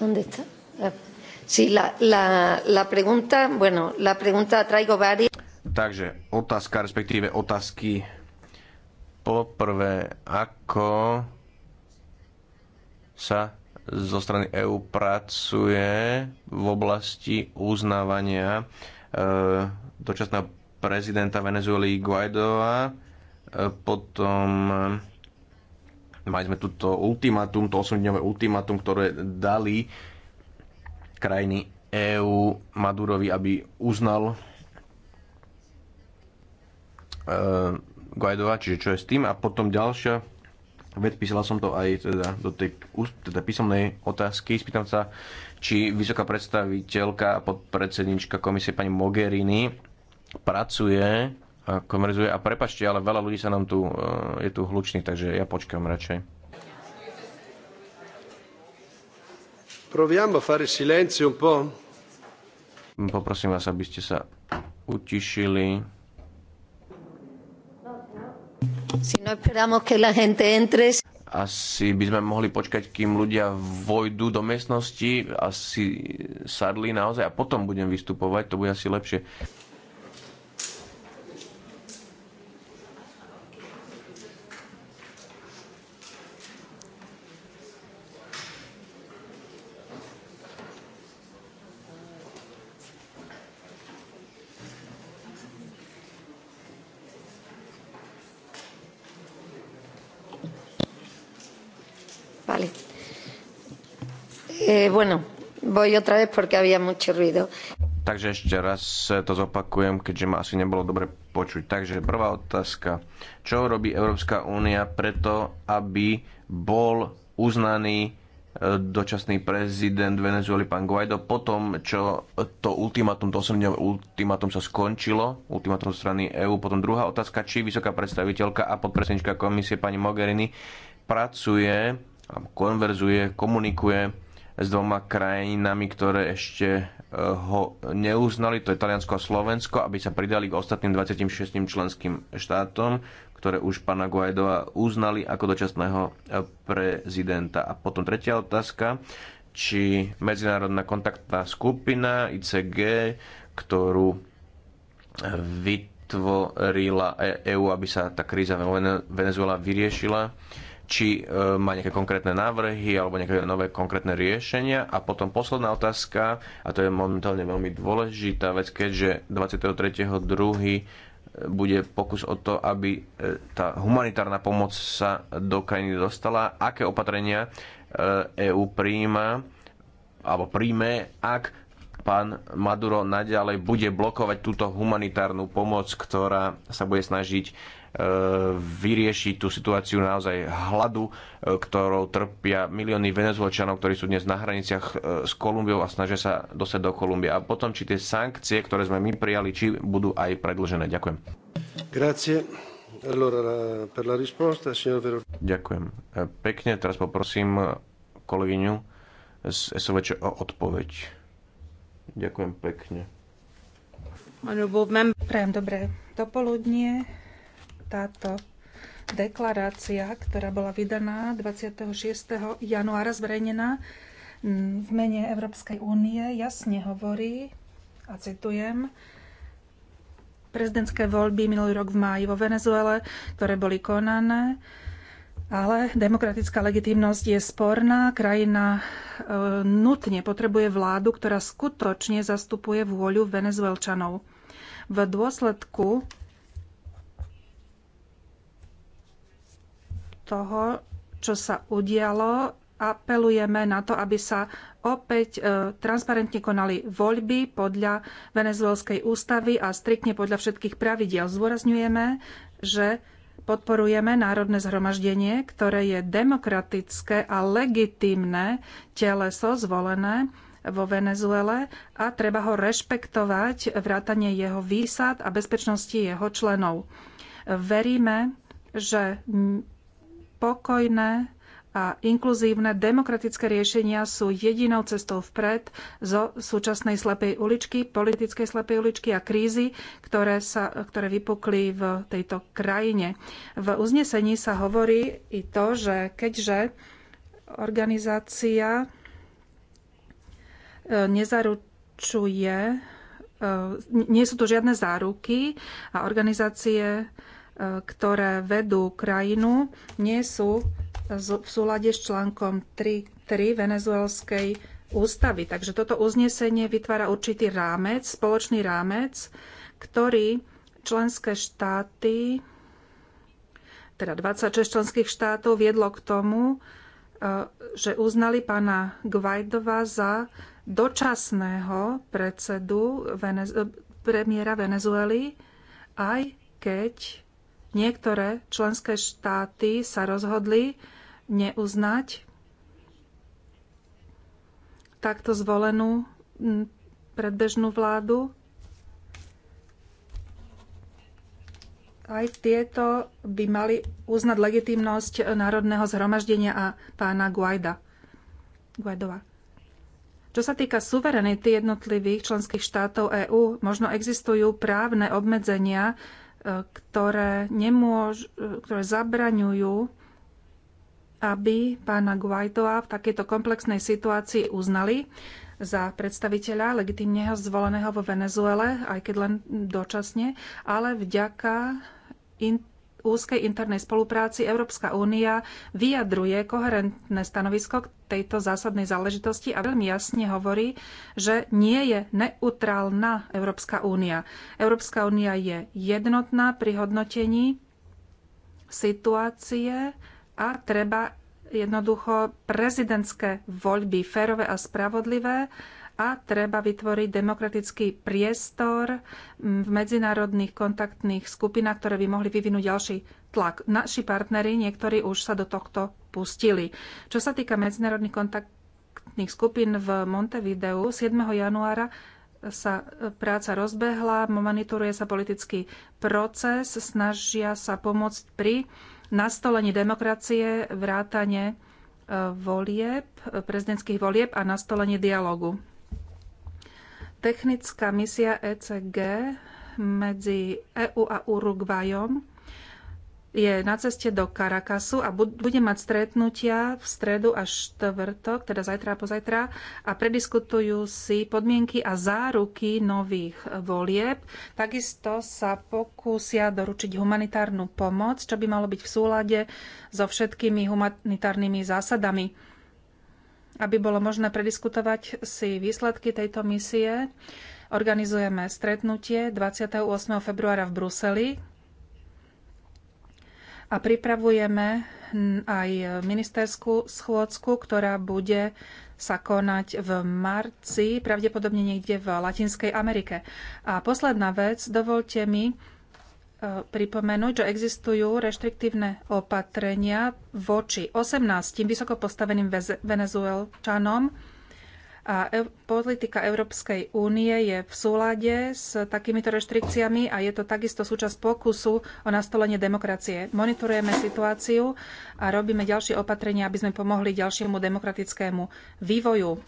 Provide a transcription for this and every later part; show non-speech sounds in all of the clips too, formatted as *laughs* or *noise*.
¿Dónde está? Ah, sí, la, la, la pregunta, bueno, la pregunta traigo varias. Takže otázka, respektíve otázky. Poprvé, ako sa zo strany EÚ pracuje v oblasti uznávania e, dočasného prezidenta Venezuely Guaidova, e, potom e, Mali sme túto ultimátum, to 8-dňové ultimátum, ktoré dali krajiny EÚ Madurovi, aby uznal uh, e, Guaidova, čiže čo je s tým. A potom ďalšia vec, písala som to aj teda do tej teda písomnej otázky, spýtam sa, či vysoká predstaviteľka a podpredsednička komisie pani Mogherini pracuje konverzuje. A prepačte, ale veľa ľudí sa nám tu, eh, je tu hlučných, takže ja počkám radšej. Proviamo a fare silenzio un po'. Poprosím vás, aby ste sa utišili. Si no esperamos que la gente entre. Asi by sme mohli počkať, kým ľudia vojdu do miestnosti, asi sadli naozaj a potom budem vystupovať, to bude asi lepšie. Eh, bueno, voy otra vez porque había mucho ruido. Takže ešte raz to zopakujem, keďže ma asi nebolo dobre počuť. Takže prvá otázka. Čo robí Európska únia preto, aby bol uznaný eh, dočasný prezident Venezuely pán Guaido po tom, čo to ultimátum, to 8 ultimátum sa skončilo, ultimátum strany EÚ. Potom druhá otázka, či vysoká predstaviteľka a podpredsednička komisie pani Mogherini pracuje, konverzuje, komunikuje s dvoma krajinami, ktoré ešte e, ho neuznali, to je Taliansko a Slovensko, aby sa pridali k ostatným 26 členským štátom, ktoré už pána Guaidoa uznali ako dočasného e, prezidenta. A potom tretia otázka, či medzinárodná kontaktná skupina ICG, ktorú vytvorila EÚ, e aby sa tá kríza Venezuela vyriešila, či e, má nejaké konkrétne návrhy alebo nejaké nové konkrétne riešenia. A potom posledná otázka, a to je momentálne veľmi dôležitá vec, keďže 23.2. E, bude pokus o to, aby e, tá humanitárna pomoc sa do krajiny dostala. Aké opatrenia EÚ príjma alebo príjme, ak pán Maduro naďalej bude blokovať túto humanitárnu pomoc, ktorá sa bude snažiť vyriešiť tú situáciu naozaj hladu, e, ktorou trpia milióny venezuelčanov, ktorí sú dnes na hraniciach e, s Kolumbiou a snažia sa dostať do Kolumbie. A potom, či tie sankcie, ktoré sme my prijali, či budú aj predlžené. Ďakujem. Grazie. Allora, per la risposta, signor Ďakujem. E, pekne, teraz poprosím kolegyňu z SOVČ o odpoveď. Ďakujem pekne. Prajem dobré dopoludnie táto deklarácia, ktorá bola vydaná 26. januára zverejnená v mene Európskej únie, jasne hovorí, a citujem, prezidentské voľby minulý rok v máji vo Venezuele, ktoré boli konané, ale demokratická legitimnosť je sporná. Krajina e, nutne potrebuje vládu, ktorá skutočne zastupuje vôľu venezuelčanov. V dôsledku toho, čo sa udialo, apelujeme na to, aby sa opäť e, transparentne konali voľby podľa venezuelskej ústavy a striktne podľa všetkých pravidiel. Zdôrazňujeme, že podporujeme národné zhromaždenie, ktoré je demokratické a legitimné teleso zvolené vo Venezuele a treba ho rešpektovať vrátanie jeho výsad a bezpečnosti jeho členov. Veríme, že pokojné a inkluzívne demokratické riešenia sú jedinou cestou vpred zo súčasnej slepej uličky, politickej slepej uličky a krízy, ktoré, sa, ktoré vypukli v tejto krajine. V uznesení sa hovorí i to, že keďže organizácia e, nezaručuje, e, nie sú tu žiadne záruky a organizácie E, ktoré vedú krajinu, nie sú v súlade s článkom 3.3 venezuelskej ústavy. Takže toto uznesenie vytvára určitý rámec, spoločný rámec, ktorý členské štáty, teda 26 členských štátov, viedlo k tomu, e, že uznali pána Gvajdova za dočasného predsedu Venez- e, premiéra Venezuely, aj keď Niektoré členské štáty sa rozhodli neuznať takto zvolenú predbežnú vládu. Aj tieto by mali uznať legitimnosť Národného zhromaždenia a pána Guaida. Guaidova. Čo sa týka suverenity jednotlivých členských štátov EÚ, možno existujú právne obmedzenia ktoré, nemôž, ktoré zabraňujú, aby pána Guaidova v takejto komplexnej situácii uznali za predstaviteľa legitimneho zvoleného vo Venezuele, aj keď len dočasne, ale vďaka in, úzkej internej spolupráci Európska únia vyjadruje koherentné stanovisko k tejto zásadnej záležitosti a veľmi jasne hovorí, že nie je neutrálna Európska únia. Európska únia je jednotná pri hodnotení situácie a treba jednoducho prezidentské voľby férové a spravodlivé a treba vytvoriť demokratický priestor v medzinárodných kontaktných skupinách, ktoré by mohli vyvinúť ďalší tlak. Naši partneri, niektorí už sa do tohto pustili. Čo sa týka medzinárodných kontaktných skupín v Montevideu, 7. januára sa práca rozbehla, monitoruje sa politický proces, snažia sa pomôcť pri nastolení demokracie, vrátane eh, volieb, prezidentských volieb a nastolenie dialogu. Technická misia ECG medzi EU a Uruguayom je na ceste do Karakasu a bude mať stretnutia v stredu až štvrtok, teda zajtra a pozajtra, a prediskutujú si podmienky a záruky nových volieb. Takisto sa pokúsia doručiť humanitárnu pomoc, čo by malo byť v súlade so všetkými humanitárnymi zásadami aby bolo možné prediskutovať si výsledky tejto misie, organizujeme stretnutie 28. februára v Bruseli a pripravujeme aj ministerskú schôdzku, ktorá bude sa konať v marci, pravdepodobne niekde v Latinskej Amerike. A posledná vec, dovolte mi pripomenúť, že existujú reštriktívne opatrenia voči 18 vysoko postaveným venezuelčanom a politika Európskej únie je v súlade s takýmito reštrikciami a je to takisto súčasť pokusu o nastolenie demokracie. Monitorujeme situáciu a robíme ďalšie opatrenia, aby sme pomohli ďalšiemu demokratickému vývoju.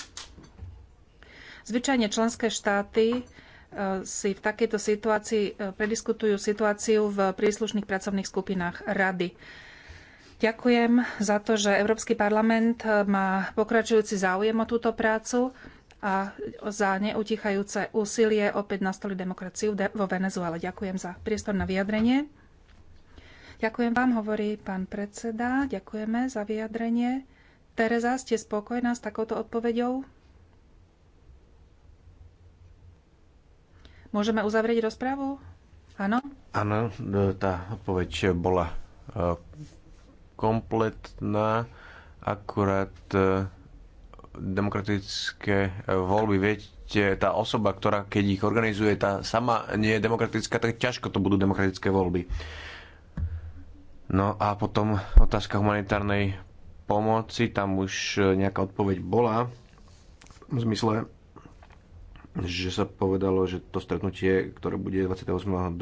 Zvyčajne členské štáty si v takejto situácii e, prediskutujú situáciu v príslušných pracovných skupinách rady. Ďakujem za to, že Európsky parlament e, má pokračujúci záujem o túto prácu a za neutichajúce úsilie opäť nastoliť demokraciu vo Venezuele. Ďakujem za priestor na vyjadrenie. Ďakujem vám, hovorí pán predseda. Ďakujeme za vyjadrenie. Teresa, ste spokojná s takouto odpoveďou? Môžeme uzavrieť rozprávu? Áno? Áno, e, tá odpoveď bola e, kompletná, akurát e, demokratické voľby, viete, tá osoba, ktorá keď ich organizuje, tá sama nie je demokratická, tak ťažko to budú demokratické voľby. No a potom otázka humanitárnej pomoci, tam už nejaká odpoveď bola v zmysle že sa povedalo, že to stretnutie, ktoré bude 28.2.,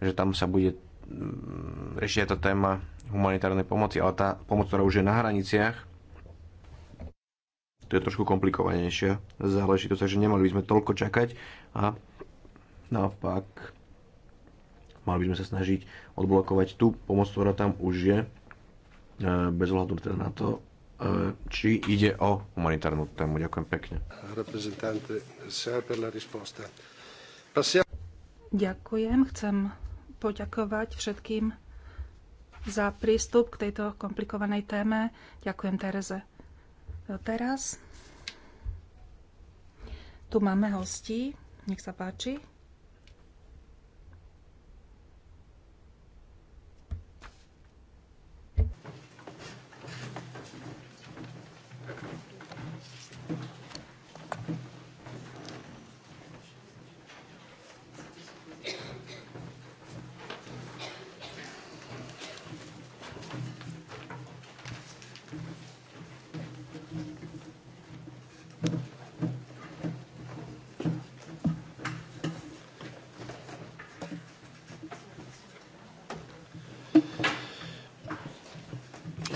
že tam sa bude mm, riešiť tá téma humanitárnej pomoci, ale tá pomoc, ktorá už je na hraniciach, to je trošku komplikovanejšia záležitosť, takže nemali by sme toľko čakať a naopak mali by sme sa snažiť odblokovať tú pomoc, ktorá tam už je, e, bez ohľadu teda na to, Eh, či ide o humanitárnu tému. Ďakujem pekne. Ďakujem. Chcem poďakovať všetkým za prístup k tejto komplikovanej téme. Ďakujem Tereze. Teraz tu máme hostí. Nech sa páči.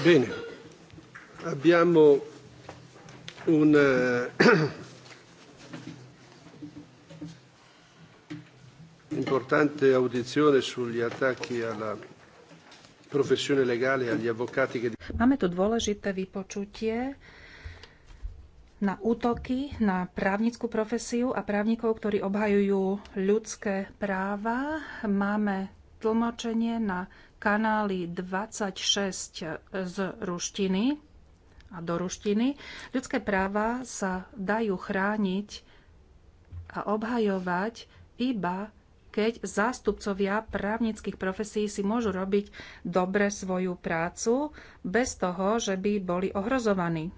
Bene, abbiamo un, eh, importante audizione sugli attacchi alla professione legale e agli avvocati che... Máme tu dôležité vypočutie na útoky na právnickú profesiu a právnikov, ktorí obhajujú ľudské práva. Máme tlmočenie na kanály 26 z ruštiny a do ruštiny. Ľudské práva sa dajú chrániť a obhajovať iba keď zástupcovia právnických profesí si môžu robiť dobre svoju prácu bez toho, že by boli ohrozovaní.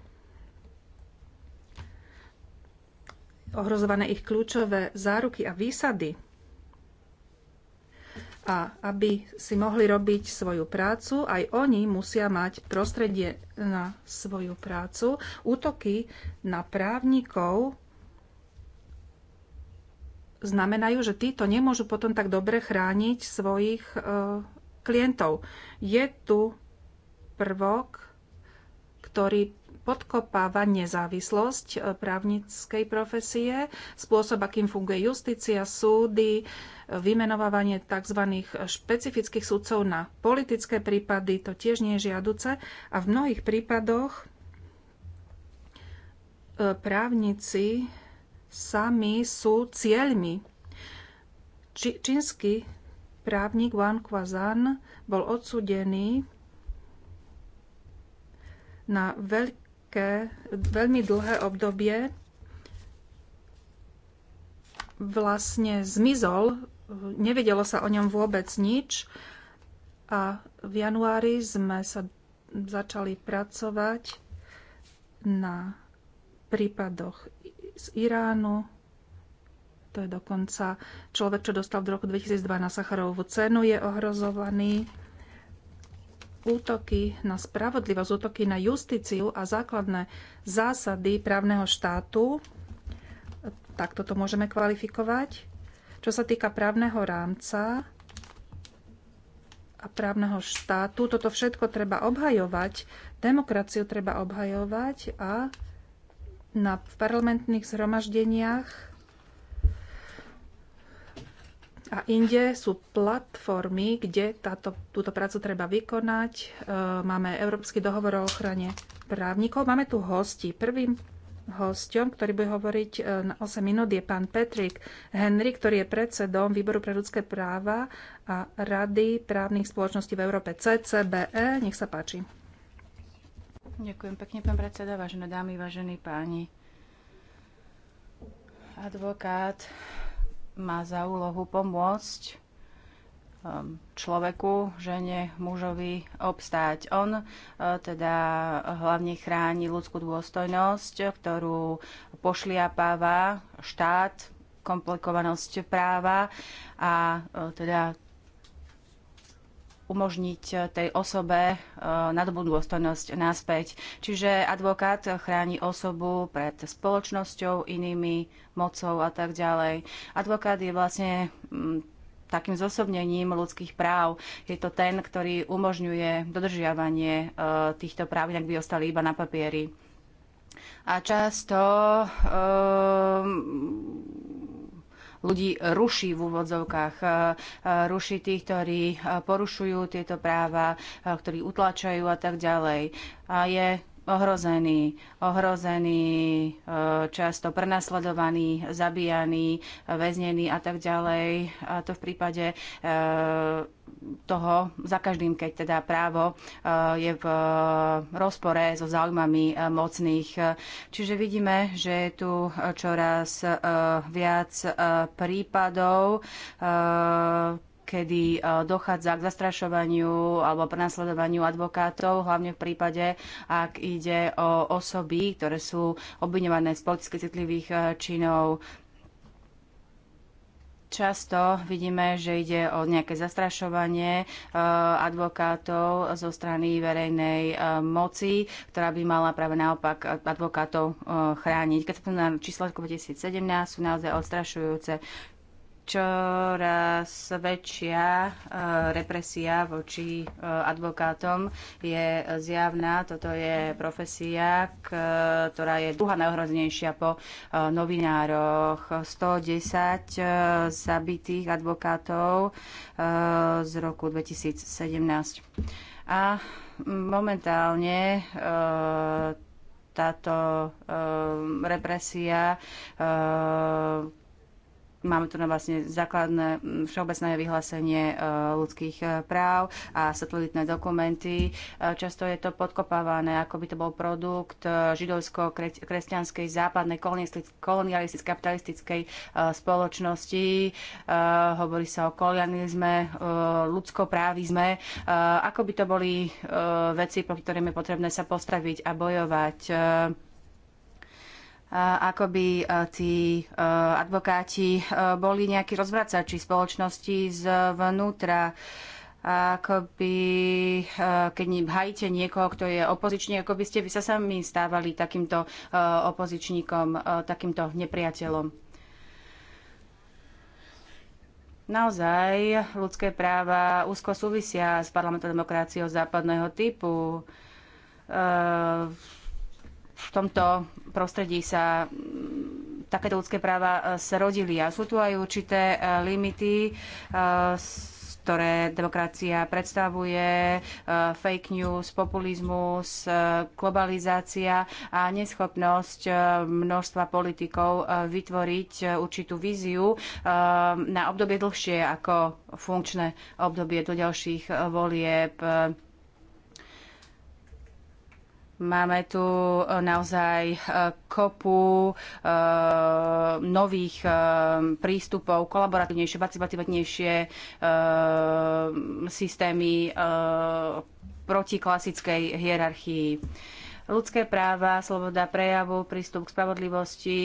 Ohrozované ich kľúčové záruky a výsady a aby si mohli robiť svoju prácu, aj oni musia mať prostredie na svoju prácu. Útoky na právnikov znamenajú, že títo nemôžu potom tak dobre chrániť svojich e, klientov. Je tu prvok, ktorý podkopáva nezávislosť e, právnickej profesie, spôsob, akým funguje justícia, súdy, e, vymenovávanie tzv. špecifických súdcov na politické prípady, to tiež nie je žiaduce. A v mnohých prípadoch e, právnici sami sú cieľmi. Či, čínsky právnik Wang Kwazan bol odsudený na veľký veľké, veľmi dlhé obdobie vlastne zmizol, nevedelo sa o ňom vôbec nič a v januári sme sa začali pracovať na prípadoch z Iránu. To je dokonca človek, čo dostal v roku 2002 na Sacharovú cenu, je ohrozovaný útoky na spravodlivosť, útoky na justíciu a základné zásady právneho štátu. Takto to môžeme kvalifikovať. Čo sa týka právneho rámca a právneho štátu, toto všetko treba obhajovať, demokraciu treba obhajovať a na parlamentných zhromaždeniach a inde sú platformy, kde táto, túto prácu treba vykonať. E, máme Európsky dohovor o ochrane právnikov. Máme tu hosti. Prvým hosťom, ktorý bude hovoriť e, na 8 minút, je pán Patrick Henry, ktorý je predsedom Výboru pre ľudské práva a Rady právnych spoločností v Európe CCBE. Nech sa páči. Ďakujem pekne, pán predseda, vážené dámy, vážení páni. Advokát má za úlohu pomôcť um, človeku, žene, mužovi obstáť. On uh, teda hlavne chráni ľudskú dôstojnosť, ktorú pošliapáva štát, komplikovanosť práva a uh, teda umožniť eh, tej osobe eh, nadobudnú dôstojnosť naspäť. Čiže advokát chráni osobu pred spoločnosťou, inými mocou a tak ďalej. Advokát je vlastne mm, takým zosobnením ľudských práv. Je to ten, ktorý umožňuje dodržiavanie eh, týchto práv, inak by ostali iba na papieri. A často um, ľudí ruší v úvodzovkách. E, e, ruší tých, ktorí e, porušujú tieto práva, ktorí utlačajú a tak ďalej. A je ohrození, ohrození, e, často prenasledovaní, zabíjaní, väznení a tak ďalej. A to v prípade e, toho za každým, keď teda právo e, je v rozpore so záujmami mocných. Čiže vidíme, že je tu čoraz viac prípadov kedy e, dochádza k zastrašovaniu alebo prenasledovaniu advokátov, hlavne v prípade, ak ide o osoby, ktoré sú obviňované z politicky citlivých e, činov. Často vidíme, že ide o nejaké zastrašovanie e, advokátov zo strany verejnej moci, ktorá by mala práve naopak advokátov chrániť. Keď sa na číslo 2017 sú naozaj odstrašujúce čoraz väčšia e, represia voči e, advokátom je zjavná. Toto je profesia, ktorá je druhá najohroznejšia po e, novinároch. 110 zabitých advokátov z roku 2017. A momentálne táto represia Máme tu na vlastne základné mm, všeobecné vyhlásenie e, ľudských e, práv a satelitné dokumenty. E, často je to podkopávané, ako by to bol produkt židovsko-kresťanskej západnej kolonialistickej kapitalistickej spoločnosti. Hovorí sa o kolonializme, ľudskoprávizme. Ako by to boli veci, po ktorým je potrebné sa postaviť a bojovať ako by e, tí e, advokáti e, boli nejakí rozvracači spoločnosti zvnútra akoby, keď hajíte niekoho, kto je opozičný, ako by ste vy sa sami stávali takýmto opozičníkom, takýmto nepriateľom. Naozaj ľudské práva úzko súvisia s parlamentou demokraciou západného typu v tomto prostredí sa mm, takéto ľudské práva e, sa rodili. A sú tu aj určité e, limity, e, ktoré demokracia predstavuje, fake news, populizmus, globalizácia a neschopnosť množstva politikov vytvoriť určitú víziu na obdobie dlhšie ako funkčné obdobie do ďalších volieb Máme tu e, naozaj e, kopu e, nových prístupov, kolaboratívnejšie, participatívnejšie systémy proti klasickej hierarchii. Ľudské práva, sloboda prejavu, prístup k spravodlivosti,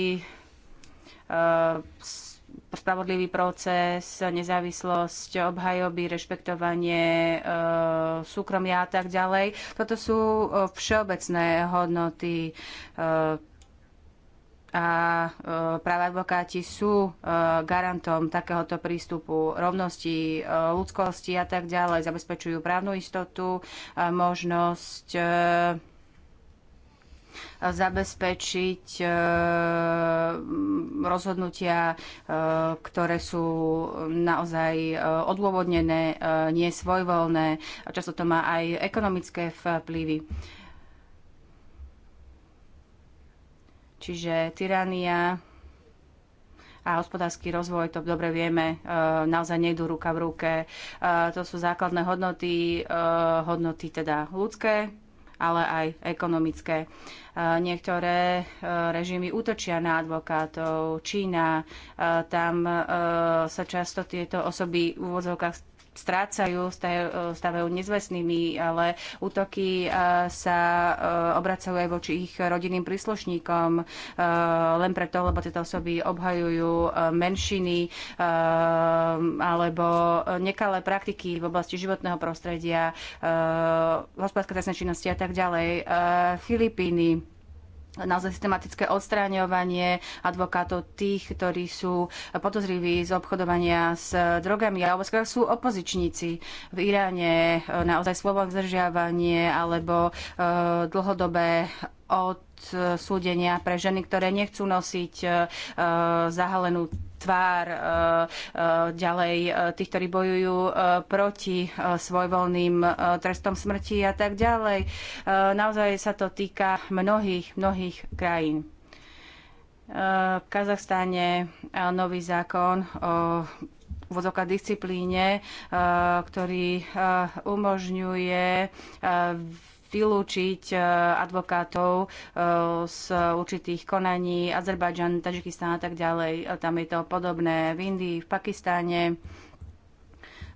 spravodlivý proces, nezávislosť obhajoby, rešpektovanie e, súkromia a tak ďalej. Toto sú eh, všeobecné hodnoty e, a práve advokáti sú garantom takéhoto prístupu rovnosti, ľudskosti a tak ďalej. Zabezpečujú právnu istotu, možnosť zabezpečiť e, rozhodnutia, e, ktoré sú naozaj e, odôvodnené, nie svojvoľné. Často to má aj ekonomické vplyvy. Čiže tyrania a hospodársky rozvoj, to dobre vieme, naozaj nejdú ruka v ruke. To sú základné hodnoty, hodnoty teda ľudské, ale aj ekonomické. E, niektoré e, režimy útočia na advokátov. Čína, e, tam sa často tieto osoby v úvodzovkách strácajú, stavajú e, nezvestnými, ale útoky e, sa e, obracajú aj voči ich rodinným príslušníkom len preto, lebo tieto osoby obhajujú menšiny alebo nekalé praktiky v oblasti životného prostredia, hospodárskej trestnej činnosti a tak ďalej. Filipíny naozaj systematické odstráňovanie advokátov tých, ktorí sú podozriví z obchodovania s drogami alebo skôr sú opozičníci v Iráne, e, naozaj slobodné zdržiavanie alebo e, dlhodobé odsúdenia pre ženy, ktoré nechcú nosiť e, zahalenú tvár e, e, ďalej e, tých, ktorí bojujú proti svojvoľným trestom smrti a tak ďalej. Naozaj sa to týka mnohých, mnohých krajín. V Kazachstane nový zákon o vozovka disciplíne, ktorý umožňuje vylúčiť e, advokátov e, z určitých konaní, Azerbajdžan, Tadžikistán a tak ďalej. E, tam je to podobné v Indii, v Pakistáne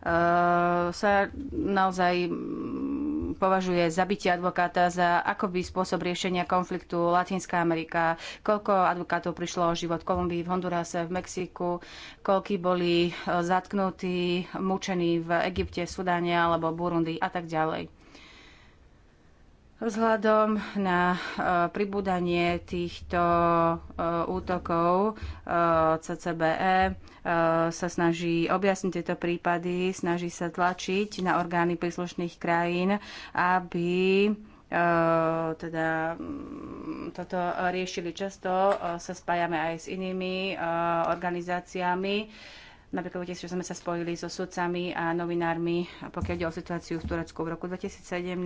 sa naozaj považuje zabitie advokáta za akoby spôsob riešenia konfliktu Latinská Amerika, koľko advokátov prišlo o život v Kolumbii, v Hondurase, v Mexiku, koľky boli zatknutí, mučení v Egypte, Sudáne alebo Burundi a tak ďalej. Vzhľadom na e, pribúdanie týchto e, útokov CCBE e, sa snaží objasniť tieto prípady, snaží sa tlačiť na orgány príslušných krajín, aby teda mm, toto riešili často, sa spájame aj s inými organizáciami Napríklad že sme sa spojili so sudcami a novinármi, pokiaľ ide o situáciu v Turecku. V roku 2017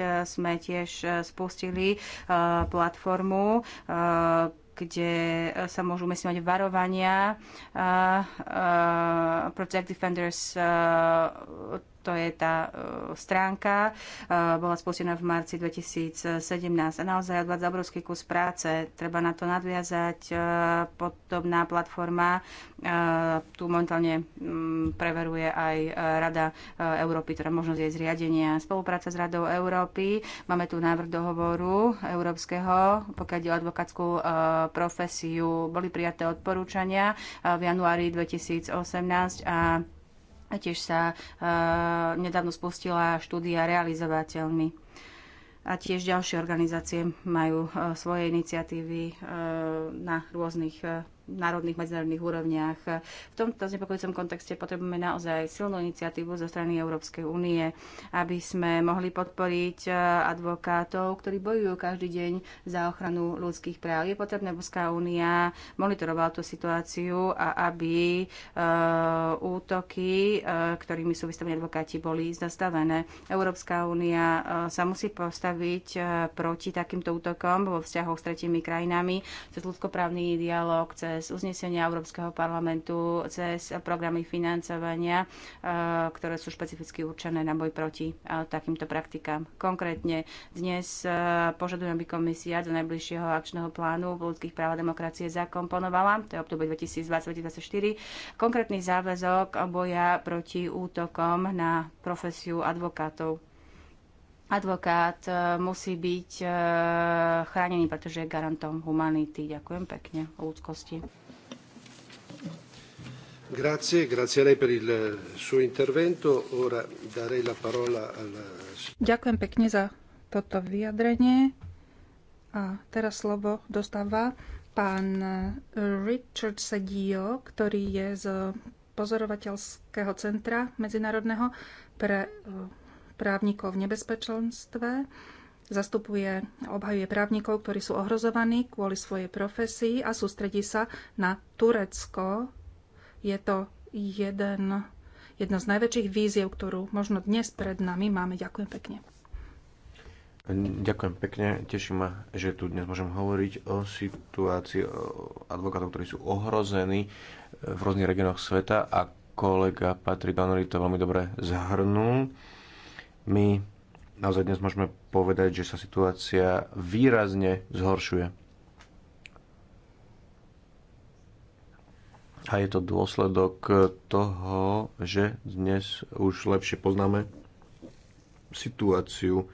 e, sme tiež e, spustili e, platformu, kde sa môžu umiestňovať varovania. Project Defenders to je tá e, stránka, e, bola spustená v marci 2017 a naozaj odvádza obrovský kus práce. Treba na to nadviazať. E, podobná platforma tu momentálne mm, preveruje aj Rada Európy, ktorá teda možnosť je zriadenia. Spolupráca s Radou Európy. Máme tu návrh dohovoru európskeho, pokiaľ ide o advokátsku profesiu. Boli prijaté odporúčania v januári 2018 a a tiež sa e, nedávno spustila štúdia realizovateľmi. A tiež ďalšie organizácie majú e, svoje iniciatívy e, na rôznych e, národných, medzinárodných úrovniach. V tomto znepokojujúcom kontexte potrebujeme naozaj silnú iniciatívu zo strany Európskej únie, aby sme mohli podporiť eh, advokátov, ktorí bojujú každý deň za ochranu ľudských práv. Je potrebné, aby Európska únia monitorovala tú situáciu a aby eh, útoky, eh, ktorými sú vystavení advokáti, boli zastavené. Európska únia sa musí postaviť proti takýmto útokom vo vzťahoch s tretími krajinami cez ľudskoprávny dialog, cez cez uznesenia Európskeho parlamentu, cez programy financovania, e, ktoré sú špecificky určené na boj proti e, takýmto praktikám. Konkrétne dnes e, požadujem, aby komisia do najbližšieho akčného plánu v ľudských práv a demokracie zakomponovala, to je obdobie 2020-2024, konkrétny záväzok boja proti útokom na profesiu advokátov advokát e, musí byť e, chránený, pretože je garantom humanity. Ďakujem pekne o ľudskosti. Grazie, grazie lei per il suo intervento. Ora darei la parola al... Ďakujem pekne za toto vyjadrenie. A teraz slovo dostáva pán Richard Sedio, ktorý je z pozorovateľského centra medzinárodného pre e, právnikov v nebezpečenstve, zastupuje, obhajuje právnikov, ktorí sú ohrozovaní kvôli svojej profesii a sústredí sa na Turecko. Je to jeden, jedna z najväčších víziev, ktorú možno dnes pred nami máme. Ďakujem pekne. Ďakujem pekne. Teší ma, že tu dnes môžem hovoriť o situácii advokátov, ktorí sú ohrození v rôznych regiónoch sveta a kolega Patrik Donnery to veľmi dobre zhrnul my naozaj dnes môžeme povedať, že sa situácia výrazne zhoršuje. A je to dôsledok toho, že dnes už lepšie poznáme situáciu e,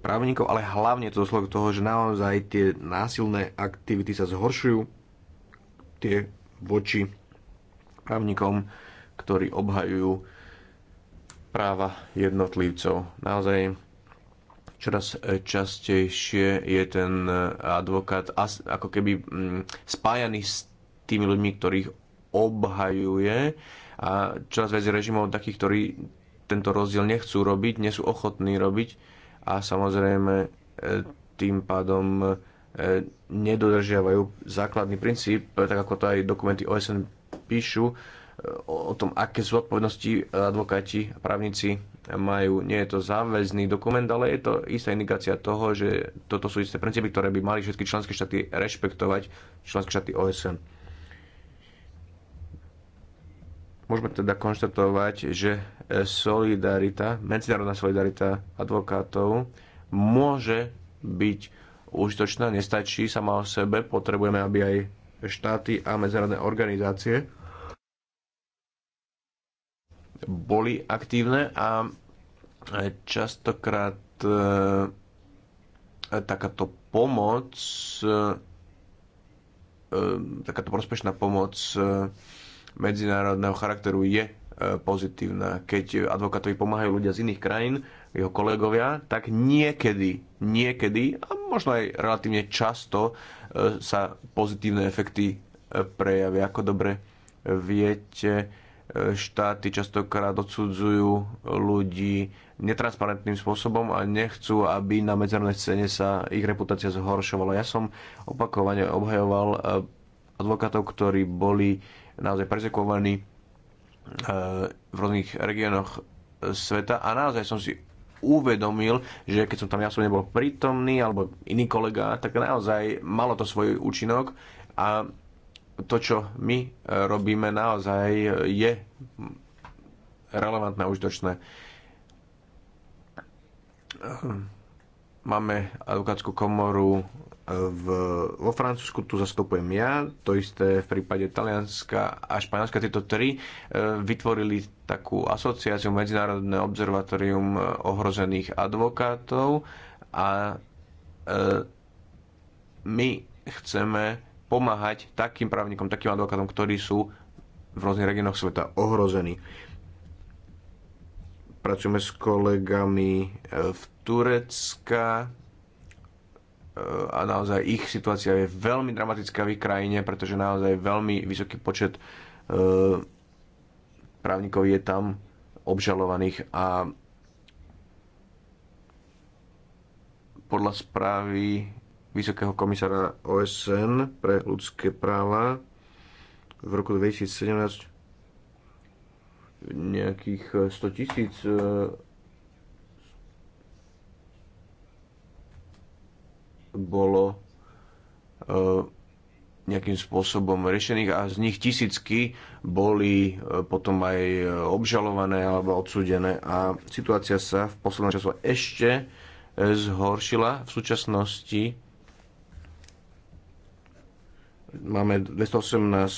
právnikov, ale hlavne to dôsledok toho, že naozaj tie násilné aktivity sa zhoršujú, tie voči právnikom, ktorí obhajujú práva jednotlivcov. Naozaj čoraz e, častejšie je ten e, advokát ako keby mm, spájaný s tými ľuďmi, ktorých obhajuje a čoraz viac režimov takých, ktorí tento rozdiel nechcú robiť, nie sú ochotní robiť a samozrejme e, tým pádom nedodržiavajú základný princíp, tak ako to aj dokumenty OSN píšu, o tom, aké zodpovednosti advokáti a právnici majú. Nie je to záväzný dokument, ale je to istá indikácia toho, že toto sú isté princípy, ktoré by mali všetky členské štáty rešpektovať, členské štáty OSN. Môžeme teda konštatovať, že solidarita, medzinárodná solidarita advokátov môže byť užitočná, nestačí sama o sebe, potrebujeme, aby aj štáty a medzinárodné organizácie boli aktívne a častokrát e, takáto pomoc, e, e, takáto prospešná pomoc medzinárodného charakteru je pozitívna. Keď advokátovi pomáhajú ľudia z iných krajín, jeho kolegovia, tak niekedy, niekedy a možno aj relatívne často sa pozitívne efekty prejavia. Ako dobre viete, štáty častokrát odsudzujú ľudí netransparentným spôsobom a nechcú, aby na medzinárodnej scéne sa ich reputácia zhoršovala. Ja som opakovane obhajoval eh, advokátov, ktorí boli naozaj prezekovaní eh, v rôznych regiónoch eh, sveta a naozaj som si uvedomil, že keď som tam ja som nebol prítomný alebo iný kolega, tak naozaj malo to svoj účinok a to, čo my e, robíme, naozaj je relevantné a užitočné. Máme advokátsku komoru e, v, vo Francúzsku, tu zastupujem ja, to isté v prípade Talianska a Španielska, tieto tri e, vytvorili takú asociáciu Medzinárodné observatórium ohrozených advokátov a my chceme pomáhať takým právnikom, takým advokátom, ktorí sú v rôznych regiónoch sveta ohrození. Pracujeme s kolegami eh, v Turecka eh, a naozaj ich situácia je veľmi dramatická v ich krajine, pretože naozaj veľmi vysoký počet eh, právnikov je tam obžalovaných a podľa správy Vysokého komisára OSN pre ľudské práva v roku 2017 nejakých 100 eh, tisíc eh, bolo eh, nejakým spôsobom riešených a z nich tisícky boli potom aj obžalované alebo odsudené a situácia sa v poslednom čase ešte zhoršila. V súčasnosti Máme 218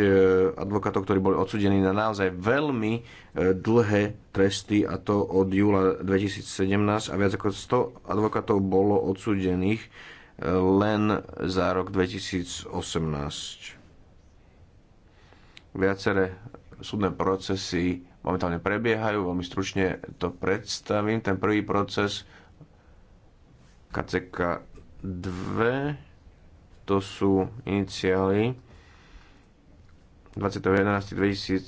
eh, advokátov, ktorí boli odsudení na naozaj veľmi eh, dlhé tresty a to od júla 2017 a viac ako 100 advokátov bolo odsudených eh, len za rok 2018. Viaceré súdne procesy momentálne prebiehajú, veľmi stručne to predstavím. Ten prvý proces KCK 2 to sú iniciály 20.11.2011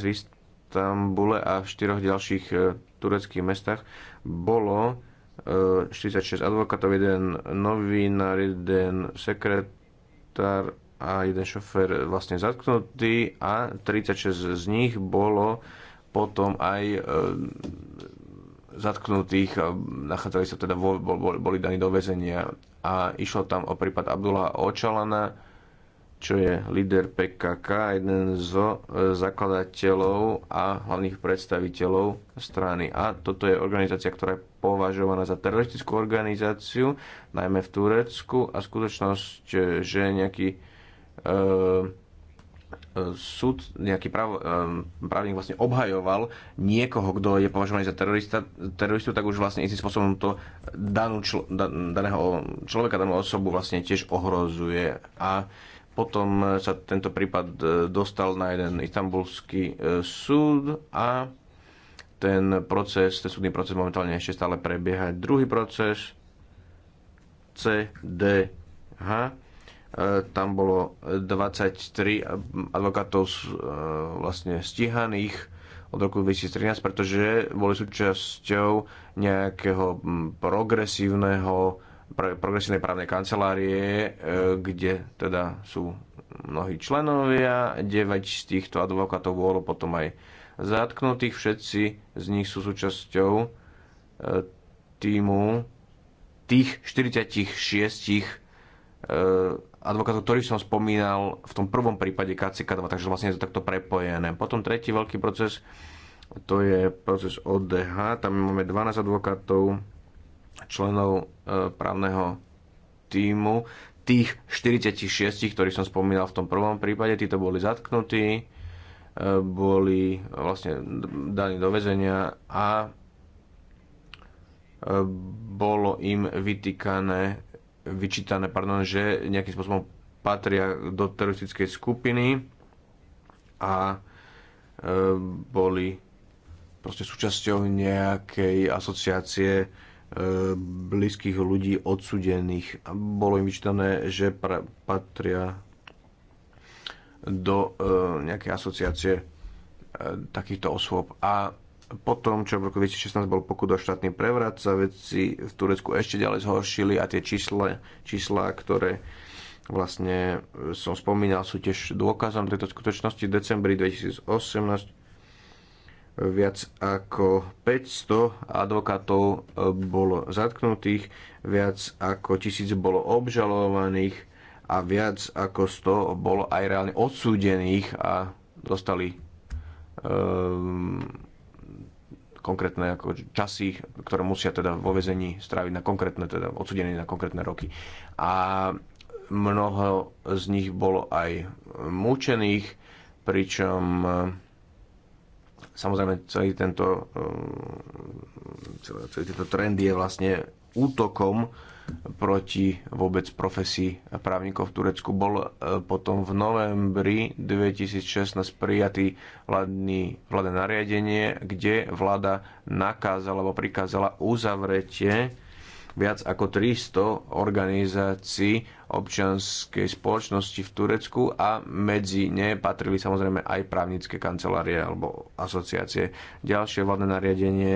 v Istambule a v štyroch ďalších e, tureckých mestách bolo 46 e, advokátov, jeden novinár, jeden sekretár a jeden šofér vlastne zatknutý a 36 z nich bolo potom aj e, zatknutých a nachádzali sa teda, vo, bol, boli daní do väzenia a išlo tam o prípad Abdullah Očalana, čo je líder PKK, jeden zo e, zakladateľov a hlavných predstaviteľov strany. A toto je organizácia, ktorá je považovaná za teroristickú organizáciu, najmä v Turecku. A skutočnosť, e, že nejaký e, súd, nejaký prav, právnik vlastne obhajoval niekoho, kto je považovaný za terorista, teroristu, tak už vlastne istým spôsobom to danú člo, daného človeka, danú osobu vlastne tiež ohrozuje. A potom sa tento prípad e, dostal na jeden istambulský e, súd a ten proces, ten súdny proces momentálne ešte stále prebieha. Druhý proces CDH E, tam bolo 23 advokátov e, vlastne stíhaných od roku 2013, pretože boli súčasťou nejakého progresívneho progresívnej právnej kancelárie, e, kde teda sú mnohí členovia, 9 z týchto advokátov bolo potom aj zatknutých, všetci z nich sú súčasťou týmu tých 46 advokátov, ktorých som spomínal v tom prvom prípade Kacikadova, takže vlastne je to takto prepojené. Potom tretí veľký proces, to je proces ODH, tam máme 12 advokátov, členov e, právneho týmu, tých 46, ktorých som spomínal v tom prvom prípade, títo boli zatknutí, e, boli vlastne daní do väzenia a e, bolo im vytýkané vyčítané, pardon, že nejakým spôsobom patria do teroristickej skupiny a e, boli proste súčasťou nejakej asociácie e, blízkych ľudí odsudených. Bolo im vyčítané, že pra, patria do e, nejakej asociácie e, takýchto osôb. A po tom, čo v roku 2016 bol pokud o štátny prevrat, sa veci v Turecku ešte ďalej zhoršili a tie čísla, čísla ktoré vlastne e, som spomínal, sú tiež dôkazom tejto skutočnosti. V decembri 2018 viac ako 500 advokátov e, bolo zatknutých, viac ako 1000 bolo obžalovaných a viac ako 100 bolo aj reálne odsúdených a dostali um, konkrétne ako časy, ktoré musia teda vo vezení stráviť na konkrétne, teda odsudení na konkrétne roky. A mnoho z nich bolo aj mučených, pričom e, samozrejme celý tento, e, celý tento trend je vlastne útokom proti vôbec profesii právnikov v Turecku. Bol e, potom v novembri 2016 prijatý vládny, vládne nariadenie, kde vláda nakázala alebo prikázala uzavretie viac ako 300 organizácií občianskej spoločnosti v Turecku a medzi ne patrili samozrejme aj právnické kancelárie alebo asociácie. Ďalšie vládne nariadenie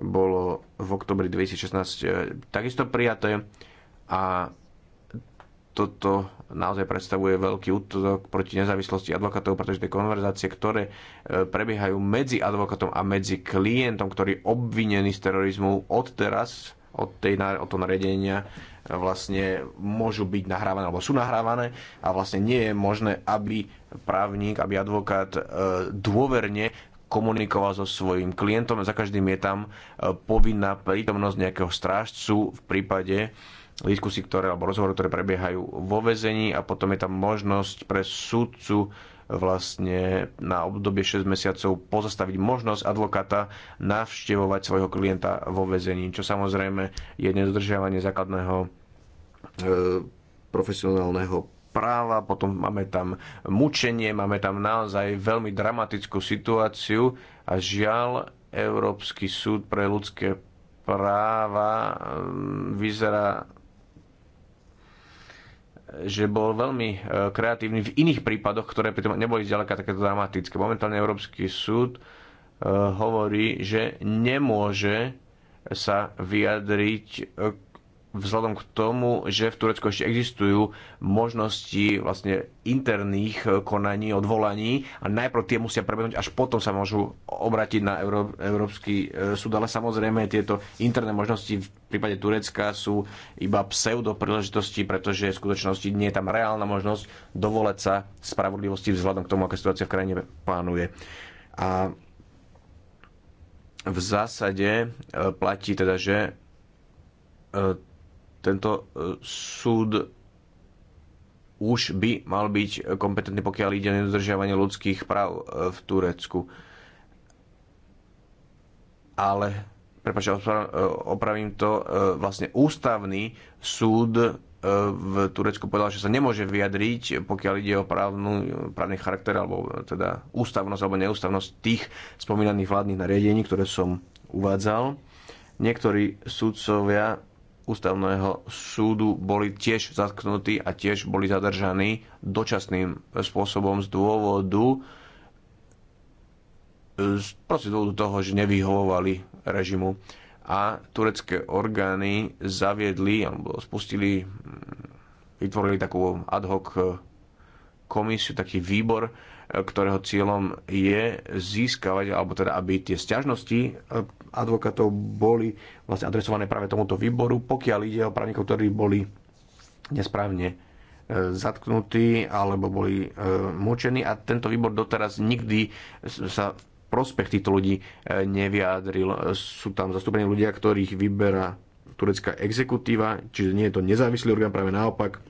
bolo v oktobri 2016 eh, takisto prijaté a toto naozaj predstavuje veľký útok proti nezávislosti advokátov, pretože tie konverzácie, ktoré eh, prebiehajú medzi advokátom a medzi klientom, ktorý je obvinený z terorizmu odteraz, od, tej, od toho nariadenia e, vlastne môžu byť nahrávané alebo sú nahrávané a vlastne nie je možné, aby právnik, aby advokát e, dôverne komunikoval so svojím klientom. a Za každým je tam e, povinná prítomnosť nejakého strážcu v prípade diskusí, ktoré, alebo rozhovory, ktoré prebiehajú vo vezení a potom je tam možnosť pre súdcu vlastne na obdobie 6 mesiacov pozastaviť možnosť advokáta navštevovať svojho klienta vo väzení, čo samozrejme je nedodržiavanie základného e, profesionálneho práva, potom máme tam mučenie, máme tam naozaj veľmi dramatickú situáciu a žiaľ Európsky súd pre ľudské práva e, vyzerá že bol veľmi e, kreatívny v iných prípadoch, ktoré pritom neboli zďaleka takéto dramatické. Momentálne Európsky súd e, hovorí, že nemôže sa vyjadriť e, vzhľadom k tomu, že v Turecku ešte existujú možnosti vlastne interných eh, konaní, odvolaní a najprv tie musia prebehnúť, až potom sa môžu obratiť na Euró- Európsky eh, súd. Ale samozrejme tieto interné možnosti v prípade Turecka sú iba pseudo príležitosti, pretože v skutočnosti nie je tam reálna možnosť dovoleť sa spravodlivosti vzhľadom k tomu, aká situácia v krajine plánuje. A v zásade eh, platí teda, že tento e, súd už by mal byť kompetentný, pokiaľ ide nedodržiavanie ľudských práv e, v Turecku. Ale, prepáčte, e, opravím to, vlastne ústavný súd v Turecku povedal, že sa nemôže vyjadriť, pokiaľ ide o právnu, právny charakter, alebo teda ústavnosť alebo neústavnosť tých spomínaných vládnych nariadení, ktoré som uvádzal. Niektorí súdcovia ústavného súdu boli tiež zatknutí a tiež boli zadržaní dočasným spôsobom z dôvodu z dôvodu toho, že nevyhovovali režimu. A turecké orgány zaviedli, alebo spustili, mm, vytvorili takú ad hoc eh, komisiu, taký výbor, ktorého cieľom je získavať, alebo teda, aby tie sťažnosti eh, advokátov boli vlastne adresované práve tomuto výboru, pokiaľ ide o právnikov, ktorí boli nesprávne eh, zatknutí alebo boli eh, mučení a tento výbor doteraz nikdy sa v prospech týchto ľudí nevyjadril. Sú tam zastúpení ľudia, ktorých vyberá turecká exekutíva, čiže nie je to nezávislý orgán, práve naopak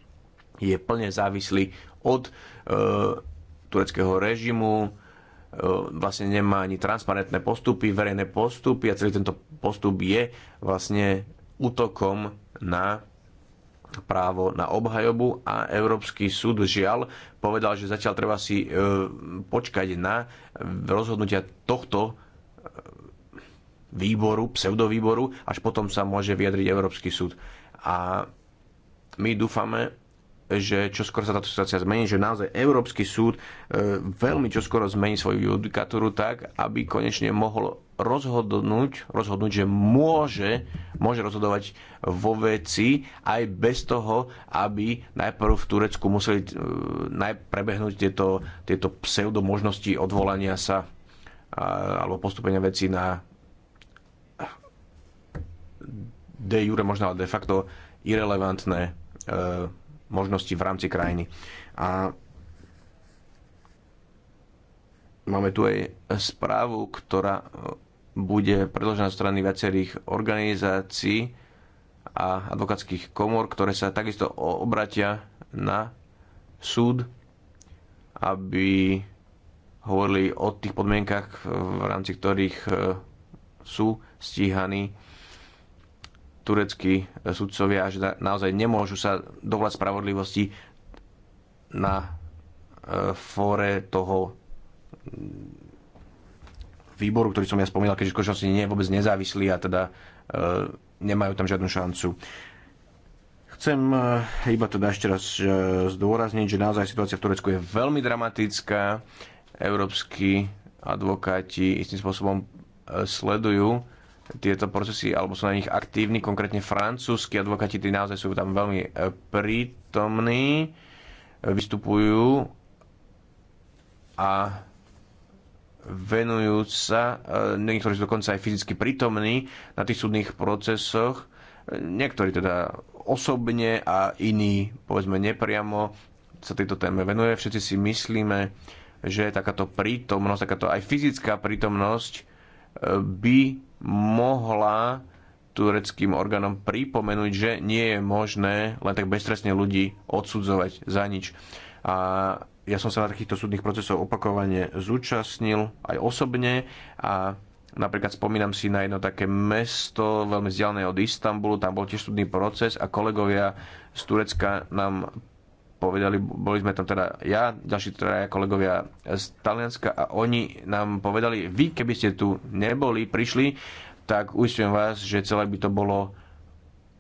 je plne závislý od tureckého režimu, e, vlastne nemá ani transparentné postupy, verejné postupy a celý tento postup je vlastne útokom na právo na obhajobu a Európsky súd žiaľ povedal, že zatiaľ treba si e, počkať na rozhodnutia tohto e, výboru, pseudovýboru, až potom sa môže vyjadriť Európsky súd. A my dúfame, že čoskoro sa táto situácia zmení, že naozaj Európsky súd e, veľmi čoskoro zmení svoju judikatúru tak, aby konečne mohol rozhodnúť, rozhodnúť že môže, môže rozhodovať vo veci aj bez toho, aby najprv v Turecku museli e, prebehnúť tieto, tieto pseudo možnosti odvolania sa e, alebo postupenia veci na de jure možno ale de facto irrelevantné možnosti v rámci krajiny. A máme tu aj správu, ktorá bude predložená strany viacerých organizácií a advokátskych komor, ktoré sa takisto obratia na súd, aby hovorili o tých podmienkach, v rámci ktorých e, sú stíhaní tureckí e, sudcovia, že naozaj nemôžu sa dovolať spravodlivosti na e, fóre toho mm, výboru, ktorý som ja spomínal, keďže v nie je vôbec nezávislí a teda e, nemajú tam žiadnu šancu. Chcem iba teda ešte raz zdôrazniť, že naozaj situácia v Turecku je veľmi dramatická. Európsky advokáti istým spôsobom sledujú tieto procesy, alebo sú na nich aktívni, konkrétne francúzskí advokáti, tí naozaj sú tam veľmi e, prítomní, e, vystupujú a venujú sa, e, niektorí sú dokonca aj fyzicky prítomní na tých súdnych procesoch, niektorí teda osobne a iní, povedzme nepriamo, sa tejto téme venuje. Všetci si myslíme, že takáto prítomnosť, takáto aj fyzická prítomnosť by mohla tureckým orgánom pripomenúť, že nie je možné len tak beztrestne ľudí odsudzovať za nič. A ja som sa na takýchto súdnych procesov opakovane zúčastnil aj osobne a napríklad spomínam si na jedno také mesto veľmi vzdialené od Istanbulu, tam bol tiež súdny proces a kolegovia z Turecka nám povedali, boli sme tam teda ja, ďalší traja kolegovia z Talianska a oni nám povedali, vy keby ste tu neboli, prišli, tak ujistujem vás, že celé by to bolo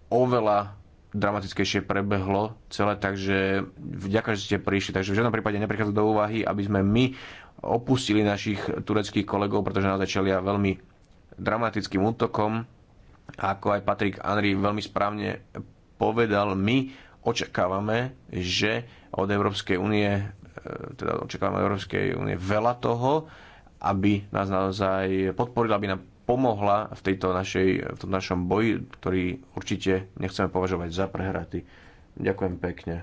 oveľa dramatickejšie prebehlo celé, takže vďaka, že ste prišli. Takže v žiadnom prípade neprichádza do úvahy, aby sme my opustili našich tureckých kolegov, pretože nás začali veľmi dramatickým útokom. Ako aj Patrik Andri veľmi správne povedal, my očakávame, že od Európskej únie, e, teda očakávame od Európskej únie veľa toho, aby nás naozaj podporila, aby nám pomohla v, tejto našej, v tom našom boji, ktorý určite nechceme považovať za prehratý. Ďakujem pekne.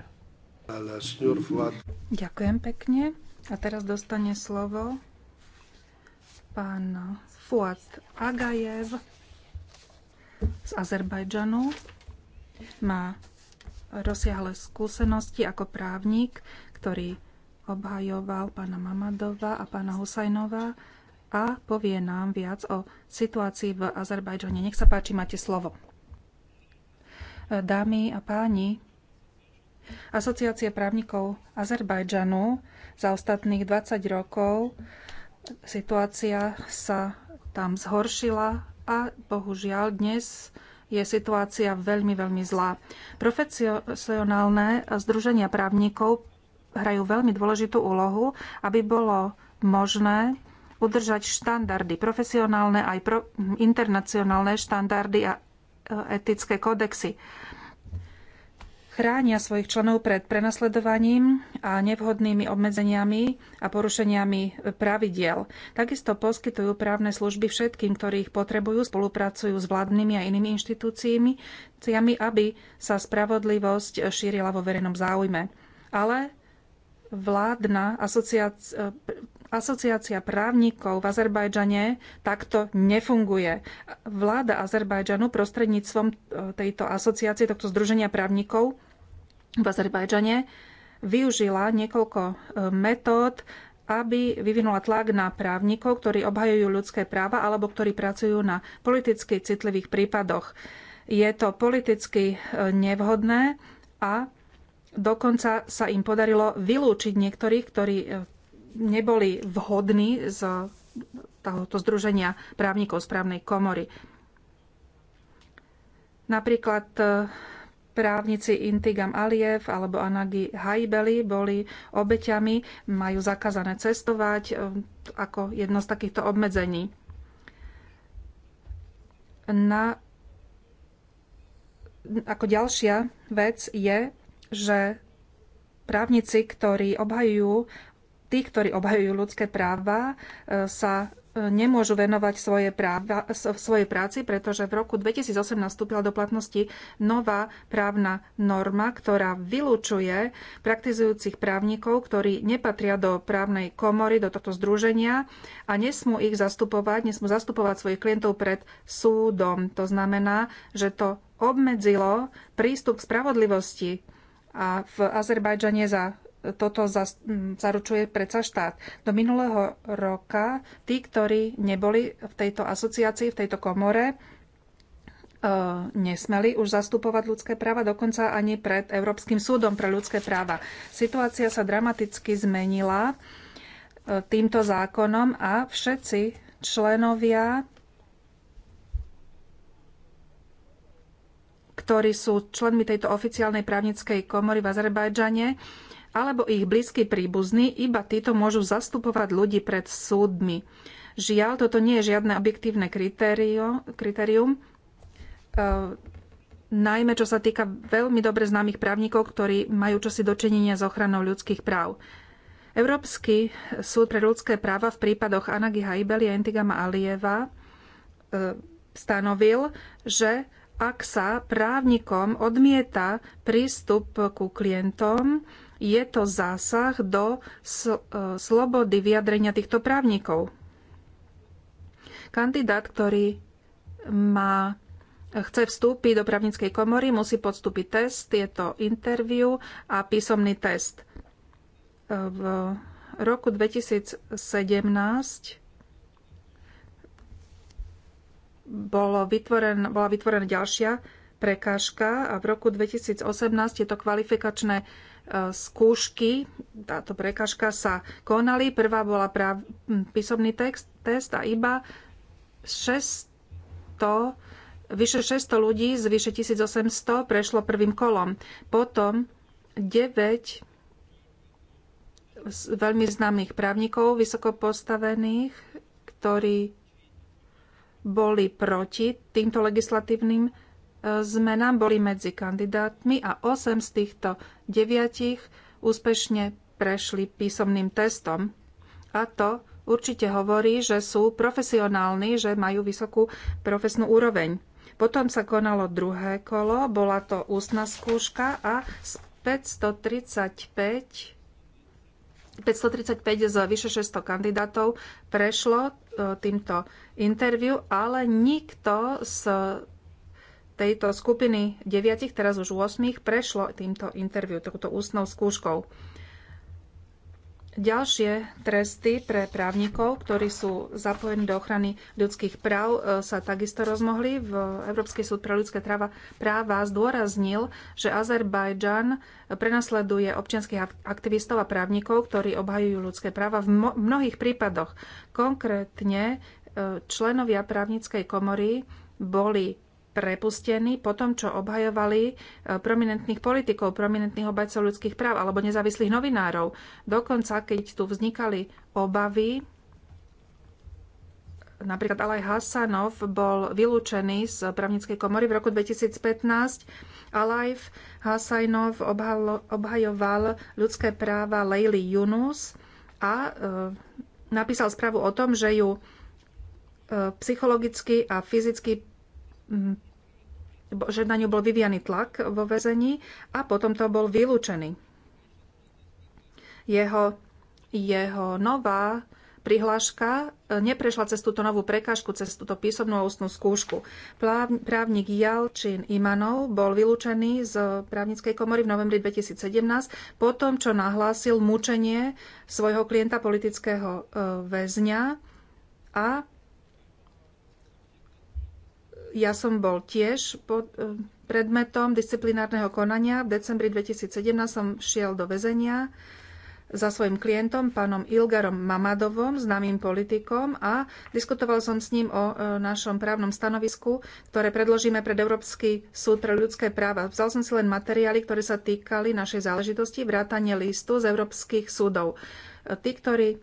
Ďakujem pekne. A teraz dostane slovo pán Fuat Agajev z Azerbajdžanu. Má rozsiahle skúsenosti ako právnik, ktorý obhajoval pána Mamadova a pána Husajnova a povie nám viac o situácii v Azerbajdžane. Nech sa páči, máte slovo. Dámy a páni, Asociácia právnikov Azerbajdžanu za ostatných 20 rokov situácia sa tam zhoršila a bohužiaľ dnes je situácia veľmi, veľmi zlá. Profesionálne združenia právnikov hrajú veľmi dôležitú úlohu, aby bolo možné udržať štandardy, profesionálne aj pro, internacionálne štandardy a e, etické kodexy chránia svojich členov pred prenasledovaním a nevhodnými obmedzeniami a porušeniami pravidiel. Takisto poskytujú právne služby všetkým, ktorí ich potrebujú, spolupracujú s vládnymi a inými inštitúciami, aby sa spravodlivosť šírila vo verejnom záujme. Ale vládna asociácia, asociácia právnikov v Azerbajdžane takto nefunguje. Vláda Azerbajdžanu prostredníctvom e, tejto asociácie, tohto združenia právnikov, v Azerbajdžane využila niekoľko e, metód, aby vyvinula tlak na právnikov, ktorí obhajujú ľudské práva alebo ktorí pracujú na politicky citlivých prípadoch. Je to politicky e, nevhodné a dokonca sa im podarilo vylúčiť niektorých, ktorí e, neboli vhodní z tohoto združenia právnikov správnej komory. Napríklad Právnici Intigam Aliev alebo Anagi Haibeli boli obeťami, majú zakázané cestovať e, ako jedno z takýchto obmedzení. Na, ako ďalšia vec je, že právnici, ktorí obhajujú tí, ktorí obhajujú ľudské práva, e, sa nemôžu venovať svoje, práva, svojej práci, pretože v roku 2018 vstúpila do platnosti nová právna norma, ktorá vylúčuje praktizujúcich právnikov, ktorí nepatria do právnej komory, do tohto združenia a nesmú ich zastupovať, nesmú zastupovať svojich klientov pred súdom. To znamená, že to obmedzilo prístup k spravodlivosti a v Azerbajdžane za toto zaručuje predsa štát. Do minulého roka tí, ktorí neboli v tejto asociácii, v tejto komore, e, nesmeli už zastupovať ľudské práva, dokonca ani pred Európskym súdom pre ľudské práva. Situácia sa dramaticky zmenila e, týmto zákonom a všetci členovia, ktorí sú členmi tejto oficiálnej právnickej komory v Azerbajdžane, alebo ich blízky príbuzní, iba títo môžu zastupovať ľudí pred súdmi. Žiaľ, toto nie je žiadne objektívne kritérium, e, najmä čo sa týka veľmi dobre známych právnikov, ktorí majú čosi dočinenia s ochranou ľudských práv. Európsky súd pre ľudské práva v prípadoch Anagy Haibeli a Intigama Alieva e, eh, stanovil, že ak sa právnikom odmieta prístup ku klientom, je to zásah do e, slobody vyjadrenia týchto právnikov. Kandidát, ktorý má, chce vstúpiť do právnickej komory, musí podstúpiť test, je to interviu a písomný test. E, v roku 2017 bolo vytvoren, bola vytvorená ďalšia prekážka a v roku 2018 tieto kvalifikačné skúšky, táto prekažka sa konali. Prvá bola práv, písomný text, test a iba 600, vyše 600 ľudí z vyše 1800 prešlo prvým kolom. Potom 9 veľmi známych právnikov, vysoko postavených, ktorí boli proti týmto legislatívnym zmenám boli medzi kandidátmi a 8 z týchto 9 úspešne prešli písomným testom. A to určite hovorí, že sú profesionálni, že majú vysokú profesnú úroveň. Potom sa konalo druhé kolo, bola to ústna skúška a z 535 535 z vyše 600 kandidátov prešlo e, týmto interviu, ale nikto z tejto skupiny deviatich, teraz už 8, prešlo týmto interviu, touto ústnou skúškou. Ďalšie tresty pre právnikov, ktorí sú zapojení do ochrany ľudských práv, e, sa takisto rozmohli. V Európsky súd pre ľudské práva, práva zdôraznil, že Azerbajdžan prenasleduje občianských aktivistov a právnikov, ktorí obhajujú ľudské práva v mnohých prípadoch. Konkrétne e, členovia právnickej komory boli prepustení po tom, čo obhajovali e, prominentných politikov, prominentných obajcov ľudských práv alebo nezávislých novinárov. Dokonca, keď tu vznikali obavy, napríklad Alaj Hasanov bol vylúčený z právnickej komory v roku 2015. Alaj Hasanov obhajoval ľudské práva Leily Yunus a e, napísal správu o tom, že ju e, psychologicky a fyzicky že na ňu bol vyvianý tlak vo väzení a potom to bol vylúčený. Jeho, jeho nová prihláška e, neprešla cez túto novú prekážku, cez túto písomnú a ústnú skúšku. Právnik Jalčin Imanov bol vylúčený z právnickej komory v novembri 2017 po tom, čo nahlásil mučenie svojho klienta politického e, väzňa a ja som bol tiež pod e, predmetom disciplinárneho konania. V decembri 2017 som šiel do väzenia za svojim klientom, pánom Ilgarom Mamadovom, známym politikom a diskutoval som s ním o e, našom právnom stanovisku, ktoré predložíme pred Európsky súd pre ľudské práva. Vzal som si len materiály, ktoré sa týkali našej záležitosti, vrátanie listu z európskych súdov. E, tí, ktorí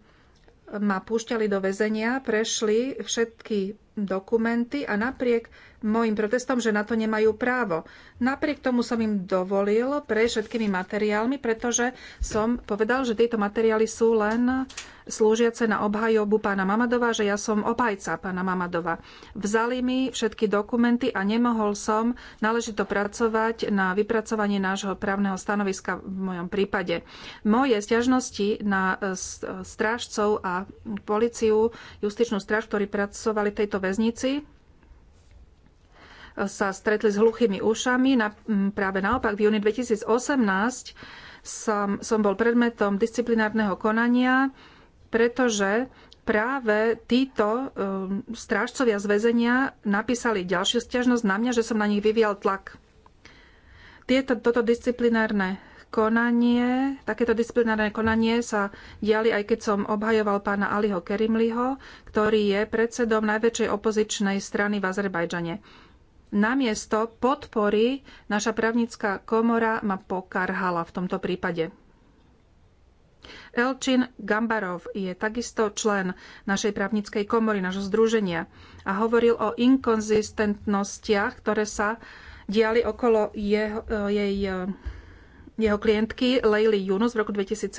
ma púšťali do väzenia, prešli všetky dokumenty a napriek mojim protestom, že na to nemajú právo. Napriek tomu som im dovolil pre všetkými materiálmi, pretože som povedal, že tieto materiály sú len slúžiace na obhajobu pána Mamadova, že ja som obhajca pána Mamadova. Vzali mi všetky dokumenty a nemohol som náležito pracovať na vypracovanie nášho právneho stanoviska v mojom prípade. Moje stiažnosti na strážcov a policiu, justičnú stráž, ktorí pracovali tejto väznici sa stretli s hluchými ušami. Na, práve naopak, v júni 2018 som, som bol predmetom disciplinárneho konania, pretože práve títo um, strážcovia z väzenia napísali ďalšiu stiažnosť na mňa, že som na nich vyvíjal tlak. Tieto, toto disciplinárne konanie, takéto disciplinárne konanie sa diali, aj keď som obhajoval pána Aliho Kerimliho, ktorý je predsedom najväčšej opozičnej strany v Azerbajdžane. Namiesto podpory naša právnická komora ma pokarhala v tomto prípade. Elčin Gambarov je takisto člen našej právnickej komory, nášho združenia a hovoril o inkonzistentnostiach, ktoré sa diali okolo jeho, jej jeho klientky Leily Yunus v roku 2017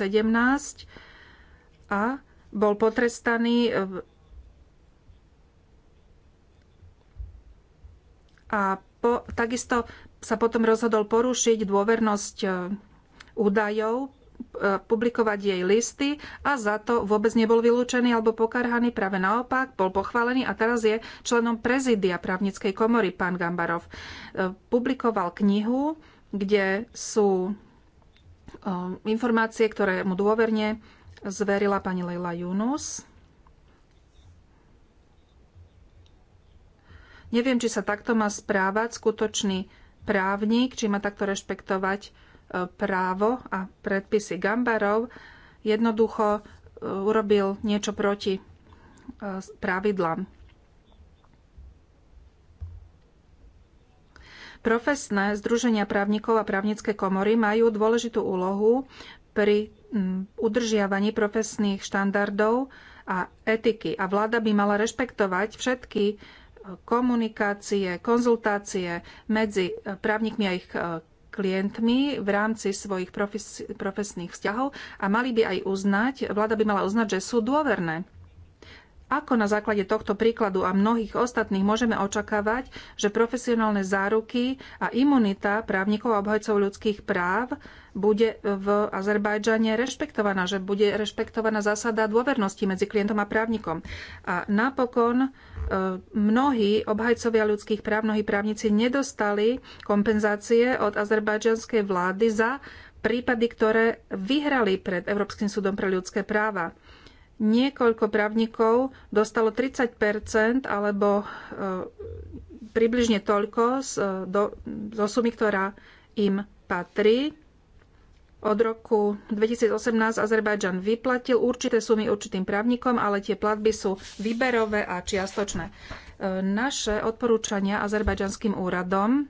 a bol potrestaný eh, a po, takisto sa potom rozhodol porušiť dôvernosť eh, údajov, eh, publikovať jej listy a za to vôbec nebol vylúčený alebo pokarhaný, práve naopak, bol pochválený a teraz je členom prezídia právnickej komory pán Gambarov. Publikoval knihu, kde sú Ehm, informácie, ktoré mu dôverne zverila pani Leila Junus. Neviem, či sa takto má správať skutočný právnik, či má takto rešpektovať e, právo a predpisy Gambarov. Jednoducho e, urobil niečo proti e, pravidlám. Profesné združenia právnikov a právnické komory majú dôležitú úlohu pri mm, udržiavaní profesných štandardov a etiky. A vláda by mala rešpektovať všetky e, komunikácie, konzultácie medzi e, právnikmi a ich e, klientmi v rámci svojich profes, profesných vzťahov a mali by aj uznať, vláda by mala uznať, že sú dôverné. Ako na základe tohto príkladu a mnohých ostatných môžeme očakávať, že profesionálne záruky a imunita právnikov a obhajcov ľudských práv bude v Azerbajdžane rešpektovaná, že bude rešpektovaná zásada dôvernosti medzi klientom a právnikom. A napokon e, mnohí obhajcovia ľudských práv, mnohí právnici nedostali kompenzácie od azerbajdžanskej vlády za prípady, ktoré vyhrali pred Európskym súdom pre ľudské práva. Niekoľko právnikov dostalo 30 alebo e, približne toľko z, e, zo sumy, ktorá im patrí. Od roku 2018 Azerbajdžan vyplatil určité sumy určitým právnikom, ale tie platby sú výberové a čiastočné. E, naše odporúčania azerbajdžanským úradom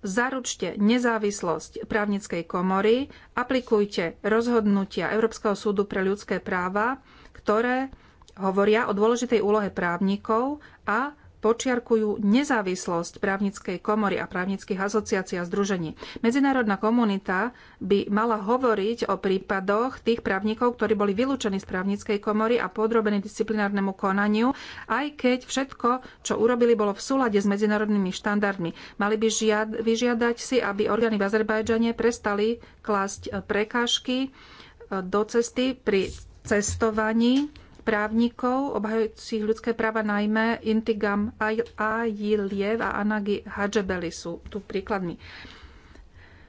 zaručte nezávislosť právnickej komory, aplikujte rozhodnutia Európskeho súdu pre ľudské práva, ktoré hovoria o dôležitej úlohe právnikov a počiarkujú nezávislosť právnickej komory a právnických asociácií a združení. Medzinárodná komunita by mala hovoriť o prípadoch tých právnikov, ktorí boli vylúčení z právnickej komory a podrobení disciplinárnemu konaniu, aj keď všetko, čo urobili, bolo v súlade s medzinárodnými štandardmi. Mali by žiad, vyžiadať si, aby orgány v Azerbajdžane prestali klásť prekážky e, do cesty pri cestovaní právnikov obhajujúcich ľudské práva, najmä Intigam Ajiliev a Anagi Hadžebeli sú tu príkladmi.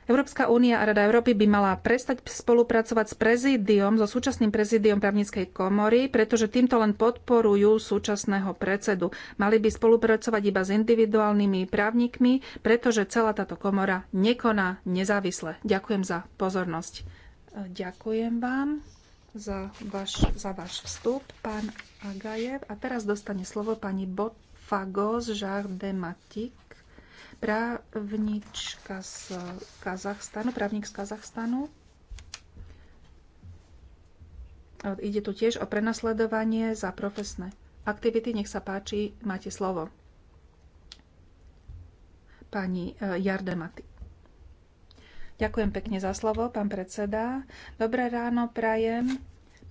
Európska únia a Rada Európy by mala prestať spolupracovať s prezídiom, so súčasným prezídiom právnickej komory, pretože týmto len podporujú súčasného predsedu. Mali by spolupracovať iba s individuálnymi právnikmi, pretože celá táto komora nekoná nezávisle. Ďakujem za pozornosť. Ďakujem vám za váš, za váš vstup, pán Agajev. A teraz dostane slovo pani Botfagos Žardematik, právnička z Kazachstanu, právnik z Kazachstanu. Ide tu tiež o prenasledovanie za profesné aktivity. Nech sa páči, máte slovo. Pani eh, Jardematik. Ďakujem pekne za slovo, pán predseda. Dobré ráno prajem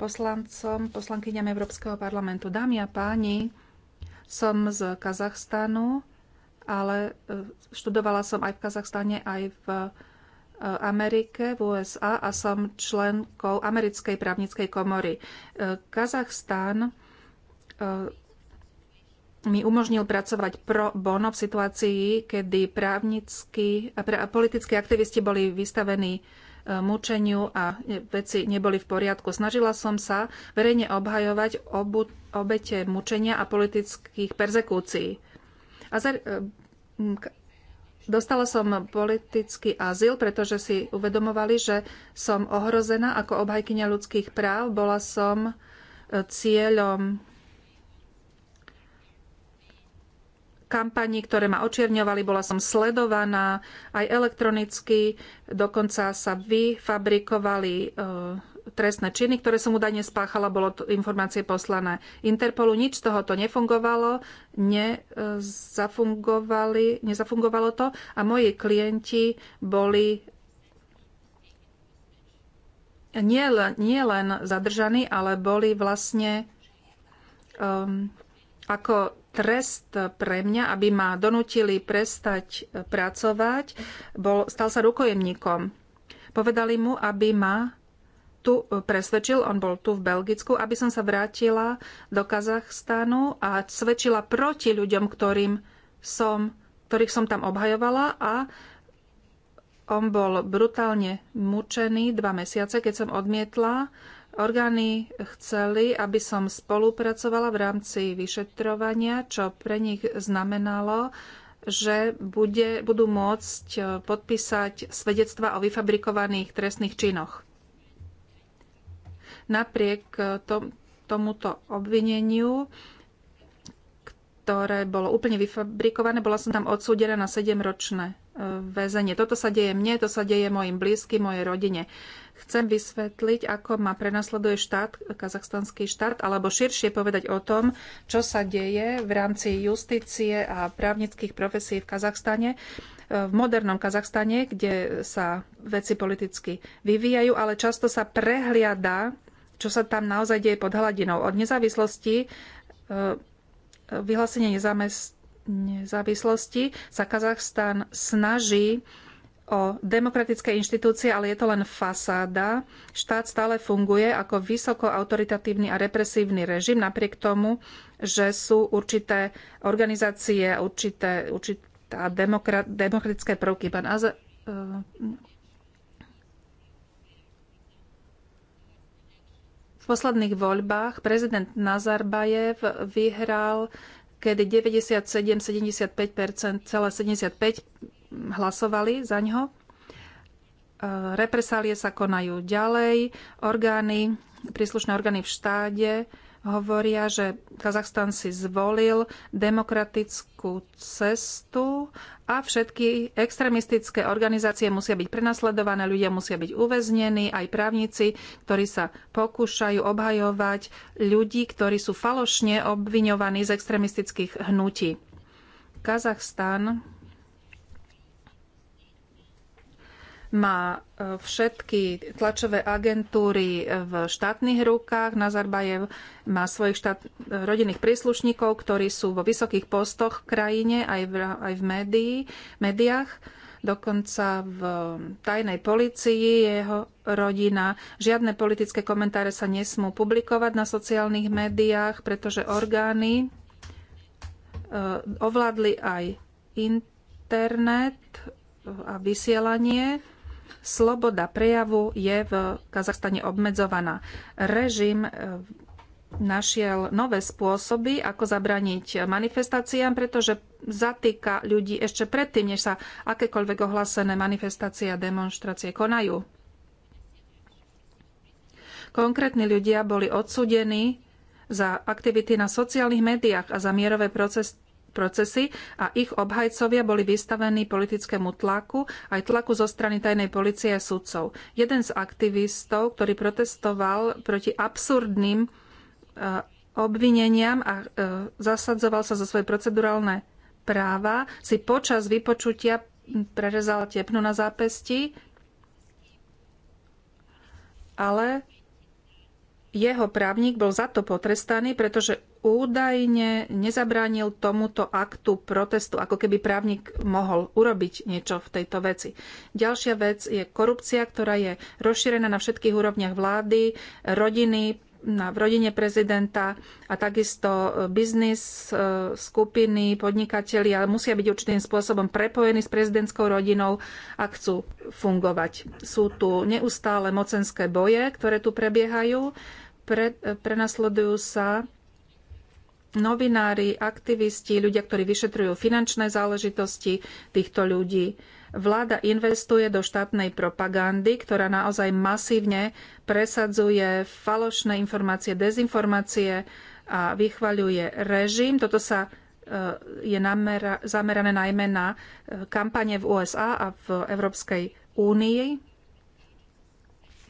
poslancom, poslankyňam Európskeho parlamentu. Dámy a páni, som z Kazachstanu, ale e, študovala som aj v Kazachstane, aj v e, Amerike, v USA a som členkou americkej právnickej komory. E, Kazachstan mi umožnil pracovať pro bono v situácii, kedy právnickí a politickí aktivisti boli vystavení e, mučeniu a veci neboli v poriadku. Snažila som sa verejne obhajovať obu, obete mučenia a politických perzekúcií. Azer, dostala som politický azyl, pretože si uvedomovali, že som ohrozená ako obhajkyňa ľudských práv. Bola som e, cieľom kampaní, ktoré ma očierňovali, bola som sledovaná aj elektronicky, dokonca sa vyfabrikovali e, trestné činy, ktoré som údajne spáchala, bolo to informácie poslané Interpolu. Nič z tohoto nefungovalo, nezafungovali, e, nezafungovalo to a moji klienti boli nie, nie len zadržaní, ale boli vlastne um, ako trest pre mňa, aby ma donútili prestať pracovať, bol, stal sa rukojemníkom. Povedali mu, aby ma tu presvedčil, on bol tu v Belgicku, aby som sa vrátila do Kazachstanu a svedčila proti ľuďom, ktorým som, ktorých som tam obhajovala a on bol brutálne mučený dva mesiace, keď som odmietla Orgány chceli, aby som spolupracovala v rámci vyšetrovania, čo pre nich znamenalo, že bude, budú môcť e, podpísať svedectva o vyfabrikovaných trestných činoch. Napriek e, tomuto obvineniu ktoré bolo úplne vyfabrikované. Bola som tam odsúdená na 7-ročné e, väzenie. Toto sa deje mne, to sa deje mojim blízkym, mojej rodine. Chcem vysvetliť, ako ma prenasleduje štát, kazachstanský štát, alebo širšie povedať o tom, čo sa deje v rámci justície a právnických profesí v Kazachstane, e, v modernom Kazachstane, kde sa veci politicky vyvíjajú, ale často sa prehliada, čo sa tam naozaj deje pod hladinou. Od nezávislosti e, vyhlásenie nezávislosti sa Kazachstan snaží o demokratické inštitúcie, ale je to len fasáda. Štát stále funguje ako vysoko autoritatívny a represívny režim, napriek tomu, že sú určité organizácie, určité, určité demokratické prvky. Pán Aze, posledných voľbách prezident Nazarbajev vyhral, kedy 97, 75 celé 75 hlasovali za ňo. E, represálie sa konajú ďalej. Orgány, príslušné orgány v štáde hovoria, že Kazachstan si zvolil demokratickú cestu a všetky extremistické organizácie musia byť prenasledované, ľudia musia byť uväznení, aj právnici, ktorí sa pokúšajú obhajovať ľudí, ktorí sú falošne obviňovaní z extremistických hnutí. Kazachstan má e, všetky tlačové agentúry v štátnych rukách. Nazarbajev má svojich štát, rodinných príslušníkov, ktorí sú vo vysokých postoch v krajine, aj v, aj v médií, médiách. Dokonca v tajnej policii jeho rodina. Žiadne politické komentáre sa nesmú publikovať na sociálnych médiách, pretože orgány e, ovládli aj internet a vysielanie sloboda prejavu je v Kazachstane obmedzovaná. Režim e, našiel nové spôsoby, ako zabraniť manifestáciám, pretože zatýka ľudí ešte predtým, než sa akékoľvek ohlásené manifestácie a demonstrácie konajú. Konkrétni ľudia boli odsudení za aktivity na sociálnych médiách a za mierové procesy procesy a ich obhajcovia boli vystavení politickému tlaku, aj tlaku zo strany tajnej policie a sudcov. Jeden z aktivistov, ktorý protestoval proti absurdným eh, obvineniam a eh, zasadzoval sa za svoje procedurálne práva, si počas vypočutia prerezal tepnu na zápesti, ale jeho právnik bol za to potrestaný, pretože údajne nezabránil tomuto aktu protestu, ako keby právnik mohol urobiť niečo v tejto veci. Ďalšia vec je korupcia, ktorá je rozšírená na všetkých úrovniach vlády, rodiny, na, v rodine prezidenta a takisto e, biznis e, skupiny, podnikatelia musia byť určitým spôsobom prepojení s prezidentskou rodinou a chcú fungovať. Sú tu neustále mocenské boje, ktoré tu prebiehajú, pre, e, prenasledujú sa novinári, aktivisti, ľudia, ktorí vyšetrujú finančné záležitosti týchto ľudí Vláda investuje do štátnej propagandy, ktorá naozaj masívne presadzuje falošné informácie, dezinformácie a vychvaľuje režim. Toto sa e, je namera, zamerané najmä na e, kampane v USA a v Európskej únii,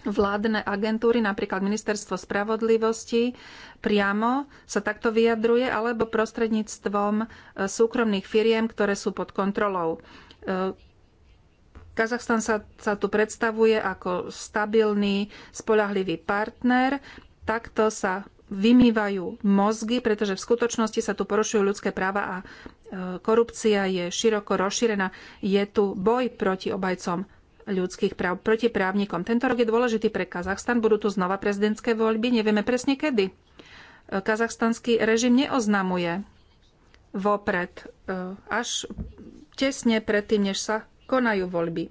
vládne agentúry, napríklad Ministerstvo spravodlivosti, priamo sa takto vyjadruje, alebo prostredníctvom e, súkromných firiem, ktoré sú pod kontrolou. Kazachstan sa, sa tu predstavuje ako stabilný, spolahlivý partner. Takto sa vymývajú mozgy, pretože v skutočnosti sa tu porušujú ľudské práva a e, korupcia je široko rozšírená. Je tu boj proti obajcom ľudských práv, proti právnikom. Tento rok je dôležitý pre Kazachstan. Budú tu znova prezidentské voľby, nevieme presne kedy. E, kazachstanský režim neoznamuje vopred, e, až tesne predtým, než sa konajú voľby. E,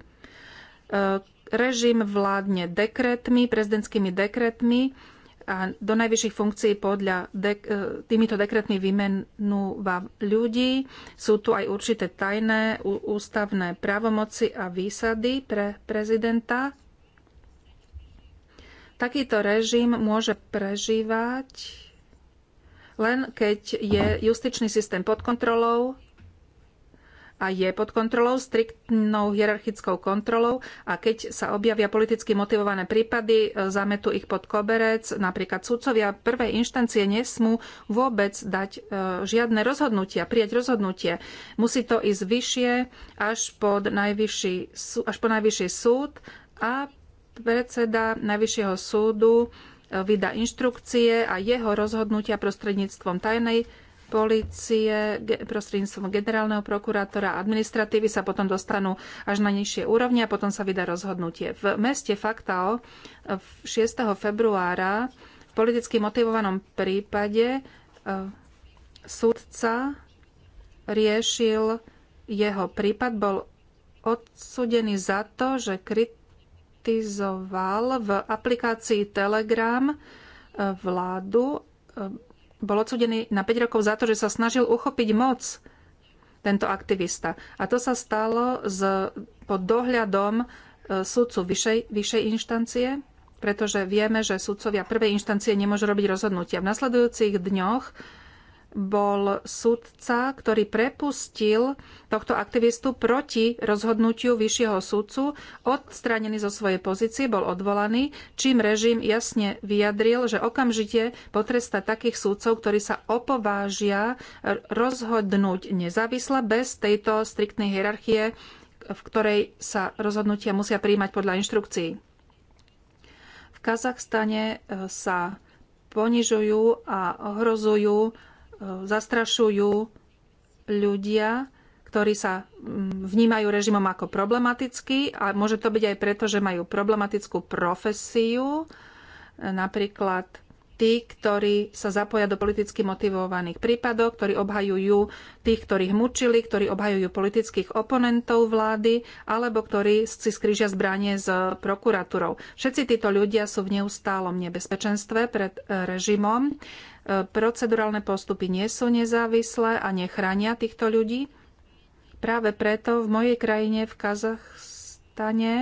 režim vládne dekretmi, prezidentskými dekretmi a do najvyšších funkcií podľa dek- e, týmito dekretmi vymenúva ľudí. Sú tu aj určité tajné ústavné právomoci a výsady pre prezidenta. Takýto režim môže prežívať len keď je justičný systém pod kontrolou a je pod kontrolou, striktnou hierarchickou kontrolou a keď sa objavia politicky motivované prípady, e, zametú ich pod koberec. Napríklad sudcovia prvej inštancie nesmú vôbec dať e, žiadne rozhodnutia, prijať rozhodnutie. Musí to ísť vyššie až, pod najvyšší, až po najvyšší súd a predseda najvyššieho súdu e, vydá inštrukcie a jeho rozhodnutia prostredníctvom tajnej policie prostredníctvom generálneho prokurátora a administratívy sa potom dostanú až na nižšie úrovne a potom sa vydá rozhodnutie. V meste Faktao 6. februára v politicky motivovanom prípade e, sudca riešil jeho prípad, bol odsudený za to, že kritizoval v aplikácii Telegram e, vládu e, bol odsudený na 5 rokov za to, že sa snažil uchopiť moc tento aktivista. A to sa stalo z, pod dohľadom e, sudcu vyšej, vyššej inštancie, pretože vieme, že sudcovia prvej inštancie nemôžu robiť rozhodnutia. V nasledujúcich dňoch bol sudca, ktorý prepustil tohto aktivistu proti rozhodnutiu vyššieho sudcu, odstranený zo svojej pozície, bol odvolaný, čím režim jasne vyjadril, že okamžite potresta takých sudcov, ktorí sa opovážia rozhodnúť nezávisle bez tejto striktnej hierarchie, v ktorej sa rozhodnutia musia príjmať podľa inštrukcií. V Kazachstane e, sa ponižujú a ohrozujú zastrašujú ľudia, ktorí sa mm, vnímajú režimom ako problematický a môže to byť aj preto, že majú problematickú profesiu, napríklad tí, ktorí sa zapoja do politicky motivovaných prípadov, ktorí obhajujú tých, ktorých mučili, ktorí obhajujú politických oponentov vlády, alebo ktorí si skrížia zbranie s prokuratúrou. Všetci títo ľudia sú v neustálom nebezpečenstve pred eh, režimom procedurálne postupy nie sú nezávislé a nechránia týchto ľudí. Práve preto v mojej krajine, v Kazachstane,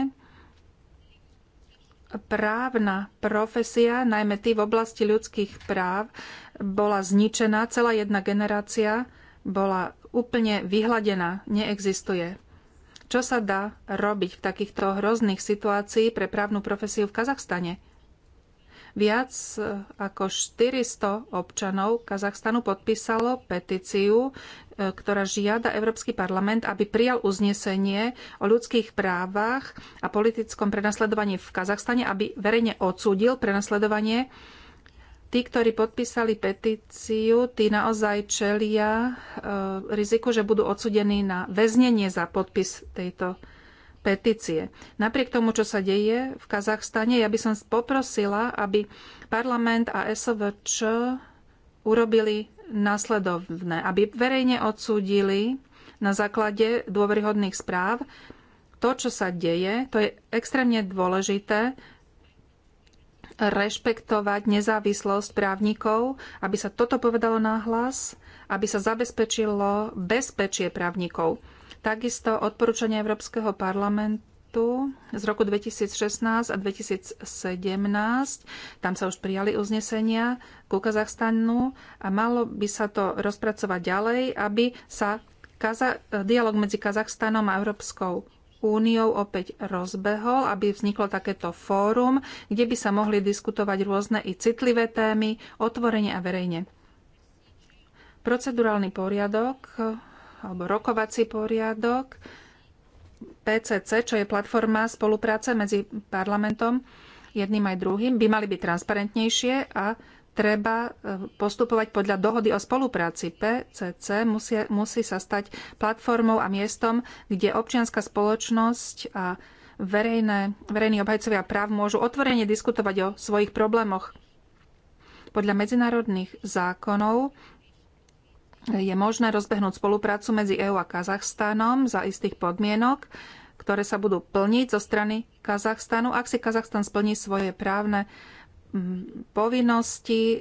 právna profesia, najmä tí v oblasti ľudských práv, bola zničená. Celá jedna generácia bola úplne vyhladená, neexistuje. Čo sa dá robiť v takýchto hrozných situácií pre právnu profesiu v Kazachstane? Viac ako 400 občanov Kazachstanu podpísalo petíciu, e, ktorá žiada Európsky parlament, aby prijal uznesenie o ľudských právach a politickom prenasledovaní v Kazachstane, aby verejne odsúdil prenasledovanie. Tí, ktorí podpísali petíciu, tí naozaj čelia e, riziku, že budú odsudení na väznenie za podpis tejto petície petície. Napriek tomu, čo sa deje v Kazachstane, ja by som poprosila, aby parlament a SVČ urobili následovné, aby verejne odsúdili na základe dôveryhodných správ to, čo sa deje. To je extrémne dôležité rešpektovať nezávislosť právnikov, aby sa toto povedalo náhlas, aby sa zabezpečilo bezpečie právnikov. Takisto odporúčania Európskeho parlamentu z roku 2016 a 2017. Tam sa už prijali uznesenia ku Kazachstanu a malo by sa to rozpracovať ďalej, aby sa Kaza- dialog medzi Kazachstanom a Európskou úniou opäť rozbehol, aby vzniklo takéto fórum, kde by sa mohli diskutovať rôzne i citlivé témy otvorene a verejne. Procedurálny poriadok alebo rokovací poriadok PCC, čo je platforma spolupráce medzi parlamentom jedným aj druhým, by mali byť transparentnejšie a treba e, postupovať podľa dohody o spolupráci. PCC musí, musí sa stať platformou a miestom, kde občianská spoločnosť a verejné, verejní obhajcovia práv môžu otvorene diskutovať o svojich problémoch. Podľa medzinárodných zákonov je možné rozbehnúť spoluprácu medzi EÚ a Kazachstanom za istých podmienok, ktoré sa budú plniť zo strany Kazachstanu, ak si Kazachstan splní svoje právne mm, povinnosti, e,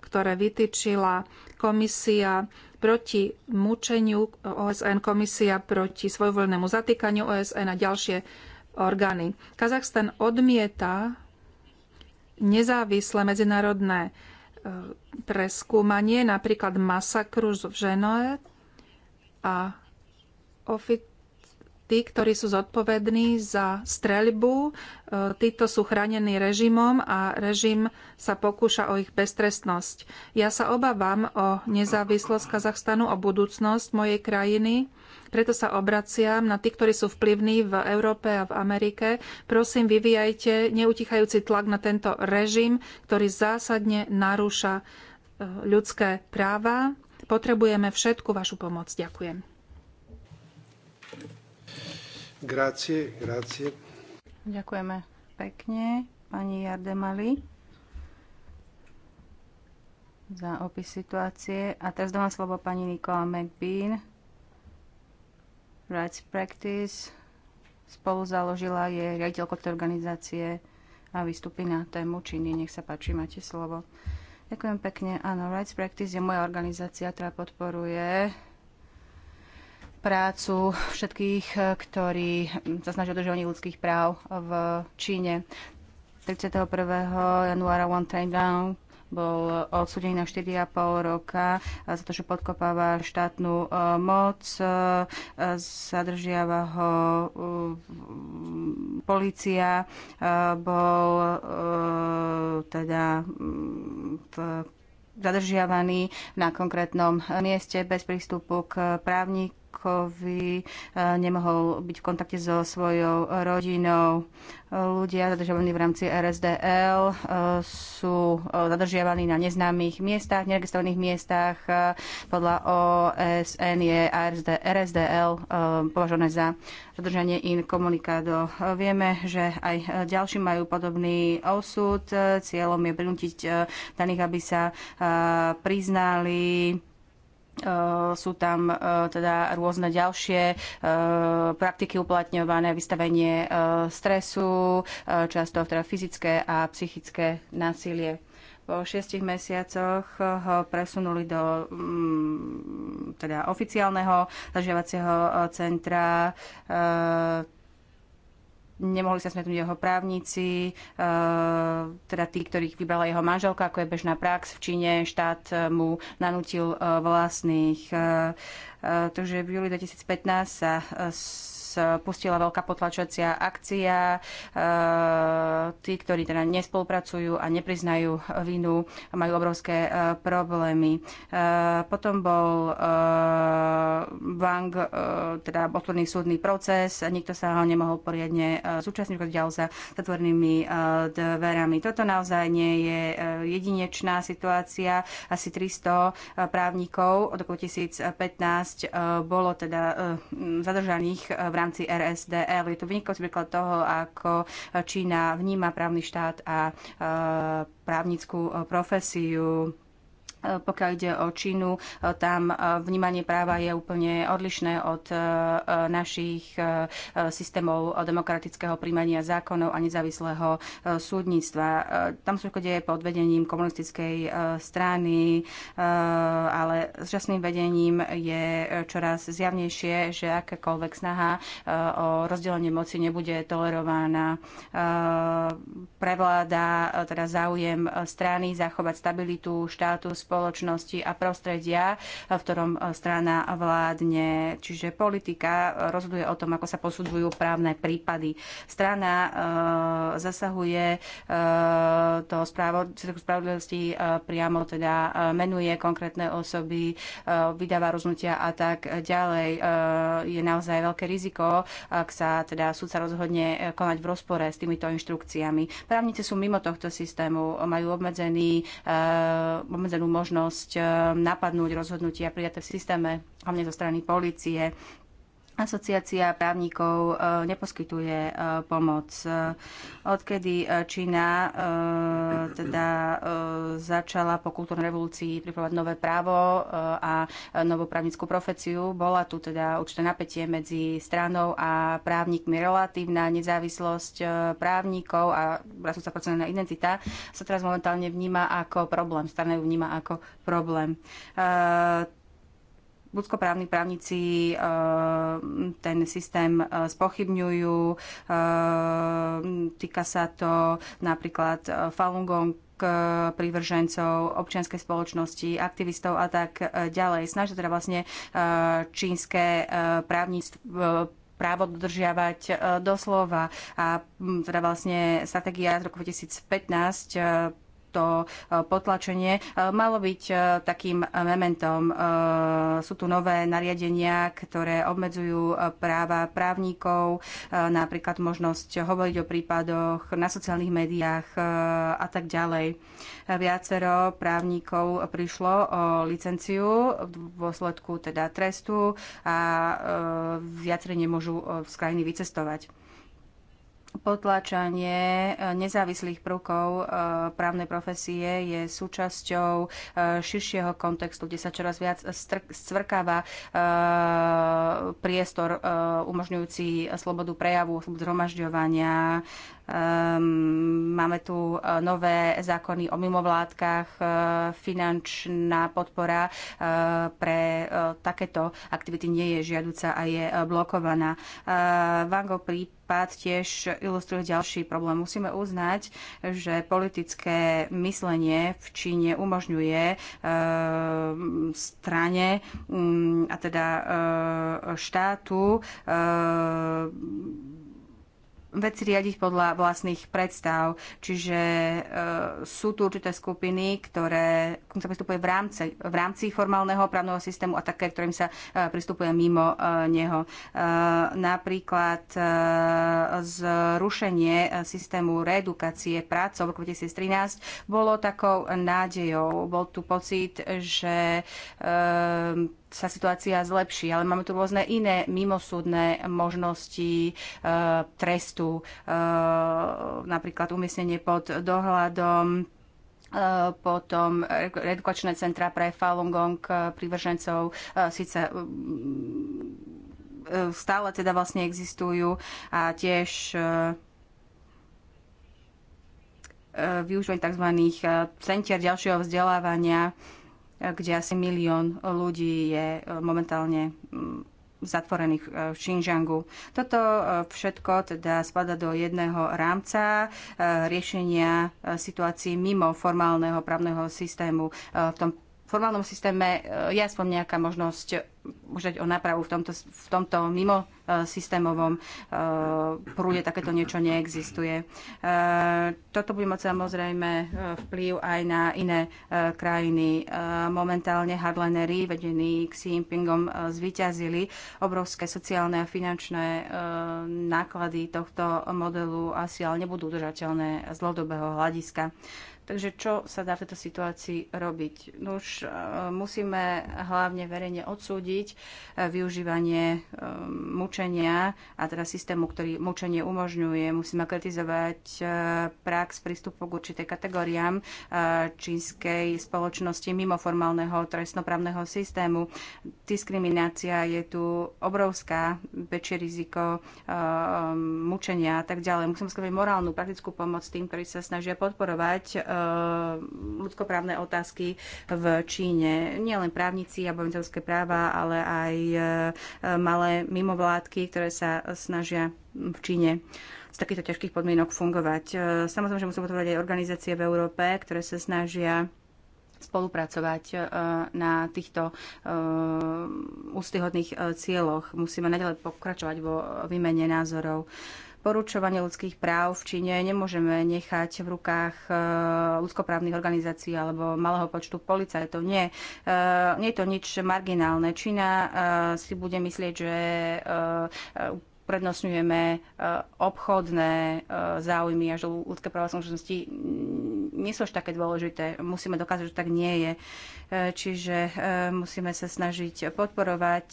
ktoré vytýčila komisia proti mučeniu OSN, komisia proti svojvoľnému zatýkaniu OSN a ďalšie orgány. Kazachstan odmieta nezávislé medzinárodné preskúmanie napríklad masakru v Ženoe a tí, ktorí sú zodpovední za streľbu, e, títo sú chránení režimom a režim sa pokúša o ich beztrestnosť. Ja sa obávam o nezávislosť Kazachstanu, o budúcnosť mojej krajiny preto sa obraciam na tí, ktorí sú vplyvní v Európe a v Amerike. Prosím, vyvíjajte neutichajúci tlak na tento režim, ktorý zásadne narúša e, ľudské práva. Potrebujeme všetku vašu pomoc. Ďakujem. Grazie, grazie. Ďakujeme pekne pani Jardemali za opis situácie. A teraz dám slovo pani Nikola McBean, Rights Practice spolu založila je riaditeľko tej organizácie a vystupí na tému činy. Nech sa páči, máte slovo. Ďakujem pekne. Áno, Rights Practice je moja organizácia, ktorá podporuje prácu všetkých, ktorí sa snažia o ľudských práv v Číne. 31. januára One Train Down bol odsudený na 4,5 roka za to, že podkopáva štátnu e, moc, e, zadržiava ho e, policia, bol teda v zadržiavaný na konkrétnom mieste bez prístupu k právniku Irakovi e, nemohol byť v kontakte so svojou rodinou. Ľudia zadržiavaní v rámci RSDL e, sú e, zadržiavaní na neznámych miestach, neregistrovaných miestach. Podľa OSN je RSDL považované za zadržanie inkomunikádo. Vieme, že aj ďalší majú podobný osud. Cieľom je prinútiť daných, aby sa priznali Eh, sú tam eh, teda rôzne ďalšie eh, praktiky uplatňované, vystavenie stresu, často teda fyzické a psychické násilie. Po šiestich mesiacoch ho presunuli do mm, teda oficiálneho zažiavacieho centra nemohli sa smetnúť jeho právnici, eh, teda tí, ktorých vybrala jeho manželka, ako je bežná prax v Číne, štát eh, mu nanútil eh, vlastných. Takže v júli 2015 sa spustila veľká potlačacia akcia. E, tí, ktorí teda nespolupracujú a nepriznajú vinu, majú obrovské e, problémy. E, potom bol Wang, teda otvorný súdny proces, nikto sa ho nemohol poriadne zúčastniť, ďal sa zatvorenými dverami. Toto naozaj nie je jedinečná situácia. Asi 300 právnikov od roku 2015 bolo teda zadržaných v rámci RSDE. Je to vynikajúci príklad toho, ako Čína vníma právny štát a e, právnickú e, profesiu E, pokiaľ ide o Čínu, e, tam e, vnímanie práva je úplne odlišné od našich systémov demokratického príjmania zákonov a nezávislého súdnictva. Tam sú deje pod vedením komunistickej strany, ale s časným vedením je čoraz zjavnejšie, že akákoľvek snaha o rozdelenie moci nebude tolerovaná. Prevláda teda záujem strany zachovať stabilitu štátu, spoločnosti a prostredia, v ktorom eh, strana vládne. Čiže politika eh, rozhoduje o tom, ako sa posudzujú právne prípady. Strana e, zasahuje e, správo, spravodlivosti e, priamo teda menuje konkrétne osoby, e, vydáva rozhodnutia a tak ďalej. E, je naozaj veľké riziko, ak sa teda sa rozhodne konať v rozpore s týmito inštrukciami. Právnici sú mimo tohto systému, majú obmedzený, e, obmedzenú možnosť eh, napadnúť rozhodnutia prijaté v systéme, hlavne zo strany policie. Asociácia právnikov e, neposkytuje e, pomoc. E, odkedy Čína teda začala po kultúrnej revolúcii pripravovať nové právo a novú právnickú profeciu, bola tu teda určité napätie medzi stranou a právnikmi. Relatívna nezávislosť právnikov a rastúca procentná identita sa teraz momentálne vníma ako problém. Strana ju vníma ako problém ľudskoprávni právnici eh, ten systém eh, spochybňujú. Eh, týka sa to napríklad Falun Gong, prívržencov občianskej spoločnosti, aktivistov a tak ďalej. Snažia teda vlastne čínske právnictvo právo dodržiavať doslova a mm, teda vlastne stratégia z roku 2015 to e, potlačenie e, malo byť e, takým mementom. Sú tu nové nariadenia, ktoré obmedzujú práva právnikov, napríklad možnosť hovoriť o prípadoch na sociálnych médiách a tak ďalej. Viacero právnikov prišlo o licenciu v dôsledku teda trestu a viacerí nemôžu z krajiny vycestovať. Potláčanie e, nezávislých prvkov e, právnej profesie je súčasťou e, širšieho kontextu, kde sa čoraz viac scvrkáva priestor umožňujúci slobodu prejavu, slobodu zhromažďovania, Ehm, máme tu e, nové zákony o mimovládkach, e, finančná podpora e, pre takéto aktivity nie je žiaduca a je blokovaná. Vango prípad tiež ilustruje ďalší problém. Musíme uznať, že politické myslenie v Číne umožňuje strane mm, a teda štátu veci riadiť podľa vlastných predstav. Čiže e, sú tu určité skupiny, ktoré ktorým sa pristupuje v rámci, v rámci formálneho právneho systému a také, ktorým sa e, pristupuje mimo e, neho. E, napríklad e, zrušenie e, systému reedukácie práce v roku 2013 bolo takou nádejou. Bol tu pocit, že e, sa situácia zlepší, ale máme tu rôzne iné mimosúdne možnosti e, trestu, e, napríklad umiestnenie pod dohľadom, e, potom redukačné centra pre Falun Gong e, prívržencov e, síce stále teda vlastne existujú a tiež využívanie tzv. centier ďalšieho vzdelávania kde asi milión ľudí je e, momentálne zatvorených e, v Xinjiangu. Toto e, všetko teda spada do jedného rámca riešenia situácií mimo formálneho právneho systému. V tom formálnom systéme e, je aspoň nejaká možnosť žiť o nápravu v tomto, v tomto mimo e, systémovom e, prúde takéto niečo neexistuje. Toto bude mať samozrejme vplyv aj na iné krajiny. Momentálne hardlinery vedení k Xi Jinpingom zvyťazili obrovské sociálne a finančné náklady tohto modelu asi ale nebudú udržateľné z dlhodobého hľadiska. Takže čo sa dá v tejto situácii robiť? No už e, musíme hlavne verejne odsúdiť e, využívanie e, mučenia a teda systému, ktorý mučenie umožňuje. Musíme kritizovať prax prístupu k určitej kategóriám čínskej spoločnosti mimo formálneho trestnoprávneho systému. Diskriminácia je tu obrovská, väčšie riziko mučenia a tak ďalej. Musíme skôr morálnu, praktickú pomoc tým, ktorí sa snažia podporovať Eh, ľudskoprávne otázky v Číne. Nielen právnici a bovnicovské práva, ale aj eh, malé mimovládky, ktoré sa snažia v Číne z takýchto ťažkých podmienok fungovať. Eh, samozrejme, že musím potvrdiť aj organizácie v Európe, ktoré sa snažia spolupracovať na týchto ústyhodných cieľoch. Musíme nadalej pokračovať vo výmene názorov. Porúčovanie ľudských práv v Číne nemôžeme nechať v rukách e, ľudskoprávnych organizácií alebo malého počtu policajtov. Nie, e, nie je to nič marginálne. Čína e, si bude myslieť, že prednostňujeme obchodné záujmy a že ľudské práva súčasnosti nie sú až také dôležité. Musíme dokázať, že tak nie je. Čiže musíme sa snažiť podporovať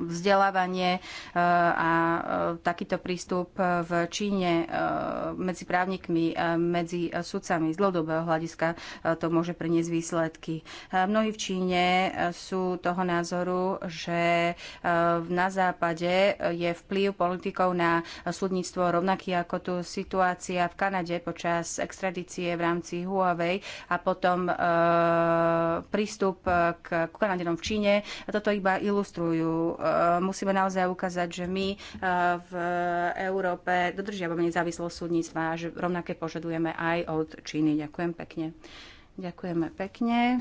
vzdelávanie e, a e, takýto prístup e, v Číne medzi právnikmi, medzi sudcami z dlhodobého hľadiska to môže priniesť výsledky. Mnohí v Číne sú toho názoru, že na západe je vplyv politikov na súdnictvo rovnaký ako tu situácia v Kanade počas extradície v rámci Huawei a potom prístup k Kanadenom v Číne. Toto iba ilustrujú E, musíme naozaj ukázať, že my e, v Európe dodržiavame nezávislosť súdnictva a že rovnaké požadujeme aj od Číny. Ďakujem pekne. Ďakujeme pekne.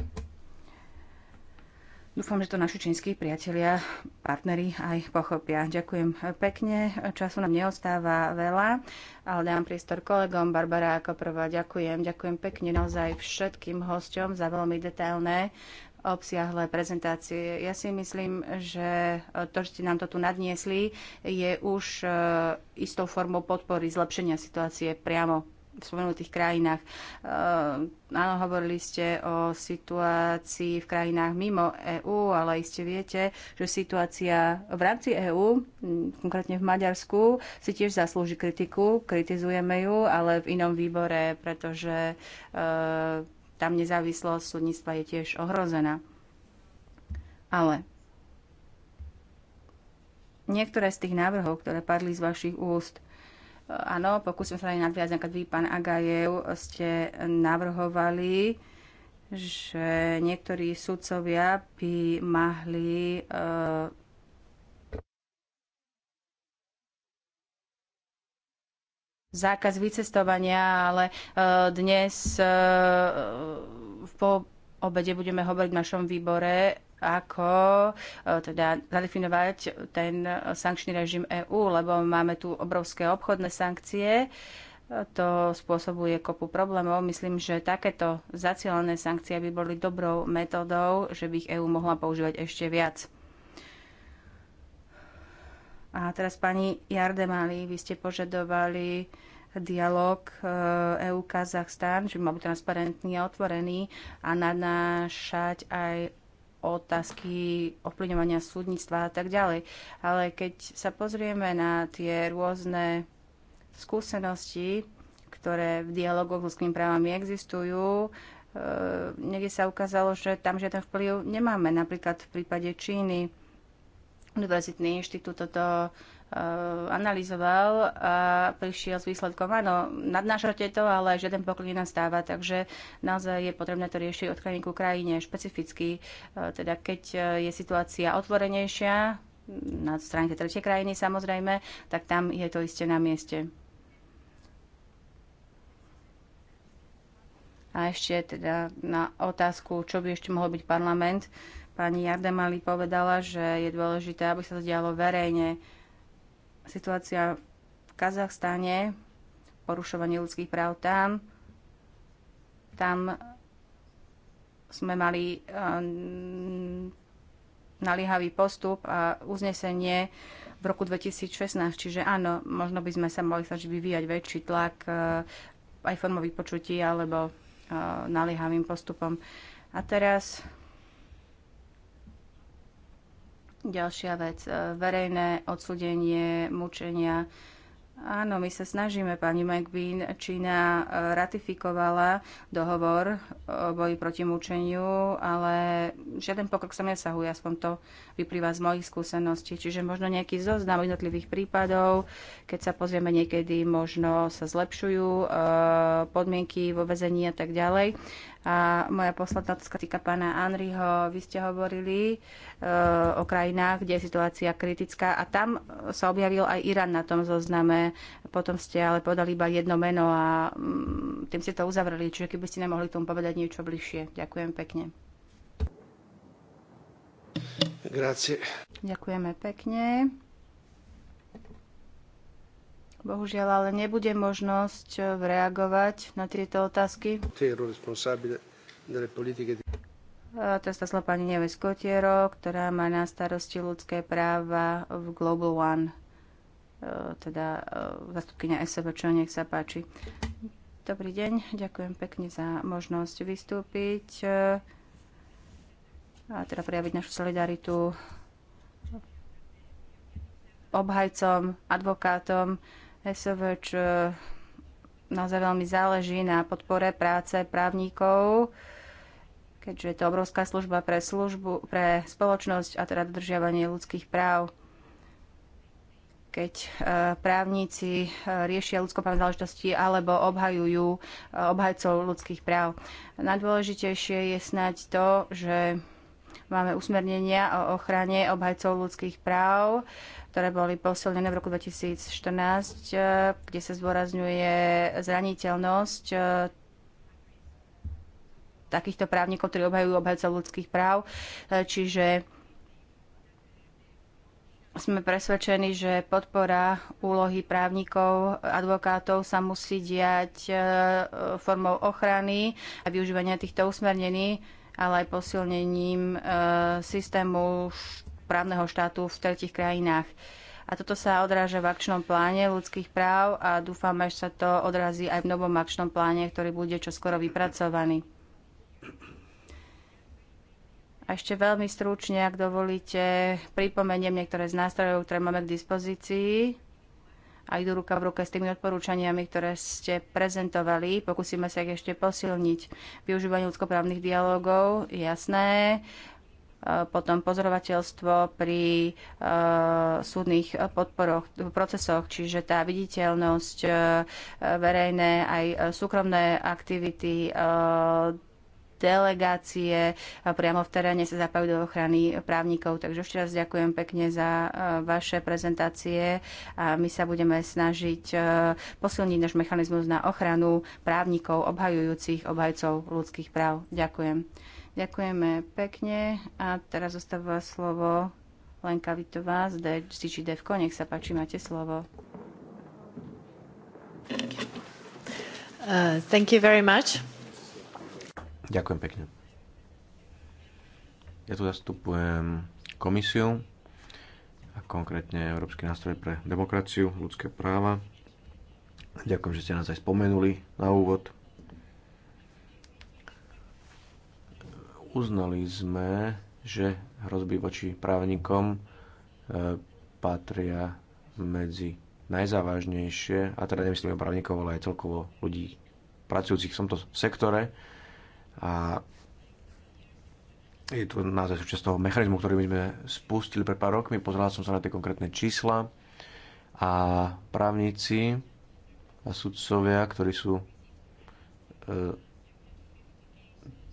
Dúfam, že to naši čínsky priatelia, partneri aj pochopia. Ďakujem pekne. Času nám neostáva veľa, ale dám priestor kolegom. Barbara ako prvá ďakujem. Ďakujem pekne naozaj všetkým hosťom za veľmi detailné obsiahle prezentácie. Ja si myslím, že to, že ste nám to tu nadniesli, je už e, istou formou podpory zlepšenia situácie priamo v spomenutých krajinách. Uh, áno, hovorili ste o situácii v krajinách mimo EÚ, ale iste viete, že situácia v rámci EÚ, konkrétne v Maďarsku, si tiež zaslúži kritiku. Kritizujeme ju, ale v inom výbore, pretože uh, tam nezávislosť súdnictva je tiež ohrozená. Ale niektoré z tých návrhov, ktoré padli z vašich úst, eh, áno, pokúsim sa aj nadviazať, keď vy, pán Agajev, ste navrhovali, že niektorí sudcovia by mohli e, eh, zákaz vycestovania, ale e, dnes e, po obede budeme hovoriť v našom výbore ako e, teda zadefinovať ten sankčný režim EÚ, lebo máme tu obrovské obchodné sankcie. To spôsobuje kopu problémov. Myslím, že takéto zacielené sankcie by boli dobrou metodou, že by ich EÚ mohla používať ešte viac. A teraz pani Jardemali, vy ste požadovali dialog EU-Kazachstan, e že by mal byť transparentný a otvorený a nanášať aj otázky ovplyvňovania súdnictva a tak ďalej. Ale keď sa pozrieme na tie rôzne skúsenosti, ktoré v dialogoch s ľudskými právami existujú, e, niekde sa ukázalo, že tam žiaden vplyv nemáme. Napríklad v prípade Číny univerzitný inštitút toto e, analyzoval a prišiel s výsledkom, áno, nadnášate to, ale žiaden pokrok nenastáva, takže naozaj je potrebné to riešiť od krajiny ku krajine špecificky. E, teda keď e, je situácia otvorenejšia, na stránke tretej krajiny samozrejme, tak tam je to isté na mieste. A ešte teda na otázku, čo by ešte mohol byť parlament. Uh, Pani Jardemali povedala, že je dôležité, aby sa to dialo verejne. Situácia v Kazachstane, porušovanie ľudských práv tam, tam sme mali um, naliehavý postup a uznesenie v roku 2016. Čiže áno, možno by sme sa mali snažiť vyvíjať väčší tlak eh, aj formou vypočutí alebo eh, naliehavým postupom. A teraz Ďalšia vec, e, verejné odsudenie mučenia. Áno, my sa snažíme, pani McBean. Čína e, ratifikovala dohovor o boji proti mučeniu, ale žiaden pokrok sa nesahuje, aspoň to vyplýva z mojich skúseností. Čiže možno nejaký zoznam jednotlivých prípadov, keď sa pozrieme niekedy, možno sa zlepšujú e, podmienky vo vezení a tak ďalej. A moja posledná otázka týka pána Anriho. Vy ste hovorili e, o krajinách, kde je situácia kritická a tam sa objavil aj Irán na tom zozname. Potom ste ale podali iba jedno meno a mm, tým ste to uzavreli. Čiže keby ste nemohli tomu povedať niečo bližšie. Ďakujem pekne. Grazie. Ďakujeme pekne. Bohužiaľ, ale nebude možnosť e, reagovať na tieto otázky. E, to je stasla pani Neve Skotiero, ktorá má na starosti ľudské práva v Global One, e, teda zastupkynia čo nech sa páči. Dobrý deň, ďakujem pekne za možnosť vystúpiť a teda prejaviť našu solidaritu obhajcom, advokátom, SVČ eh, naozaj veľmi záleží na podpore práce právnikov, keďže je to obrovská služba pre, službu, pre spoločnosť a teda dodržiavanie ľudských práv keď eh, právnici eh, riešia ľudskoprávne záležitosti alebo obhajujú obhajcov ľudských práv. Najdôležitejšie je snať to, že Máme usmernenia o ochrane obhajcov ľudských práv, ktoré boli posilnené v roku 2014, e, kde sa zdôrazňuje zraniteľnosť e, takýchto právnikov, ktorí obhajujú obhajcov ľudských práv. E, čiže sme presvedčení, že podpora úlohy právnikov, advokátov sa musí diať formou ochrany a využívania týchto usmernení ale aj posilnením e, systému právneho štátu v tretich krajinách. A toto sa odráža v akčnom pláne ľudských práv a dúfame, že sa to odrazí aj v novom akčnom pláne, ktorý bude čoskoro vypracovaný. A ešte veľmi stručne, ak dovolíte, pripomeniem niektoré z nástrojov, ktoré máme k dispozícii a idú ruka v ruke s tými odporúčaniami, ktoré ste prezentovali. Pokúsime sa ich ešte posilniť. Využívanie ľudskoprávnych dialogov, jasné. E, potom pozorovateľstvo pri uh, súdnych podporoch, procesoch, čiže tá viditeľnosť uh, verejné aj súkromné aktivity, uh, delegácie priamo v teréne sa zapájajú do ochrany právnikov. Takže ešte raz ďakujem pekne za e, vaše prezentácie a my sa budeme snažiť e, posilniť náš mechanizmus na ochranu právnikov, obhajujúcich obhajcov ľudských práv. Ďakujem. Ďakujeme pekne a teraz zostáva slovo Lenka Vitová z DCG Devko. Nech sa páči, máte slovo. Uh, thank you very much. Ďakujem pekne. Ja tu zastupujem komisiu a konkrétne Európsky nástroj pre demokraciu, ľudské práva. Ďakujem, že ste nás aj spomenuli na úvod. Uznali sme, že hrozby voči právnikom e, patria medzi najzávažnejšie, a teda nemyslím o právnikov, ale aj celkovo ľudí pracujúcich v tomto sektore, a je tu naozaj súčasť toho mechanizmu, ktorý my sme spustili pre pár rokmi. Pozeral som sa na tie konkrétne čísla a právnici a sudcovia, ktorí sú e,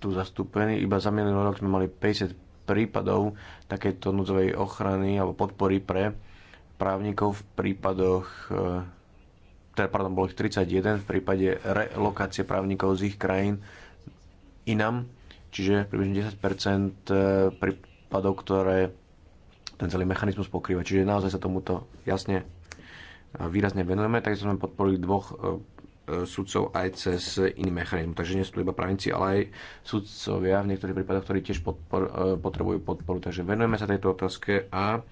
tu zastúpení, iba za minulý rok sme mali 50 prípadov takéto núdzovej ochrany alebo podpory pre právnikov v prípadoch, e, teda, pardon, bolo ich 31 v prípade relokácie právnikov z ich krajín inám, čiže približne 10 e, prípadov, ktoré ten celý mechanizmus pokrýva. Čiže naozaj sa tomuto jasne výrazne venujeme, takže sme podporili dvoch e, e, sudcov aj cez iný mechanizmus. Takže nie sú to iba právnici, ale aj sudcovia v niektorých prípadoch, ktorí tiež podpor, potrebujú podporu. Takže venujeme sa tejto otázke a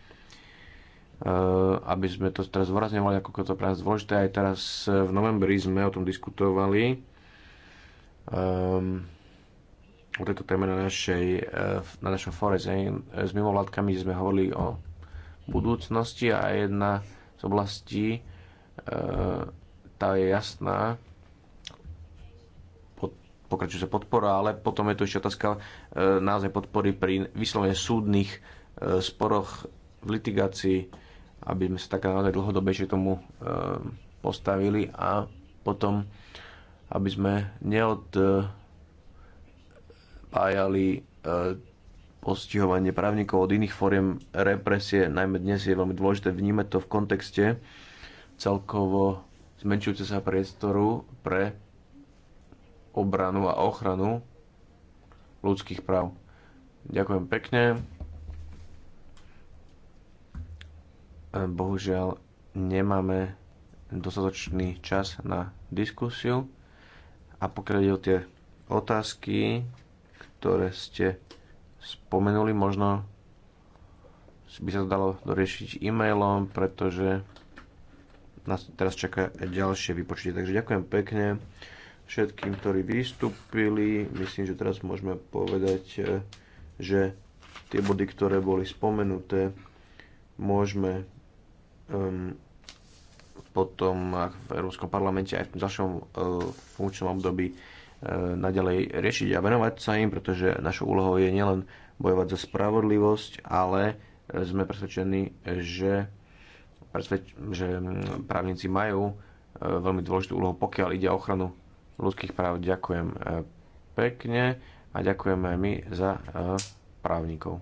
aby sme to teraz zvorazňovali, ako to pre nás dôležité, aj teraz v novembri sme o tom diskutovali. Um, o tejto téme na, našej, e, na našom fóre s, e, s mimovládkami, kde sme hovorili o budúcnosti a jedna z oblastí, e, tá je jasná, pokračuje sa podpora, ale potom je tu ešte otázka naozaj podpory pri vyslovene súdnych sporoch v litigácii, aby sme sa tak naozaj dlhodobejšie tomu postavili a potom, aby sme neod spájali e, postihovanie právnikov od iných fóriem represie. Najmä dnes je veľmi dôležité vnímať to v kontexte celkovo zmenšujúce sa priestoru pre obranu a ochranu ľudských práv. Ďakujem pekne. E, bohužiaľ nemáme dostatočný čas na diskusiu a pokiaľ ide o tie otázky, ktoré ste spomenuli. Možno by sa to dalo doriešiť e-mailom, pretože nás teraz čaká ďalšie vypočutie. Takže ďakujem pekne všetkým, ktorí vystúpili. Myslím, že teraz môžeme povedať, eh, že tie body, ktoré boli spomenuté, môžeme um, potom v Európskom parlamente aj v ďalšom uh, funkčnom období E, naďalej riešiť a venovať sa im, pretože našou úlohou je nielen bojovať za spravodlivosť, ale e, sme presvedčení, že, presvedč- že právnici majú e, veľmi dôležitú úlohu, pokiaľ ide o ochranu ľudských práv. Ďakujem pekne a ďakujeme aj my za právnikov.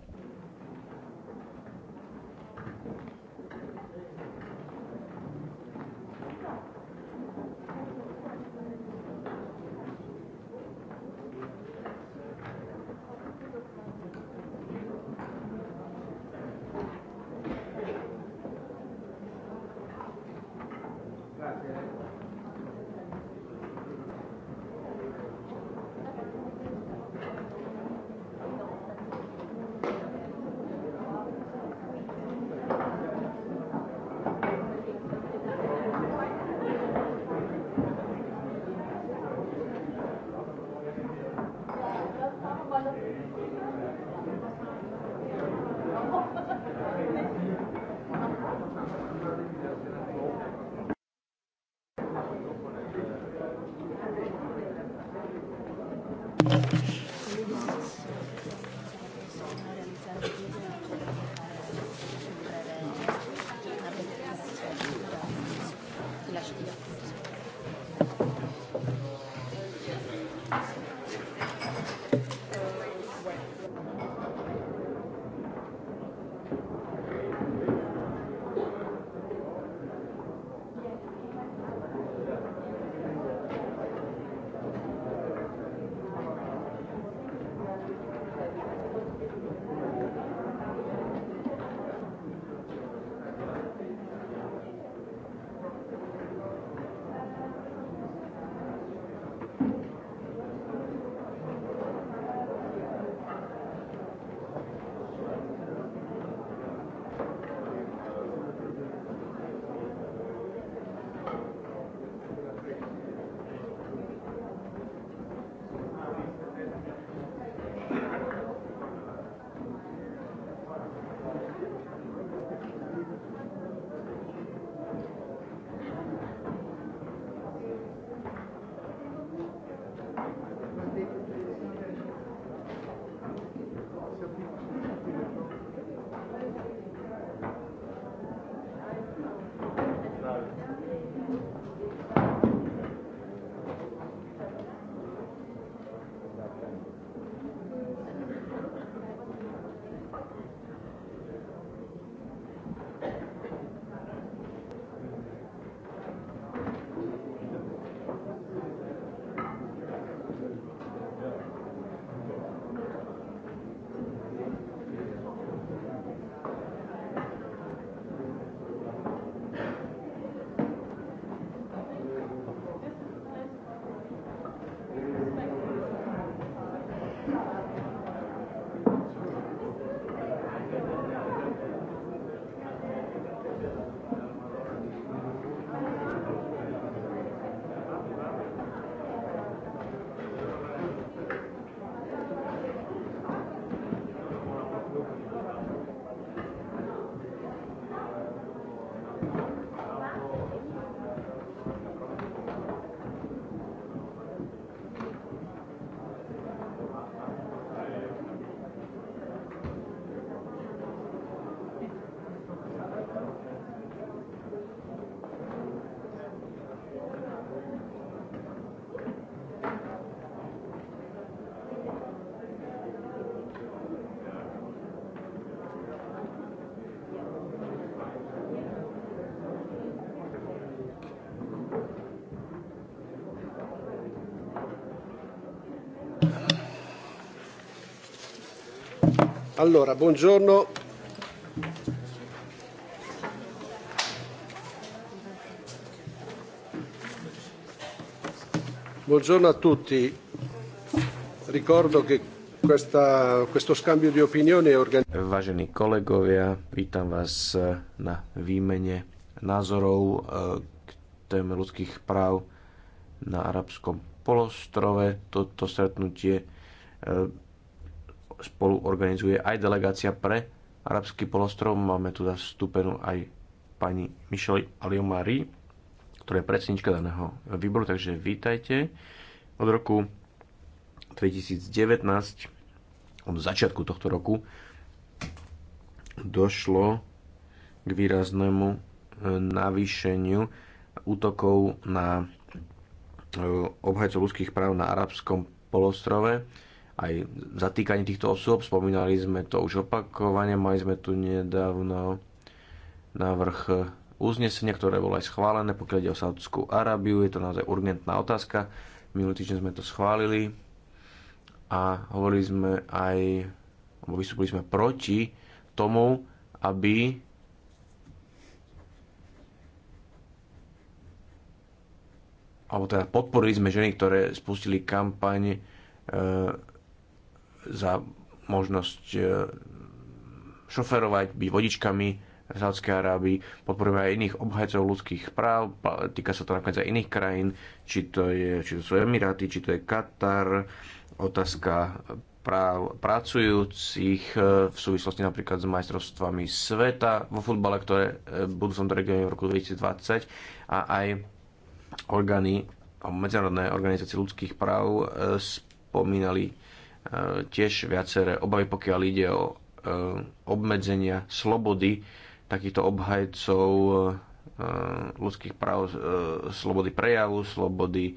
Allora, buongiorno. Buongiorno a tutti. Ricordo che questa, questo scambio di opinioni è organizzato. Vážení kolegovia, vítam vás eh, na výmene názorov eh, k téme ľudských práv na arabskom polostrove. Toto stretnutie eh, spolu organizuje aj delegácia pre arabský polostrov. Máme tu zastúpenú aj pani Michelle Aliomari, ktorá je predsednička daného výboru, takže vítajte. Od roku 2019, od začiatku tohto roku, došlo k výraznému e, navýšeniu útokov na e, obhajcov ľudských práv na arabskom polostrove aj zatýkanie týchto osôb. Spomínali sme to už opakovane, mali sme tu nedávno návrh uznesenia, ktoré bolo aj schválené, pokiaľ ide o Saudskú Arábiu, je to naozaj urgentná otázka. Minulý týždeň sme to schválili a hovorili sme aj, alebo vystúpili sme proti tomu, aby alebo teda podporili sme ženy, ktoré spustili kampaň e, za možnosť e, šoferovať, byť vodičkami v Sádskej Arábii, podporujeme aj iných obhajcov ľudských práv, týka sa to nakoniec aj iných krajín, či to, je, či to sú Emiráty, či to je Katar, otázka práv pracujúcich e, v súvislosti napríklad s majstrovstvami sveta vo futbale, ktoré e, budú v tomto regióne v roku 2020 a aj orgány, medzinárodné organizácie ľudských práv spomínali E, tiež viaceré obavy, pokiaľ ide o e, obmedzenia slobody takýchto obhajcov e, ľudských práv, slobody prejavu, slobody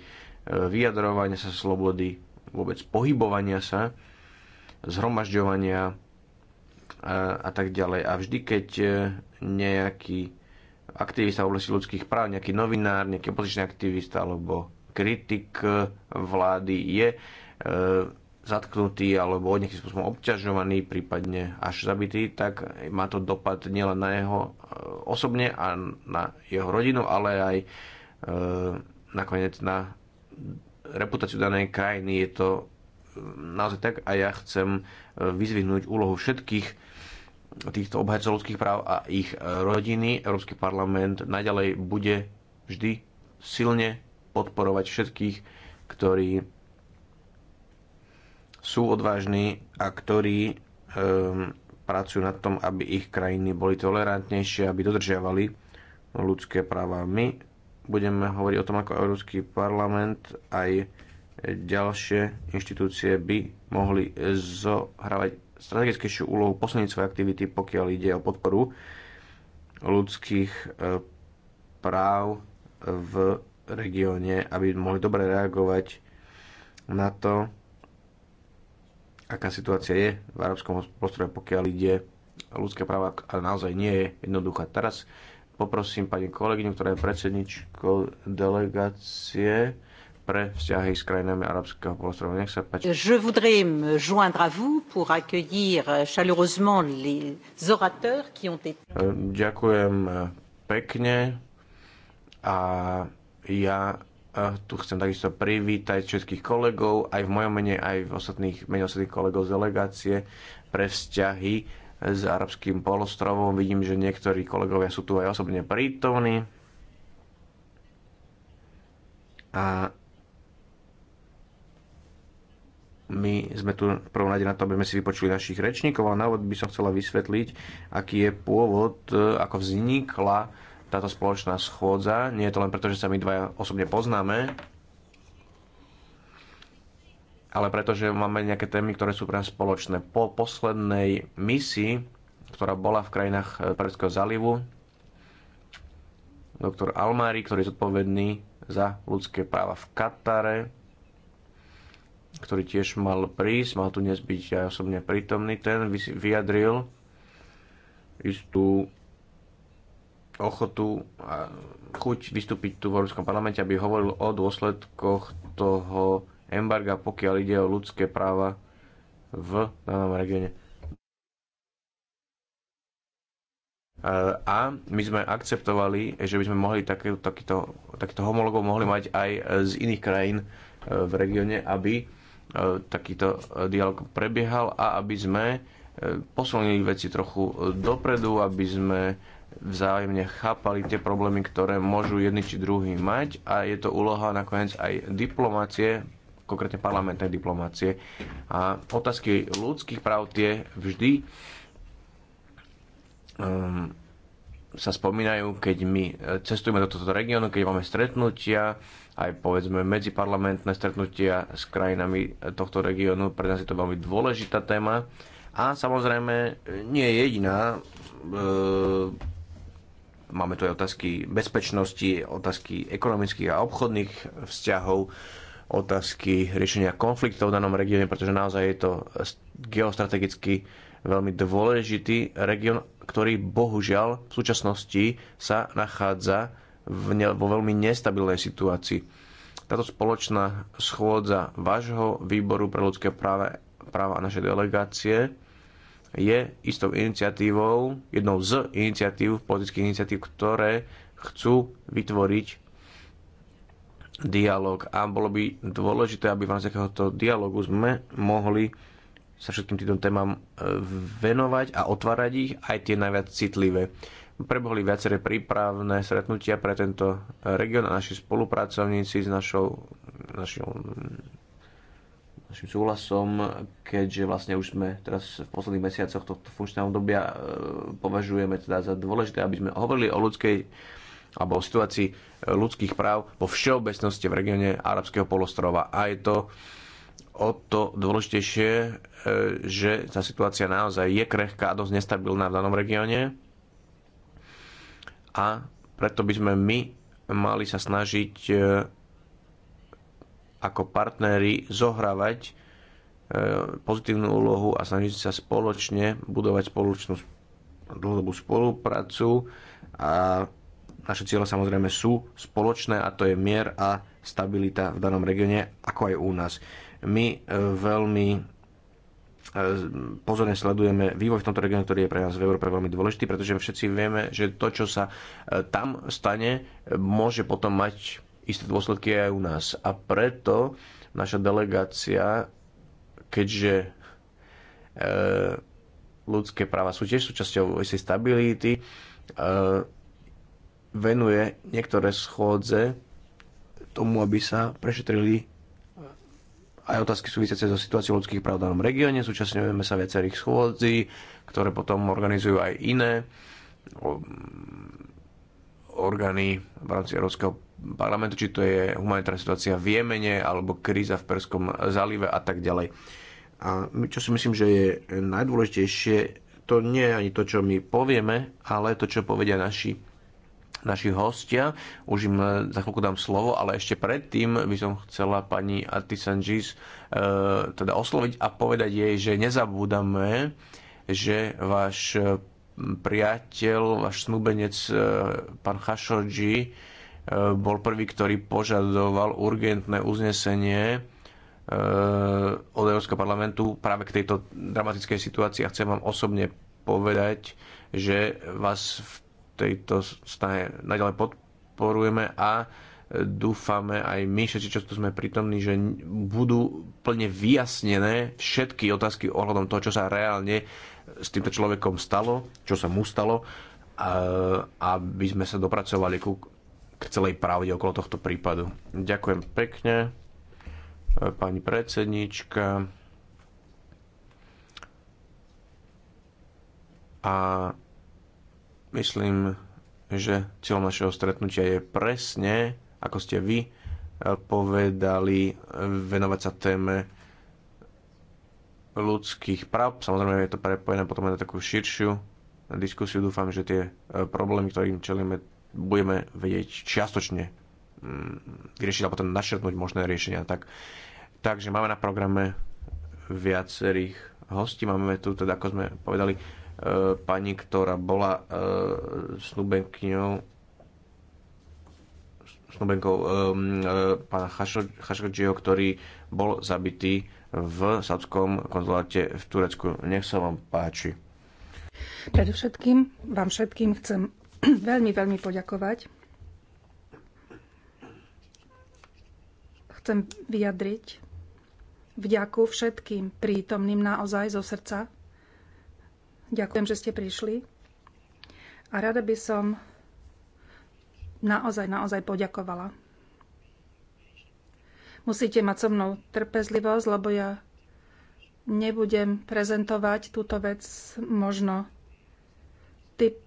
vyjadrovania sa, slobody vôbec pohybovania sa, zhromažďovania a tak ďalej. A vždy, keď nejaký aktivista v oblasti ľudských práv, nejaký novinár, nejaký opozičný aktivista alebo kritik vlády je zatknutý alebo nejakým spôsobom obťažovaný, prípadne až zabitý, tak má to dopad nielen na jeho e, osobne a na jeho rodinu, ale aj e, nakoniec na reputáciu danej krajiny. Je to e, naozaj tak a ja chcem e, vyzvihnúť úlohu všetkých týchto obhajcov ľudských práv a ich rodiny. Európsky parlament naďalej bude vždy silne podporovať všetkých, ktorí sú odvážni a ktorí um, pracujú na tom, aby ich krajiny boli tolerantnejšie, aby dodržiavali ľudské práva. My budeme hovoriť o tom, ako Európsky parlament aj ďalšie inštitúcie by mohli zohrávať strategickejšiu úlohu posilniť svoje aktivity, pokiaľ ide o podporu ľudských e, práv v regióne, aby mohli dobre reagovať na to, aká situácia je v arabskom prostredí, pokiaľ ide ľudské práva, ale naozaj nie je jednoduchá. Teraz poprosím pani kolegyňu, ktorá je predsedničkou delegácie pre vzťahy s krajinami arabského polostrova. Nech sa páči. Je voudrais me joindre à vous pour accueillir euh, chaleureusement les orateurs qui ont été... Ďakujem euh, pekne a ja tu chcem takisto privítať všetkých kolegov, aj v mojom mene, aj v ostatných, mene ostatných kolegov z delegácie pre vzťahy s arabským polostrovom. Vidím, že niektorí kolegovia sú tu aj osobne prítomní. A my sme tu v prvom rade na to, aby sme si vypočuli našich rečníkov, ale na by som chcela vysvetliť, aký je pôvod, ako vznikla táto spoločná schôdza. Nie je to len preto, že sa my dvaja osobne poznáme, ale preto, že máme nejaké témy, ktoré sú pre nás spoločné. Po poslednej misii, ktorá bola v krajinách eh, Perského zálivu, doktor Almári, ktorý je zodpovedný za ľudské práva v Katare, ktorý tiež mal prísť, mal tu dnes byť aj osobne prítomný, ten vyjadril istú ochotu a chuť vystúpiť tu v Európskom parlamente, aby hovoril o dôsledkoch toho embarga, pokiaľ ide o ľudské práva v danom regióne. A my sme akceptovali, že by sme mohli taký, takýto, takýto homologov mohli mať aj z iných krajín e, v regióne, aby e, takýto dialog prebiehal a aby sme e, posunuli veci trochu dopredu, aby sme vzájomne chápali tie problémy, ktoré môžu jedni či druhý mať a je to úloha nakoniec aj diplomácie, konkrétne parlamentnej diplomácie. A otázky ľudských práv tie vždy um, sa spomínajú, keď my cestujeme do tohto regiónu, keď máme stretnutia, aj povedzme medziparlamentné stretnutia s krajinami tohto regiónu. Pre nás je to veľmi dôležitá téma a samozrejme nie je jediná. E, Máme tu aj otázky bezpečnosti, otázky ekonomických a obchodných vzťahov, otázky riešenia konfliktov v danom regióne, pretože naozaj je to geostrategicky veľmi dôležitý región, ktorý bohužiaľ v súčasnosti sa nachádza v ne, vo veľmi nestabilnej situácii. Táto spoločná schôdza vášho výboru pre ľudské práva, práva a naše delegácie je istou iniciatívou, jednou z iniciatív, politických iniciatív, ktoré chcú vytvoriť dialog. A bolo by dôležité, aby v rámci takéhoto dialogu sme mohli sa všetkým týmto témam e, venovať a otvárať ich, aj tie najviac citlivé. prebohli viaceré prípravné stretnutia pre tento región a naši spolupracovníci s našou, našou našim súhlasom, keďže vlastne už sme teraz v posledných mesiacoch tohto funkčného obdobia e, považujeme teda za dôležité, aby sme hovorili o ľudskej alebo o situácii e, ľudských práv vo všeobecnosti v regióne Arabského polostrova. A je to o to dôležitejšie, e, že tá situácia naozaj je krehká a dosť nestabilná v danom regióne. A preto by sme my mali sa snažiť ako partnery zohrávať e, pozitívnu úlohu a snažiť sa spoločne budovať spoločnú dlhodobú spoluprácu a naše cieľe samozrejme sú spoločné a to je mier a stabilita v danom regióne, ako aj u nás. My e, veľmi e, pozorne sledujeme vývoj v tomto regióne, ktorý je pre nás v Európe veľmi dôležitý, pretože všetci vieme, že to, čo sa tam stane, môže potom mať isté dôsledky aj u nás. A preto naša delegácia, keďže e, ľudské práva sú tiež súčasťou istej stability, e, venuje niektoré schôdze tomu, aby sa prešetrili aj otázky súvisiace so situáciou ľudských práv v danom regióne. Súčasňujeme sa viacerých schôdzí, ktoré potom organizujú aj iné orgány v rámci Európskeho parlamentu, či to je humanitárna situácia v Jemene alebo kríza v Perskom zálive a tak ďalej. A čo si myslím, že je najdôležitejšie, to nie je ani to, čo my povieme, ale to, čo povedia naši naši hostia. Už im za chvíľku dám slovo, ale ešte predtým by som chcela pani Artisanžis e, teda osloviť a povedať jej, že nezabúdame, že váš priateľ, váš snúbenec, e, pán Khashoggi, Eh, bol prvý, ktorý požadoval urgentné uznesenie eh, od Európskeho parlamentu práve k tejto dramatickej situácii a chcem vám osobne povedať, že vás v tejto snahe naďalej podporujeme a eh, dúfame aj my, všetci, čo tu sme prítomní, že budú plne vyjasnené všetky otázky ohľadom toho, čo sa reálne s týmto človekom stalo, čo sa mu stalo, aby sme sa dopracovali ku k celej pravde okolo tohto prípadu. Ďakujem pekne, e, pani predsednička. A myslím, že cieľom našeho stretnutia je presne, ako ste vy e, povedali, venovať sa téme ľudských práv. Samozrejme je to prepojené potom aj na takú širšiu diskusiu. Dúfam, že tie e, problémy, ktorým čelíme budeme vedieť čiastočne vyriešiť mm, alebo potom teda načrtnúť možné riešenia. Tak, takže máme na programe viacerých hostí. Máme tu teda, ako sme povedali, e, pani, ktorá bola e, snúbenkňou snúbenkou um, pána Khashoggiho, ktorý bol zabitý v sadskom konzuláte v Turecku. Nech sa vám páči. Predovšetkým vám všetkým chcem *clears throat* veľmi, veľmi poďakovať. Chcem vyjadriť vďaku všetkým prítomným naozaj zo srdca. Ďakujem, že ste prišli. A rada by som naozaj, naozaj poďakovala. Musíte mať so mnou trpezlivosť, lebo ja nebudem prezentovať túto vec možno typ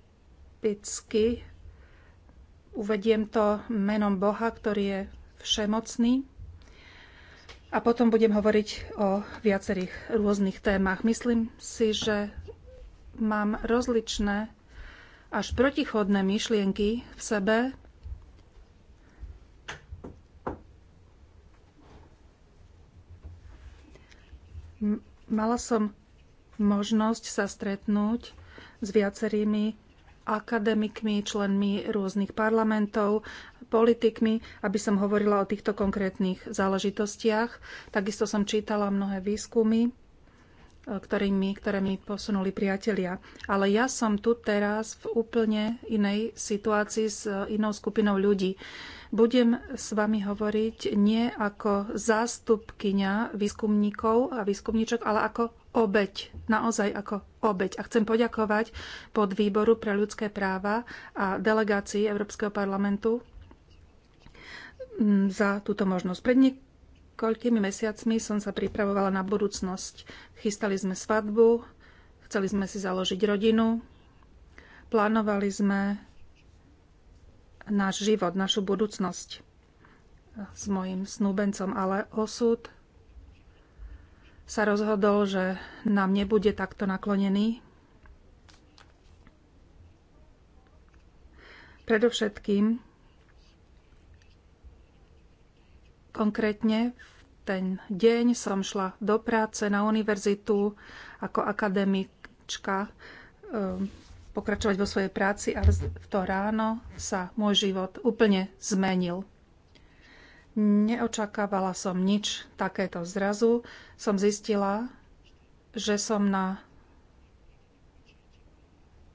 typicky uvediem to menom Boha, ktorý je všemocný. A potom budem hovoriť o viacerých rôznych témach. Myslím si, že mám rozličné až protichodné myšlienky v sebe. Mala som možnosť sa stretnúť s viacerými akademikmi, členmi rôznych parlamentov, politikmi, aby som hovorila o týchto konkrétnych záležitostiach. Takisto som čítala mnohé výskumy, e, ktorými, ktoré mi posunuli priatelia. Ale ja som tu teraz v úplne inej situácii s inou skupinou ľudí. Budem s vami hovoriť nie ako zástupkyňa výskumníkov a výskumníčok, ale ako obeď, naozaj ako obeď. A chcem poďakovať pod výboru pre ľudské práva a delegácii Európskeho parlamentu mm, za túto možnosť. Pred niekoľkými mesiacmi som sa pripravovala na budúcnosť. Chystali sme svadbu, chceli sme si založiť rodinu, plánovali sme náš život, našu budúcnosť s mojim snúbencom, ale osud sa rozhodol, že nám nebude takto naklonený. Predovšetkým konkrétne v ten deň som šla do práce na univerzitu ako akademička e, pokračovať vo svojej práci a v to ráno sa môj život úplne zmenil. Neočakávala som nič takéto. Zrazu som zistila, že som na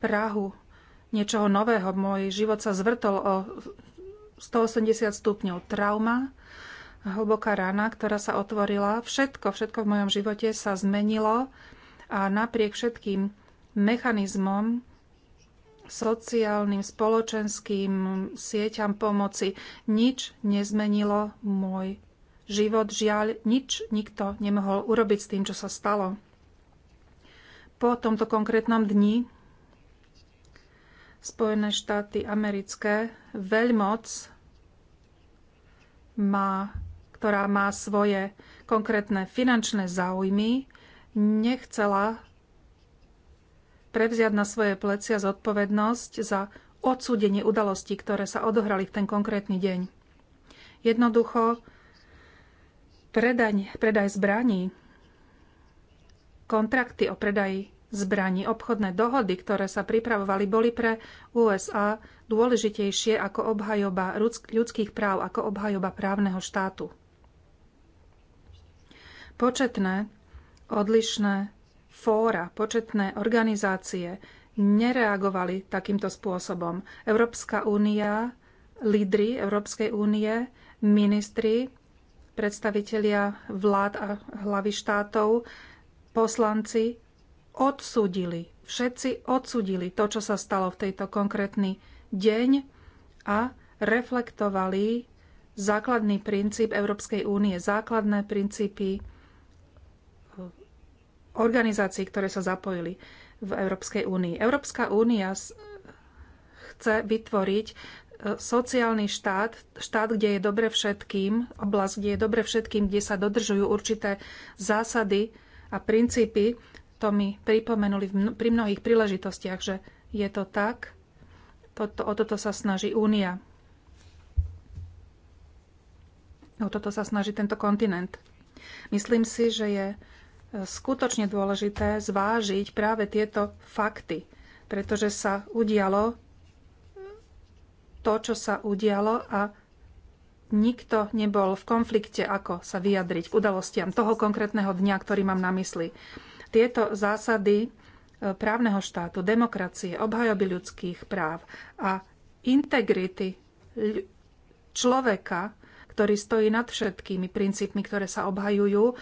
Prahu niečoho nového. Môj život sa zvrtol o 180 stupňov. Trauma, hlboká rana, ktorá sa otvorila. Všetko, všetko v mojom živote sa zmenilo a napriek všetkým mechanizmom, sociálnym, spoločenským sieťam pomoci. Nič nezmenilo môj život. Žiaľ, nič nikto nemohol urobiť s tým, čo sa stalo. Po tomto konkrétnom dni Spojené štáty americké veľmoc má, ktorá má svoje konkrétne finančné záujmy, nechcela prevziať na svoje plecia zodpovednosť za odsúdenie udalostí, ktoré sa odohrali v ten konkrétny deň. Jednoducho, predaň, predaj zbraní, kontrakty o predaji zbraní, obchodné dohody, ktoré sa pripravovali, boli pre USA dôležitejšie ako obhajoba ľudských práv, ako obhajoba právneho štátu. Početné odlišné fóra, početné organizácie nereagovali takýmto spôsobom. Európska únia, lídry Európskej únie, ministri, predstavitelia vlád a hlavy štátov, poslanci odsudili, všetci odsudili to, čo sa stalo v tejto konkrétny deň a reflektovali základný princíp Európskej únie, základné princípy organizácií, ktoré sa zapojili v Európskej únii. Európska únia chce vytvoriť e, sociálny štát, štát, kde je dobre všetkým, oblasť, kde je dobre všetkým, kde sa dodržujú určité zásady a princípy. To mi pripomenuli pri mnohých príležitostiach, že je to tak. Toto, o toto sa snaží Únia. O toto sa snaží tento kontinent. Myslím si, že je skutočne dôležité zvážiť práve tieto fakty, pretože sa udialo to, čo sa udialo a nikto nebol v konflikte, ako sa vyjadriť k udalostiam toho konkrétneho dňa, ktorý mám na mysli. Tieto zásady e, právneho štátu, demokracie, obhajoby ľudských práv a integrity človeka, ktorý stojí nad všetkými princípmi, ktoré sa obhajujú,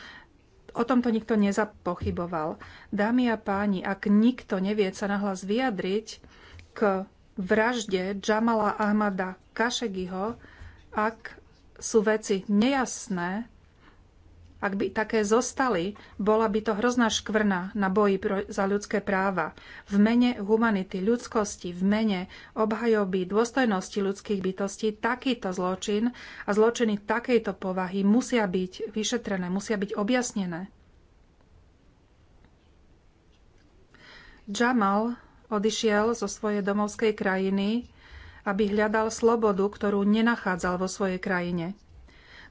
O tomto nikto nezapochyboval. Dámy a páni, ak nikto nevie sa nahlas vyjadriť k vražde Jamala Ahmada Kašegiho, ak sú veci nejasné, ak by také zostali, bola by to hrozná škvrna na boji za ľudské práva. V mene humanity, ľudskosti, v mene obhajoby, dôstojnosti ľudských bytostí takýto zločin a zločiny takejto povahy musia byť vyšetrené, musia byť objasnené. Jamal odišiel zo svojej domovskej krajiny, aby hľadal slobodu, ktorú nenachádzal vo svojej krajine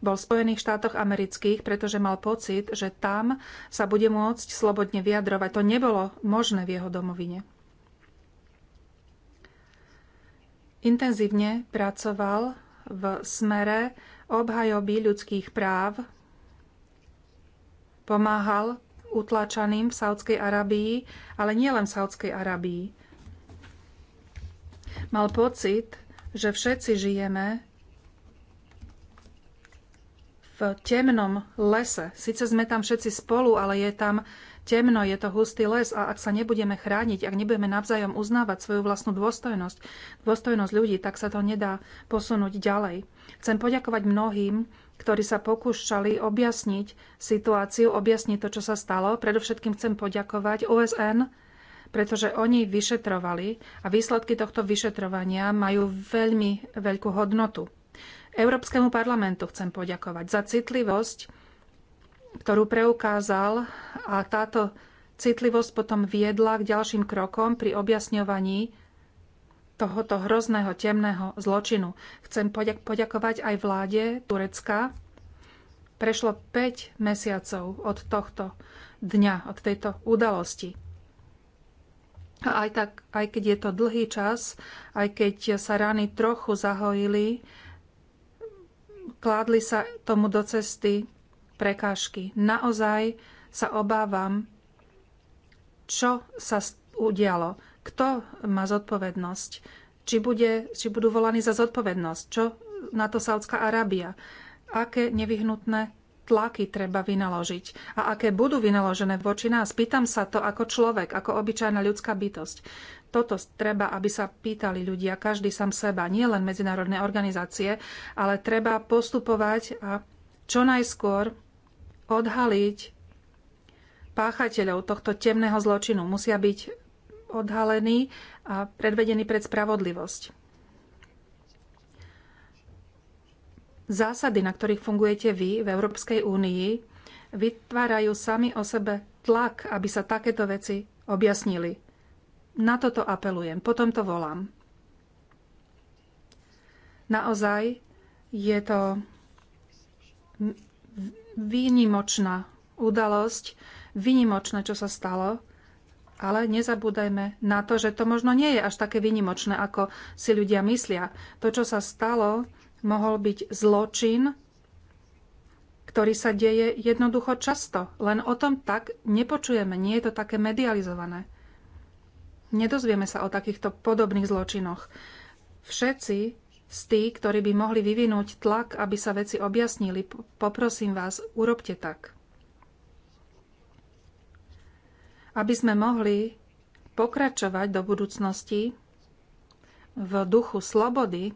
bol v Spojených štátoch amerických, pretože mal pocit, že tam sa bude môcť slobodne vyjadrovať. To nebolo možné v jeho domovine. Intenzívne pracoval v smere obhajoby ľudských práv, pomáhal utlačaným v Saudskej Arabii, ale nielen v Saudskej Arabii. Mal pocit, že všetci žijeme v temnom lese. Sice sme tam všetci spolu, ale je tam temno, je to hustý les a ak sa nebudeme chrániť, ak nebudeme navzájom uznávať svoju vlastnú dôstojnosť, dôstojnosť ľudí, tak sa to nedá posunúť ďalej. Chcem poďakovať mnohým, ktorí sa pokúšali objasniť situáciu, objasniť to, čo sa stalo. Predovšetkým chcem poďakovať OSN, pretože oni vyšetrovali a výsledky tohto vyšetrovania majú veľmi veľkú hodnotu. Európskemu parlamentu chcem poďakovať za citlivosť, ktorú preukázal a táto citlivosť potom viedla k ďalším krokom pri objasňovaní tohoto hrozného temného zločinu. Chcem poďakovať aj vláde Turecka. Prešlo 5 mesiacov od tohto dňa, od tejto udalosti. A aj, tak, aj keď je to dlhý čas, aj keď sa rány trochu zahojili, kládli sa tomu do cesty prekážky. Naozaj sa obávam, čo sa udialo, kto má zodpovednosť, či, bude, či budú volaní za zodpovednosť, čo na to Saudská Arábia, aké nevyhnutné tlaky treba vynaložiť a aké budú vynaložené voči nás. Pýtam sa to ako človek, ako obyčajná ľudská bytosť. Toto treba, aby sa pýtali ľudia, každý sám seba, nie len medzinárodné organizácie, ale treba postupovať a čo najskôr odhaliť páchateľov tohto temného zločinu. Musia byť odhalení a predvedení pred spravodlivosť. zásady, na ktorých fungujete vy v Európskej únii, vytvárajú sami o sebe tlak, aby sa takéto veci objasnili. Na toto apelujem, potom to volám. Naozaj je to výnimočná udalosť, výnimočné, čo sa stalo, ale nezabúdajme na to, že to možno nie je až také výnimočné, ako si ľudia myslia. To, čo sa stalo, mohol byť zločin, ktorý sa deje jednoducho často. Len o tom tak nepočujeme, nie je to také medializované. Nedozvieme sa o takýchto podobných zločinoch. Všetci z tých, ktorí by mohli vyvinúť tlak, aby sa veci objasnili, poprosím vás, urobte tak. Aby sme mohli pokračovať do budúcnosti v duchu slobody,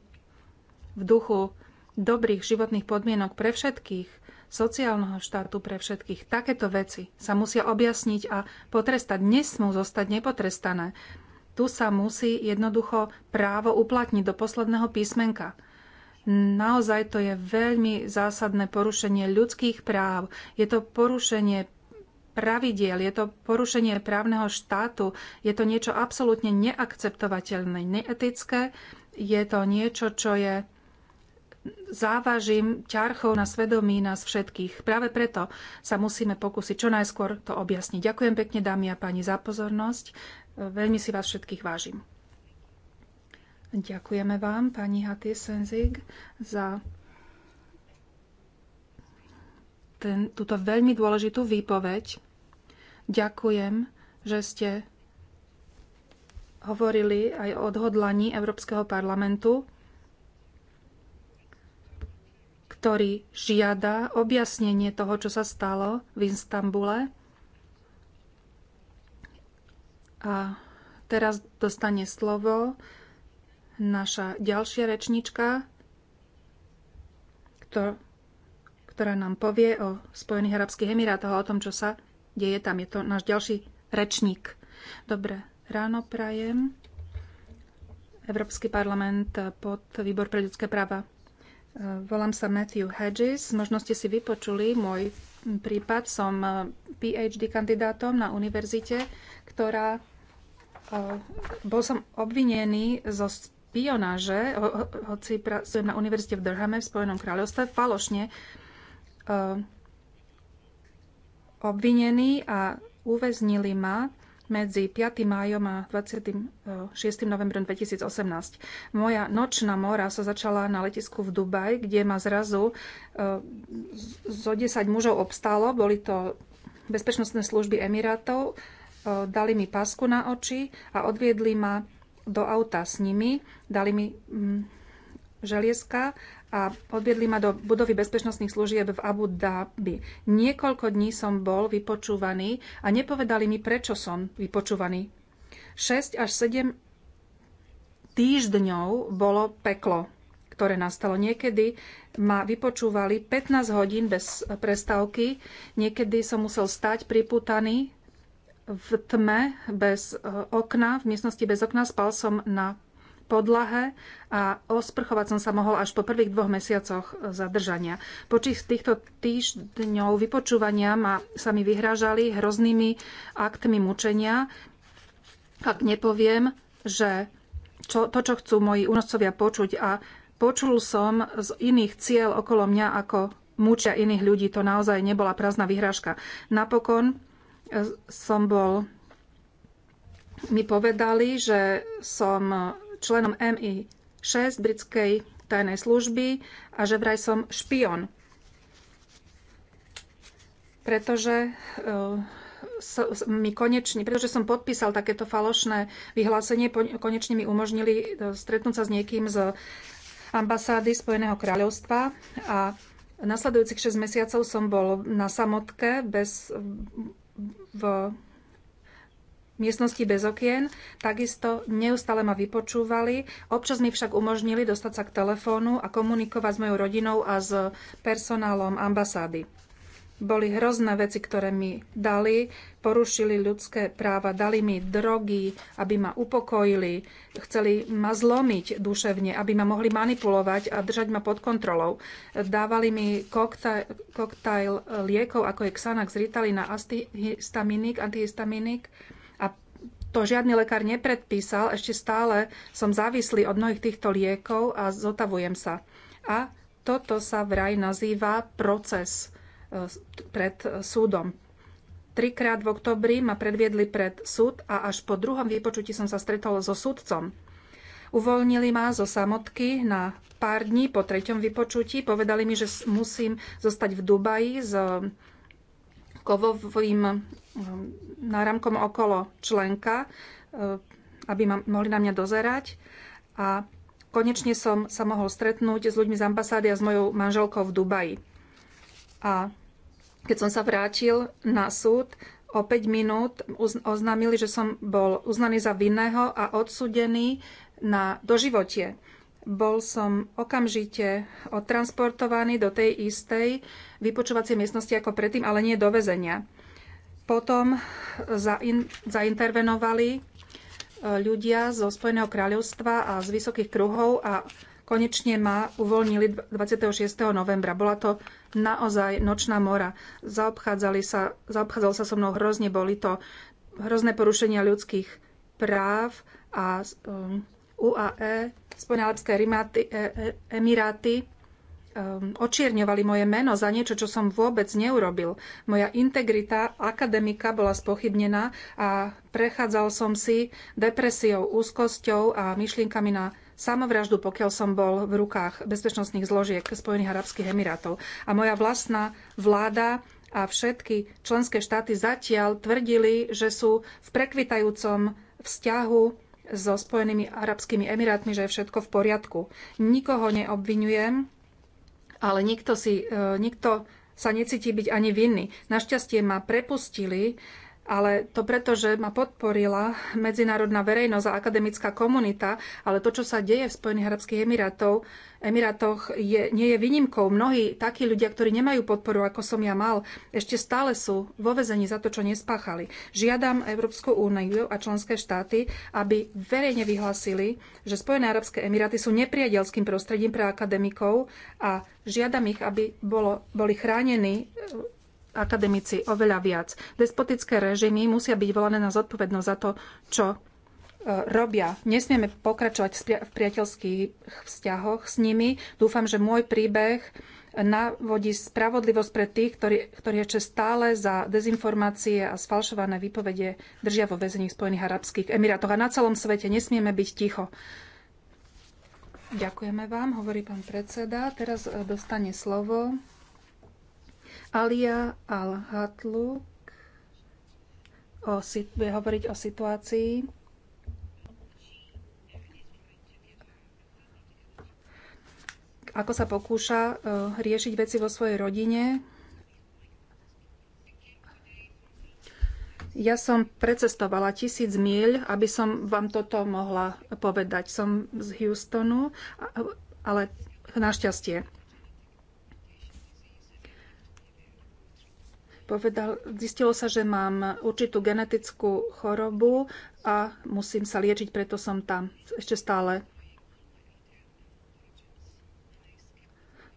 v duchu dobrých životných podmienok pre všetkých, sociálneho štátu pre všetkých. Takéto veci sa musia objasniť a potrestať. Nesmú zostať nepotrestané. Tu sa musí jednoducho právo uplatniť do posledného písmenka. Naozaj to je veľmi zásadné porušenie ľudských práv. Je to porušenie pravidiel, je to porušenie právneho štátu, je to niečo absolútne neakceptovateľné, neetické, je to niečo, čo je závažím ťarchou na svedomí nás všetkých. Práve preto sa musíme pokúsiť čo najskôr to objasniť. Ďakujem pekne, dámy a páni, za pozornosť. Veľmi si vás všetkých vážim. Ďakujeme vám, pani Hatie Senzig, za ten, túto veľmi dôležitú výpoveď. Ďakujem, že ste hovorili aj o odhodlaní Európskeho parlamentu ktorý žiada objasnenie toho, čo sa stalo v Istambule. A teraz dostane slovo naša ďalšia rečnička, ktorá nám povie o Spojených Arabských Emirátoch a o tom, čo sa deje tam. Je to náš ďalší rečník. Dobre, ráno prajem. Európsky parlament pod výbor pre ľudské práva Volám sa Matthew Hedges. Možno ste si vypočuli môj prípad. Som eh, PhD kandidátom na univerzite, ktorá... Eh, bol som obvinený zo spionáže, hoci pracujem na univerzite v Durhame v Spojenom kráľovstve, falošne eh, obvinený a uväznili ma medzi 5. májom a 26. E, novembrom 2018. Moja nočná mora sa začala na letisku v Dubaj, kde ma zrazu e, zo 10 mužov obstálo. Boli to bezpečnostné služby Emirátov, e, dali mi pasku na oči a odviedli ma do auta s nimi, dali mi mm, želieska a odviedli ma do budovy bezpečnostných služieb v Abu Dhabi. Niekoľko dní som bol vypočúvaný a nepovedali mi, prečo som vypočúvaný. 6 až 7 týždňov bolo peklo, ktoré nastalo. Niekedy ma vypočúvali 15 hodín bez prestávky, niekedy som musel stať priputaný v tme, bez eh, okna, v miestnosti bez okna, spal som na podlahe a osprchovať som sa mohol až po prvých dvoch mesiacoch zadržania. Počas týchto týždňov vypočúvania ma, sa mi vyhrážali hroznými aktmi mučenia, ak nepoviem, že čo, to, čo chcú moji únoscovia počuť a počul som z iných cieľ okolo mňa, ako mučia iných ľudí. To naozaj nebola prázdna vyhrážka. Napokon e, som bol mi povedali, že som členom MI6 britskej tajnej služby a že vraj som špion. Pretože e, mi konečne, pretože som podpísal takéto falošné vyhlásenie, konečne mi umožnili e, stretnúť sa s niekým z ambasády Spojeného kráľovstva a nasledujúcich 6 mesiacov som bol na samotke bez, v miestnosti bez okien. Takisto neustále ma vypočúvali. Občas mi však umožnili dostať sa k telefónu a komunikovať s mojou rodinou a s personálom ambasády. Boli hrozné veci, ktoré mi dali, porušili ľudské práva, dali mi drogy, aby ma upokojili, chceli ma zlomiť duševne, aby ma mohli manipulovať a držať ma pod kontrolou. Dávali mi koktaj, koktajl liekov, ako je Xanax, Ritalina, antihistaminic, antihistaminik, antihistaminik to žiadny lekár nepredpísal, ešte stále som závislý od mnohých týchto liekov a zotavujem sa. A toto sa vraj nazýva proces e, pred súdom. Trikrát v oktobri ma predviedli pred súd a až po druhom vypočutí som sa stretol so súdcom. Uvoľnili ma zo samotky na pár dní po treťom vypočutí. Povedali mi, že musím zostať v Dubaji s e, kovovým náramkom okolo členka, e, aby ma, mohli na mňa dozerať. A konečne som sa mohol stretnúť s ľuďmi z ambasády a s mojou manželkou v Dubaji. A keď som sa vrátil na súd, o 5 minút oznámili, že som bol uznaný za vinného a odsudený na doživotie. Bol som okamžite odtransportovaný do tej istej vypočúvacej miestnosti ako predtým, ale nie do väzenia. Potom zaintervenovali e, ľudia zo Spojeného kráľovstva a z vysokých kruhov a konečne ma uvoľnili 26. novembra. Bola to naozaj nočná mora. Zaobchádzali sa, zaobchádzal sa so mnou hrozne, boli to hrozné porušenia ľudských práv a UAE, um, Spojené arabské e- e- emiráty Um, očierňovali moje meno za niečo, čo som vôbec neurobil. Moja integrita akademika bola spochybnená a prechádzal som si depresiou, úzkosťou a myšlienkami na samovraždu, pokiaľ som bol v rukách bezpečnostných zložiek Spojených arabských emirátov. A moja vlastná vláda a všetky členské štáty zatiaľ tvrdili, že sú v prekvitajúcom vzťahu so Spojenými arabskými emirátmi, že je všetko v poriadku. Nikoho neobvinujem, ale nikto, si, e, nikto sa necíti byť ani vinný. Našťastie ma prepustili ale to preto, že ma podporila medzinárodná verejnosť a akademická komunita, ale to, čo sa deje v Spojených Arabských Emirátov, Emirátoch je, nie je výnimkou. Mnohí takí ľudia, ktorí nemajú podporu, ako som ja mal, ešte stále sú vo vezení za to, čo nespáchali. Žiadam Európsku úniu a členské štáty, aby verejne vyhlasili, že Spojené Arabské Emiráty sú nepriateľským prostredím pre akademikov a žiadam ich, aby bolo, boli chránení akademici oveľa viac. Despotické režimy musia byť volané na zodpovednosť za to, čo e, robia. Nesmieme pokračovať v priateľských vzťahoch s nimi. Dúfam, že môj príbeh navodí spravodlivosť pre tých, ktorí, ktorí ešte stále za dezinformácie a sfalšované výpovede držia vo väzení Spojených arabských emirátoch. A na celom svete nesmieme byť ticho. Ďakujeme vám, hovorí pán predseda. Teraz e, dostane slovo Alia Al-Hatluk bude hovoriť o situácii ako sa pokúša e, riešiť veci vo svojej rodine. Ja som precestovala tisíc míľ, aby som vám toto mohla povedať. Som z Houstonu, ale našťastie Povedal, zistilo sa, že mám určitú genetickú chorobu a musím sa liečiť, preto som tam ešte stále.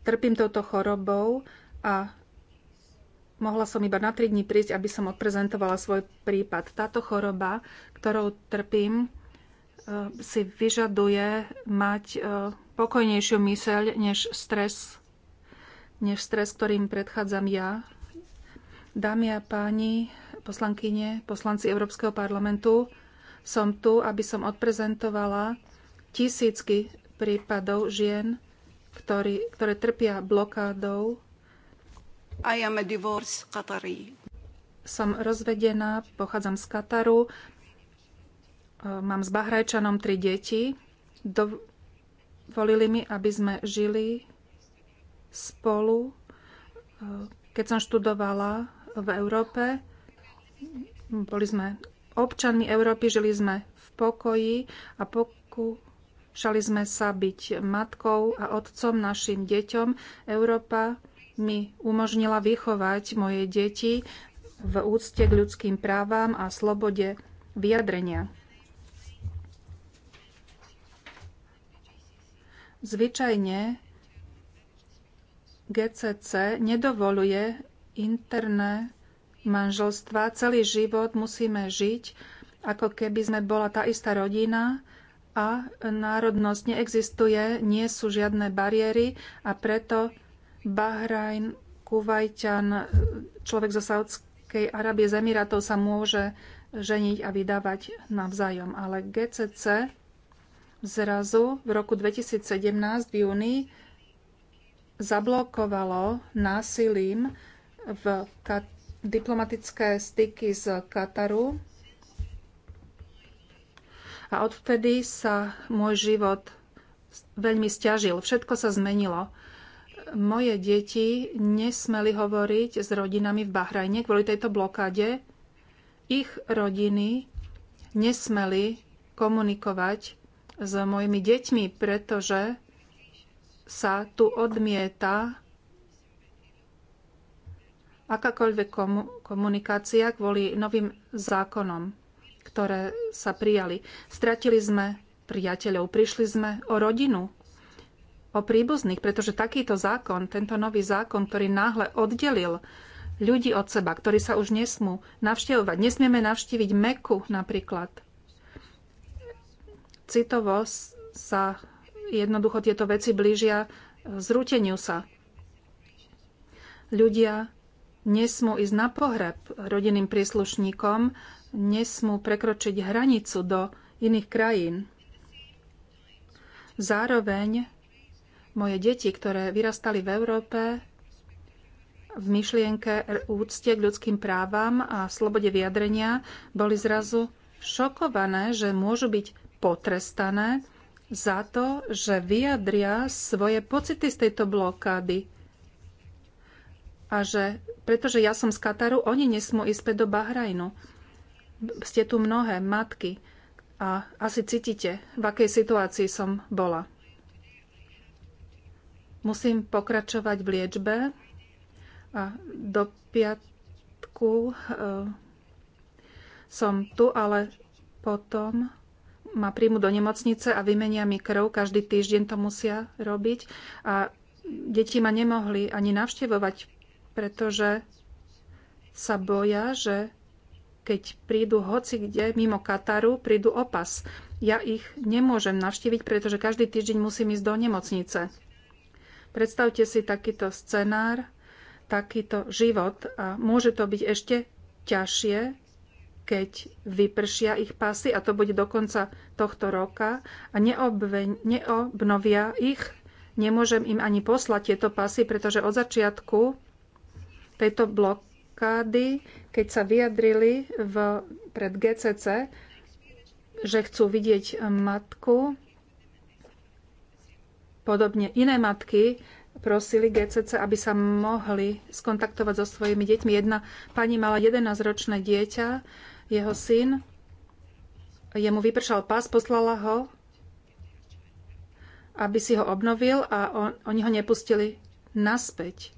Trpím touto chorobou a mohla som iba na 3 dní prísť, aby som odprezentovala svoj prípad. Táto choroba, ktorou trpím, e, si vyžaduje mať e, pokojnejšiu myseľ než stres, než stres, ktorým predchádzam ja Dámy a páni, poslankyne, poslanci Európskeho parlamentu, som tu, aby som odprezentovala tisícky prípadov žien, ktorý, ktoré trpia blokádou. I am a divorce Qatari. Som rozvedená, pochádzam z Kataru, e, mám s Bahrajčanom tri deti. Dovolili mi, aby sme žili spolu. E, keď som študovala v Európe. Boli sme občanmi Európy, žili sme v pokoji a pokúšali sme sa byť matkou a otcom našim deťom. Európa mi umožnila vychovať moje deti v úcte k ľudským právam a slobode vyjadrenia. Zvyčajne GCC nedovoluje interné manželstva. Celý život musíme žiť, ako keby sme bola tá istá rodina a národnosť neexistuje, nie sú žiadne bariéry a preto Bahrajn, Kuvajťan, človek zo Saudskej Arábie z Emirátov sa môže ženiť a vydávať navzájom. Ale GCC zrazu v roku 2017 v júni zablokovalo násilím v diplomatické styky z Kataru. A odvtedy sa môj život veľmi stiažil. Všetko sa zmenilo. Moje deti nesmeli hovoriť s rodinami v Bahrajne kvôli tejto blokáde. Ich rodiny nesmeli komunikovať s mojimi deťmi, pretože sa tu odmieta akákoľvek komunikácia kvôli novým zákonom, ktoré sa prijali. Stratili sme priateľov, prišli sme o rodinu, o príbuzných, pretože takýto zákon, tento nový zákon, ktorý náhle oddelil ľudí od seba, ktorí sa už nesmú navštevovať. Nesmieme navštíviť Meku napríklad. Citovo sa jednoducho tieto veci blížia zrúteniu sa. Ľudia nesmú ísť na pohreb rodinným príslušníkom, nesmú prekročiť hranicu do iných krajín. Zároveň moje deti, ktoré vyrastali v Európe, v myšlienke úcte k ľudským právam a slobode vyjadrenia, boli zrazu šokované, že môžu byť potrestané za to, že vyjadria svoje pocity z tejto blokády a že pretože ja som z Kataru, oni nesmú ísť späť do Bahrajnu. Ste tu mnohé matky a asi cítite, v akej situácii som bola. Musím pokračovať v liečbe a do piatku e, som tu, ale potom ma príjmu do nemocnice a vymenia mi krv. Každý týždeň to musia robiť. A deti ma nemohli ani navštevovať pretože sa boja, že keď prídu hoci kde mimo Kataru, prídu opas. Ja ich nemôžem navštíviť, pretože každý týždeň musím ísť do nemocnice. Predstavte si takýto scenár, takýto život a môže to byť ešte ťažšie, keď vypršia ich pasy a to bude do konca tohto roka a neobnovia ich. Nemôžem im ani poslať tieto pasy, pretože od začiatku tejto blokády, keď sa vyjadrili v, pred GCC, že chcú vidieť matku, podobne iné matky prosili GCC, aby sa mohli skontaktovať so svojimi deťmi. Jedna pani mala 11-ročné dieťa, jeho syn, jemu vypršal pás, poslala ho, aby si ho obnovil a on, oni ho nepustili naspäť.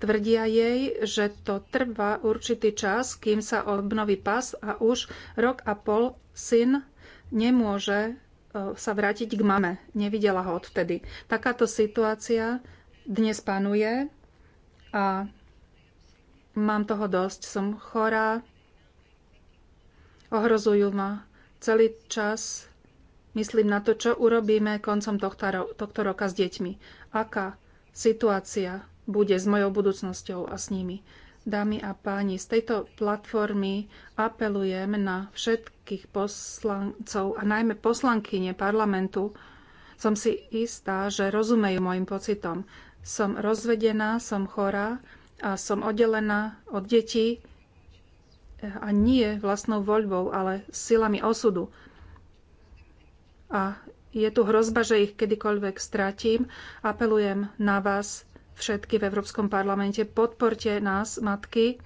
Tvrdia jej, že to trvá určitý čas, kým sa obnoví pas a už rok a pol syn nemôže e, sa vrátiť k mame. Nevidela ho odvtedy. Takáto situácia dnes panuje a mám toho dosť. Som chorá, ohrozujú ma celý čas. Myslím na to, čo urobíme koncom tohto roka s deťmi. Aká situácia bude s mojou budúcnosťou a s nimi. Dámy a páni, z tejto platformy apelujem na všetkých poslancov a najmä poslankyne parlamentu. Som si istá, že rozumejú môjim pocitom. Som rozvedená, som chorá a som oddelená od detí a nie vlastnou voľbou, ale silami osudu. A je tu hrozba, že ich kedykoľvek stratím. Apelujem na vás, všetky v Európskom parlamente. Podporte nás, matky.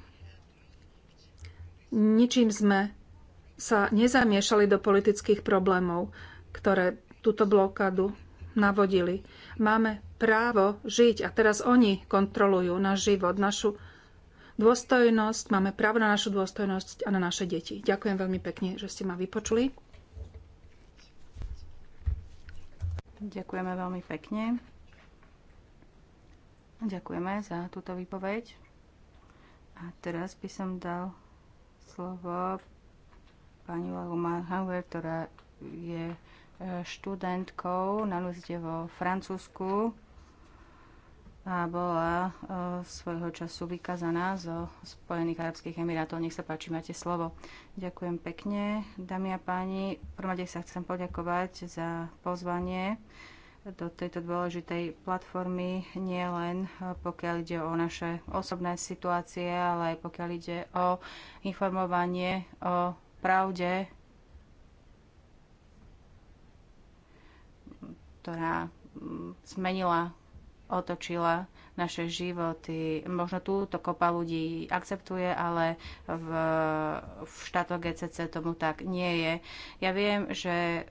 Ničím sme sa nezamiešali do politických problémov, ktoré túto blokádu navodili. Máme právo žiť a teraz oni kontrolujú náš život, našu dôstojnosť, máme právo na našu dôstojnosť a na naše deti. Ďakujem veľmi pekne, že ste ma vypočuli. Ďakujeme veľmi pekne. Ďakujeme za túto výpoveď. A teraz by som dal slovo pani Valuma Hauer, ktorá je e, študentkou na univerzite vo Francúzsku a bola e, svojho času vykazaná zo Spojených Arabských Emirátov. Nech sa páči, máte slovo. Ďakujem pekne, dámy a páni. V prvom sa chcem poďakovať za pozvanie do tejto dôležitej platformy nielen eh, pokiaľ ide o naše osobné situácie, ale aj pokiaľ ide o informovanie o pravde, ktorá mm, zmenila, otočila naše životy. Možno túto kopa ľudí akceptuje, ale v, v štátoch GCC tomu tak nie je. Ja viem, že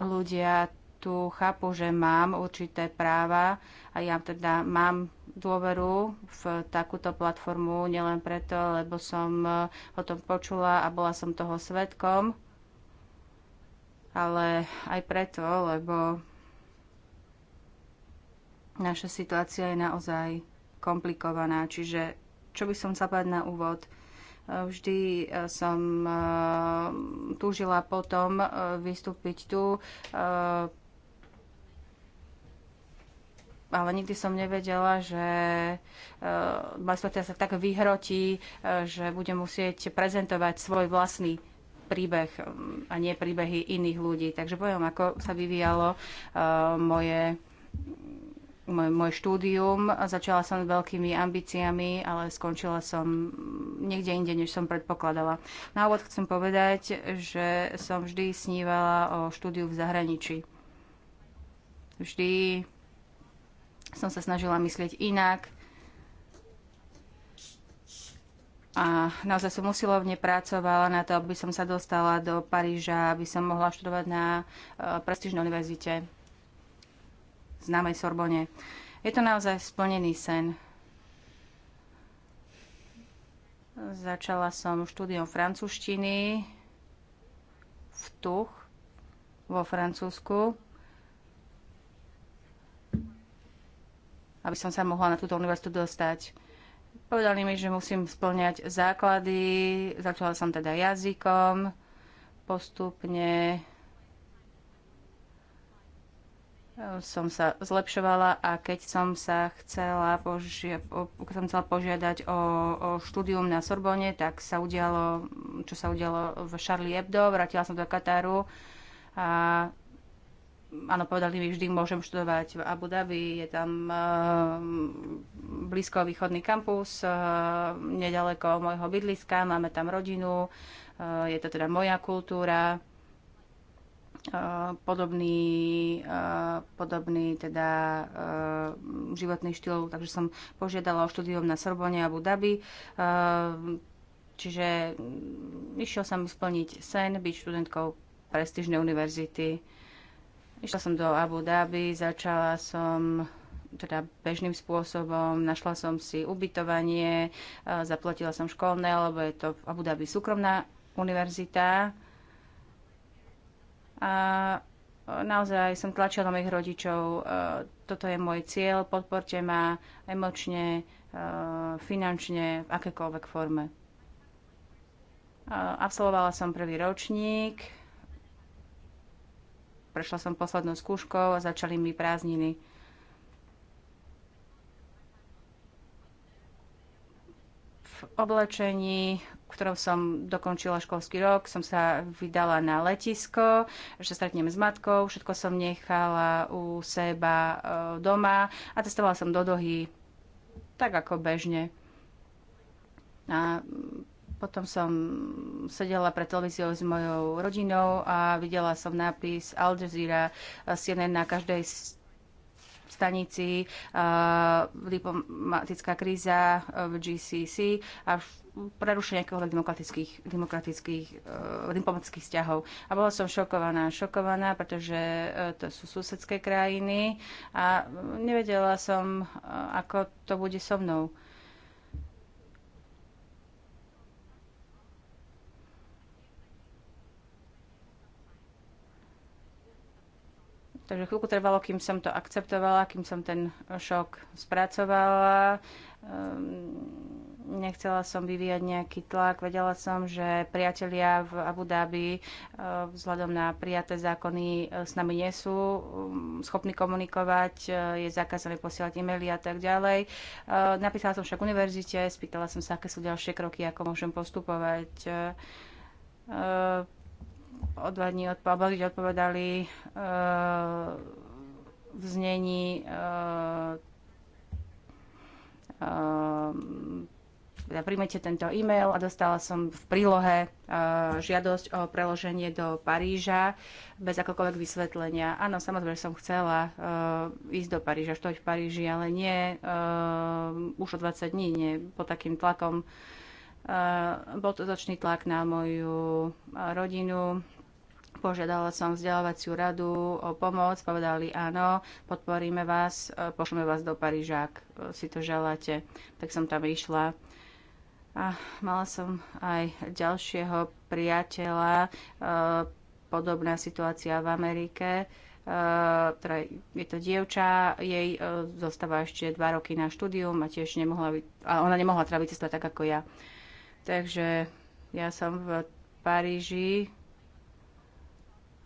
ľudia tu chápu, že mám určité práva a ja teda mám dôveru v takúto platformu nielen preto, lebo som e, o tom počula a bola som toho svetkom, ale aj preto, lebo naša situácia je naozaj komplikovaná. Čiže čo by som chcela povedať na úvod – Vždy eh, som eh, túžila potom eh, vystúpiť tu, ale nikdy som nevedela, že Basfatia sa tak vyhrotí, že bude musieť prezentovať svoj vlastný príbeh mm, a nie príbehy iných ľudí. Takže poviem, ako sa vyvíjalo moje môj, môj štúdium. Začala som s veľkými ambíciami, ale skončila som niekde inde, než som predpokladala. Na úvod chcem povedať, že som vždy snívala o štúdiu v zahraničí. Vždy som sa snažila myslieť inak. A naozaj som usilovne pracovala na to, aby som sa dostala do Paríža, aby som mohla študovať na eh, prestížnej univerzite známej Sorbone. Je to naozaj splnený sen. Začala som štúdiom francúzštiny v Tuch vo Francúzsku, aby som sa mohla na túto univerzitu dostať. Povedali mi, že musím splňať základy, začala som teda jazykom, postupne som sa zlepšovala a keď som sa chcela, požia- som chcela požiadať o, o štúdium na Sorbonne, tak sa udialo, čo sa udialo v Charlie Hebdo, vrátila som do Kataru a áno, povedali mi vždy, môžem študovať v Abu Dhabi, je tam e, blízko východný kampus, e, nedaleko môjho bydliska, máme tam rodinu, e, je to teda moja kultúra, Eh, podobný, eh, podobný teda eh, životný štýl, takže som požiadala o štúdium na Sorbonne Abu Dhabi. Čiže mm, išiel som splniť sen, byť študentkou prestížnej univerzity. Išla som do Abu Dhabi, začala som teda bežným spôsobom, našla som si ubytovanie, zaplatila som školné, lebo je to v Abu Dhabi súkromná univerzita a e, naozaj som tlačila mojich rodičov. E, toto je môj cieľ, podporte ma emočne, e, finančne, v akékoľvek forme. Absolvovala som prvý ročník, prešla som poslednou skúškou a začali mi prázdniny. V oblečení v ktorom som dokončila školský rok, som sa vydala na letisko, že stretnem s matkou, všetko som nechala u seba e, doma a testovala som do dohy tak ako bežne. A potom som sedela pred televíziou s mojou rodinou a videla som nápis Al Jazeera, e, CNN na každej v stanici, eh, diplomatická kríza eh, v GCC a prerušenie nejakého demokratických, demokratických uh, diplomatických vzťahov. A bola som šokovaná, šokovaná, pretože uh, to sú susedské krajiny a nevedela som, uh, ako to bude so mnou. Takže chvíľku trvalo, kým som to akceptovala, kým som ten šok spracovala. Um, nechcela som vyvíjať nejaký tlak. Vedela som, že priatelia v Abu Dhabi ehm, vzhľadom na prijaté zákony ehm, s nami nie sú schopní komunikovať, je zakázané posielať e-maily a tak ďalej. Napísala som však univerzite, spýtala som sa, aké sú ďalšie kroky, ako môžem postupovať o dva dní odpo- odpovedali uh, v znení uh, uh, príjmete tento e-mail a dostala som v prílohe žiadosť o preloženie do Paríža bez akokoľvek vysvetlenia. Áno, samozrejme, som chcela ísť do Paríža, štoť v Paríži, ale nie už o 20 dní, nie pod takým tlakom Eh, bol to začný tlak na moju eh, rodinu, Požiadala som vzdelávaciu radu o pomoc, povedali áno, podporíme vás, eh, pošleme vás do Paríža, ak si to želáte. Tak som tam išla. A mala som aj ďalšieho priateľa, podobná situácia v Amerike. Teda je to dievča, jej zostáva ešte dva roky na štúdium a tiež nemohla, a ona nemohla teda vycestovať tak ako ja. Takže ja som v Paríži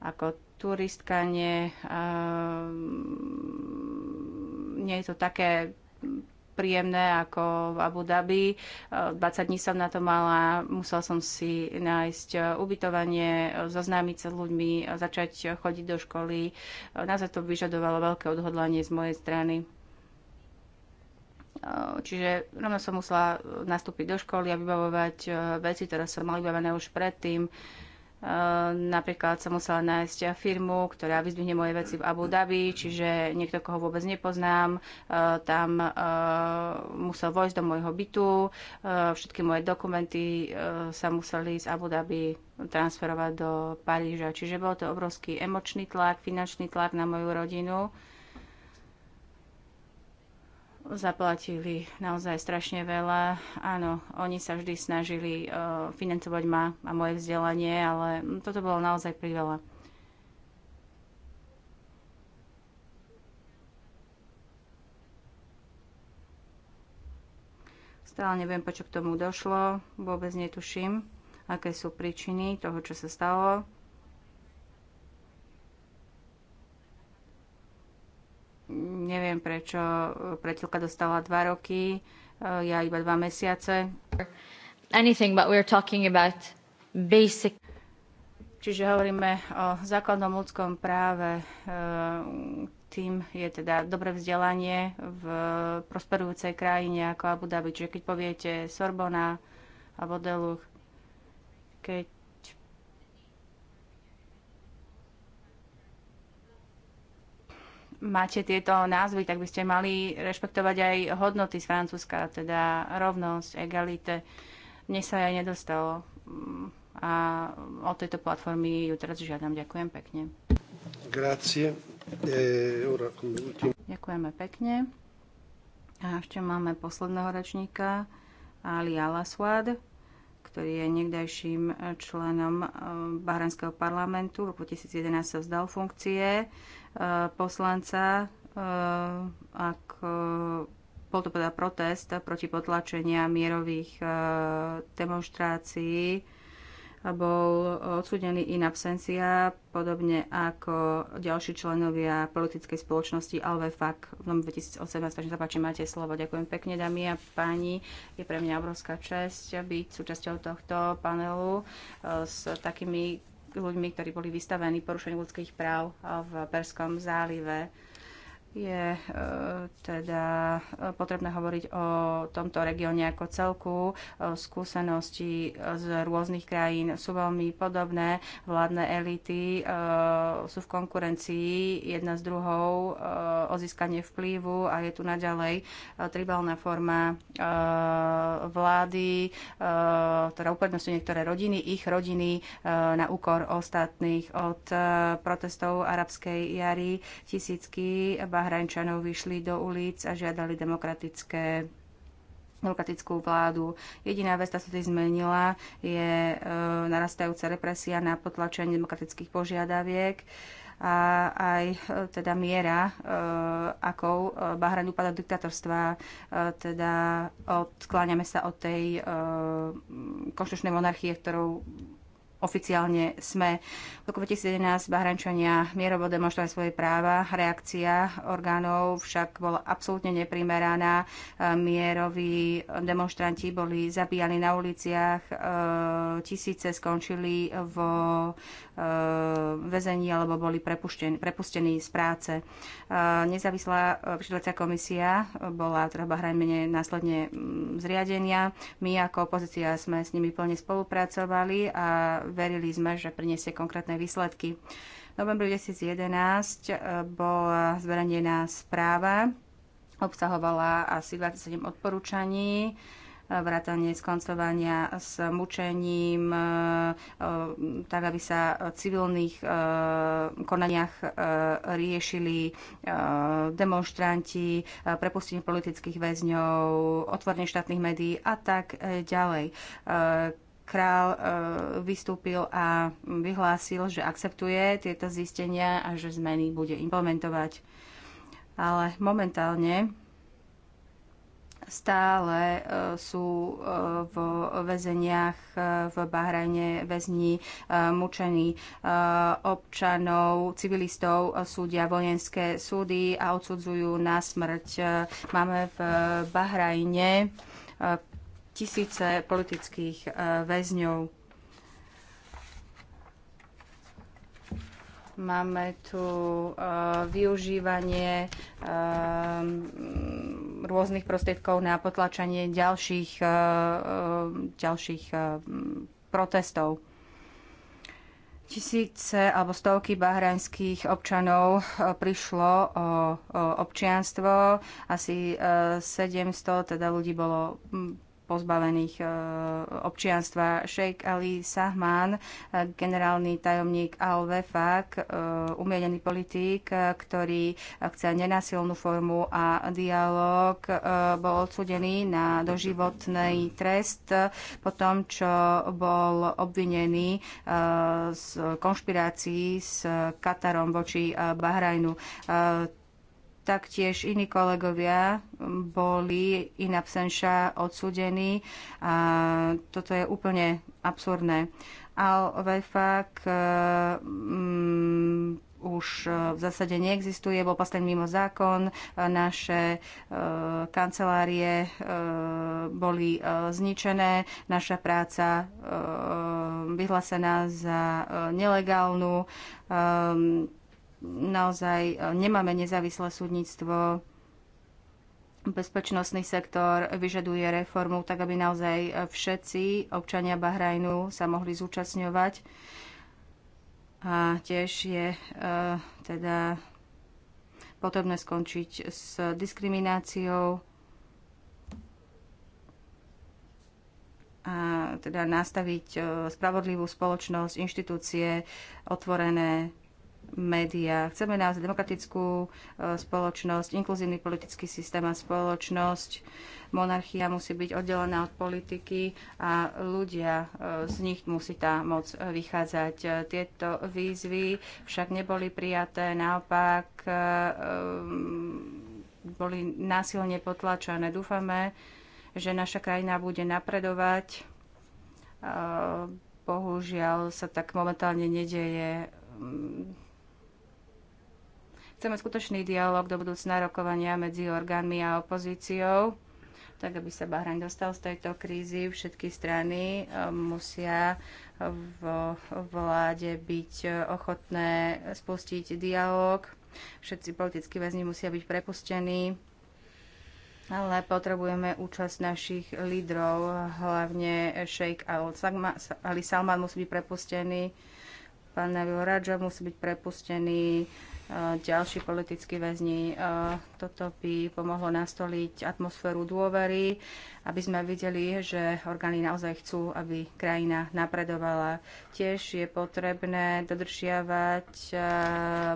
ako turistka, nie, ehm, nie je to také príjemné ako v Abu Dhabi. 20 ehm, dní som na to mala, musela som si nájsť ubytovanie, zoznámiť sa s ľuďmi, začať chodiť do školy. Ehm, naozaj to vyžadovalo veľké odhodlanie z mojej strany. Eh, čiže rovno som musela eh, nastúpiť do školy a vybavovať eh, veci, ktoré som mala vybavené už predtým. Napríklad som musela nájsť firmu, ktorá vyzdvihne moje veci v Abu Dhabi, čiže niekto, koho vôbec nepoznám, tam musel vojsť do môjho bytu, všetky moje dokumenty sa museli z Abu Dhabi transferovať do Paríža. Čiže bol to obrovský emočný tlak, finančný tlak na moju rodinu zaplatili naozaj strašne veľa. Áno, oni sa vždy snažili uh, financovať ma a moje vzdelanie, ale toto bolo naozaj priveľa. Stále neviem, počo k tomu došlo, vôbec netuším, aké sú príčiny toho, čo sa stalo. Neviem, prečo pretilka dostala dva roky, eh, ja iba dva mesiace. Anything, but we're talking about basic... Čiže hovoríme o základnom ľudskom práve. Eh, tým je teda dobré vzdelanie v prosperujúcej krajine ako Abu Dhabi. Čiže keď poviete Sorbona alebo Deluch, keď máte tieto názvy, tak by ste mali rešpektovať aj hodnoty z Francúzska, teda rovnosť, egalite. Mne sa aj nedostalo. Mm, a od tejto platformy ju teraz žiadam. Ďakujem pekne. Grazie. E, Ďakujeme pekne. A ešte máme posledného rečníka, Ali Alaswad ktorý je niekdajším e, členom e, Bahranského parlamentu. V roku 2011 sa vzdal funkcie e, poslanca, ak bol to teda protest proti potlačenia mierových demonstrácií bol e, odsudený in absencia, podobne ako ďalší členovia politickej spoločnosti Alve Fak v 2018. Takže sa páči, máte slovo. Ďakujem pekne, dámy a páni. Je pre mňa obrovská čest e, byť súčasťou tohto panelu e, s takými ľuďmi, ktorí boli vystavení porušeniu ľudských práv v Perskom zálive je e, teda e, potrebné hovoriť o tomto regióne ako celku. E, skúsenosti z rôznych krajín sú veľmi podobné. Vládne elity sú v konkurencii jedna s druhou o získanie vplyvu a je tu naďalej tribálna forma vlády, ktorá uprednostňuje niektoré rodiny, ich rodiny na úkor ostatných. Od protestov arabskej jary tisícky Bahrajnčanov vyšli do ulic a žiadali demokratické demokratickú vládu. Jediná vec, ktorá sa tým zmenila, je e, narastajúca represia na potlačenie demokratických požiadaviek a aj e, teda miera, e, akou e, Bahraň upada diktatorstva. E, teda odkláňame sa od tej e, konštručnej monarchie, ktorou oficiálne sme. V roku 2011 Bahrančania mierovo demonstrovali svoje práva. Reakcia orgánov však bola absolútne neprimeraná. Mieroví demonstranti boli zabíjani na uliciach, e, tisíce skončili v e, väzení alebo boli prepuštení, prepustení z práce. E, nezávislá vyšetrovacia komisia bola teda v Bahrajmene následne mm, zriadenia. My ako opozícia sme s nimi plne spolupracovali a verili sme, že priniesie konkrétne výsledky. V novembri 2011 bola zverejnená správa, obsahovala asi 27 odporúčaní, eh, vrátanie skoncovania s mučením, eh, eh, tak aby sa v civilných konaniach riešili demonstranti, prepustenie politických väzňov, otvorenie štátnych médií a tak ďalej král e, vystúpil a vyhlásil, že akceptuje tieto zistenia a že zmeny bude implementovať. Ale momentálne stále e, sú e, v väzeniach v Bahrajne väzni mučení občanov, civilistov, súdia vojenské súdy a odsudzujú na smrť. Máme v Bahrajne tisíce politických e, väzňov. Máme tu e, využívanie e, rôznych prostriedkov na potlačanie ďalších, ďalších protestov. Tisíce alebo stovky bahrajnských občanov prišlo o, o občianstvo, asi 700 teda ľudí bolo pozbavených e, občianstva. Sheikh Ali Sahman, e, generálny tajomník Al-Wefak, e, umienený politík, ktorý chce nenasilnú formu a dialog, bol odsudený na doživotný trest po tom, čo bol obvinený z konšpirácií s Katarom voči Bahrajnu taktiež iní kolegovia boli in absentia odsudení a toto je úplne absurdné. al Vefak eh, mm, už eh, v zásade neexistuje, bol postavený mimo zákon, eh, naše e, kancelárie e, boli e, zničené, naša práca e, vyhlásená za e, nelegálnu. E, naozaj e, nemáme nezávislé súdnictvo, bezpečnostný sektor vyžaduje reformu, tak aby naozaj e, všetci občania Bahrajnu sa mohli zúčastňovať. A tiež je e, teda potrebné skončiť s diskrimináciou a teda nastaviť e, spravodlivú spoločnosť, inštitúcie otvorené médiá. Chceme naozaj demokratickú e, spoločnosť, inkluzívny politický systém a spoločnosť. Monarchia musí byť oddelená od politiky a ľudia, e, z nich musí tá moc vychádzať. E, tieto výzvy však neboli prijaté, naopak boli násilne potlačané. Dúfame, že naša krajina bude napredovať. Bohužiaľ sa tak momentálne nedieje. Chceme skutočný dialog do budúcna rokovania medzi orgánmi a opozíciou, tak aby sa Bahrajn dostal z tejto krízy. Všetky strany eh, musia vo vláde byť ochotné spustiť dialog. Všetci politickí väzni musia byť prepustení. Ale potrebujeme účasť našich lídrov, hlavne Sheikh Ali Salman musí byť prepustený, pán Navil Radžov musí byť prepustený, ďalší politickí väzni. Toto by pomohlo nastoliť atmosféru dôvery, aby sme videli, že orgány naozaj chcú, aby krajina napredovala. Tiež je potrebné dodržiavať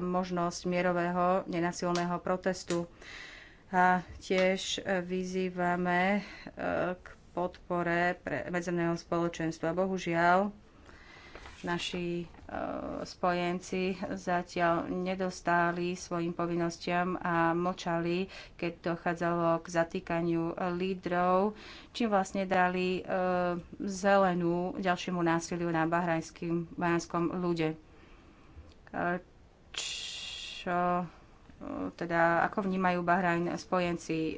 možnosť mierového nenasilného protestu. A tiež vyzývame k podpore pre medzemného spoločenstva. Bohužiaľ, naši E, spojenci zatiaľ nedostali svojim povinnostiam a močali, keď dochádzalo k zatýkaniu lídrov, čím vlastne dali e, zelenú ďalšiemu násiliu na bahrajskom ľude. E, čo teda ako vnímajú Bahrajn spojenci.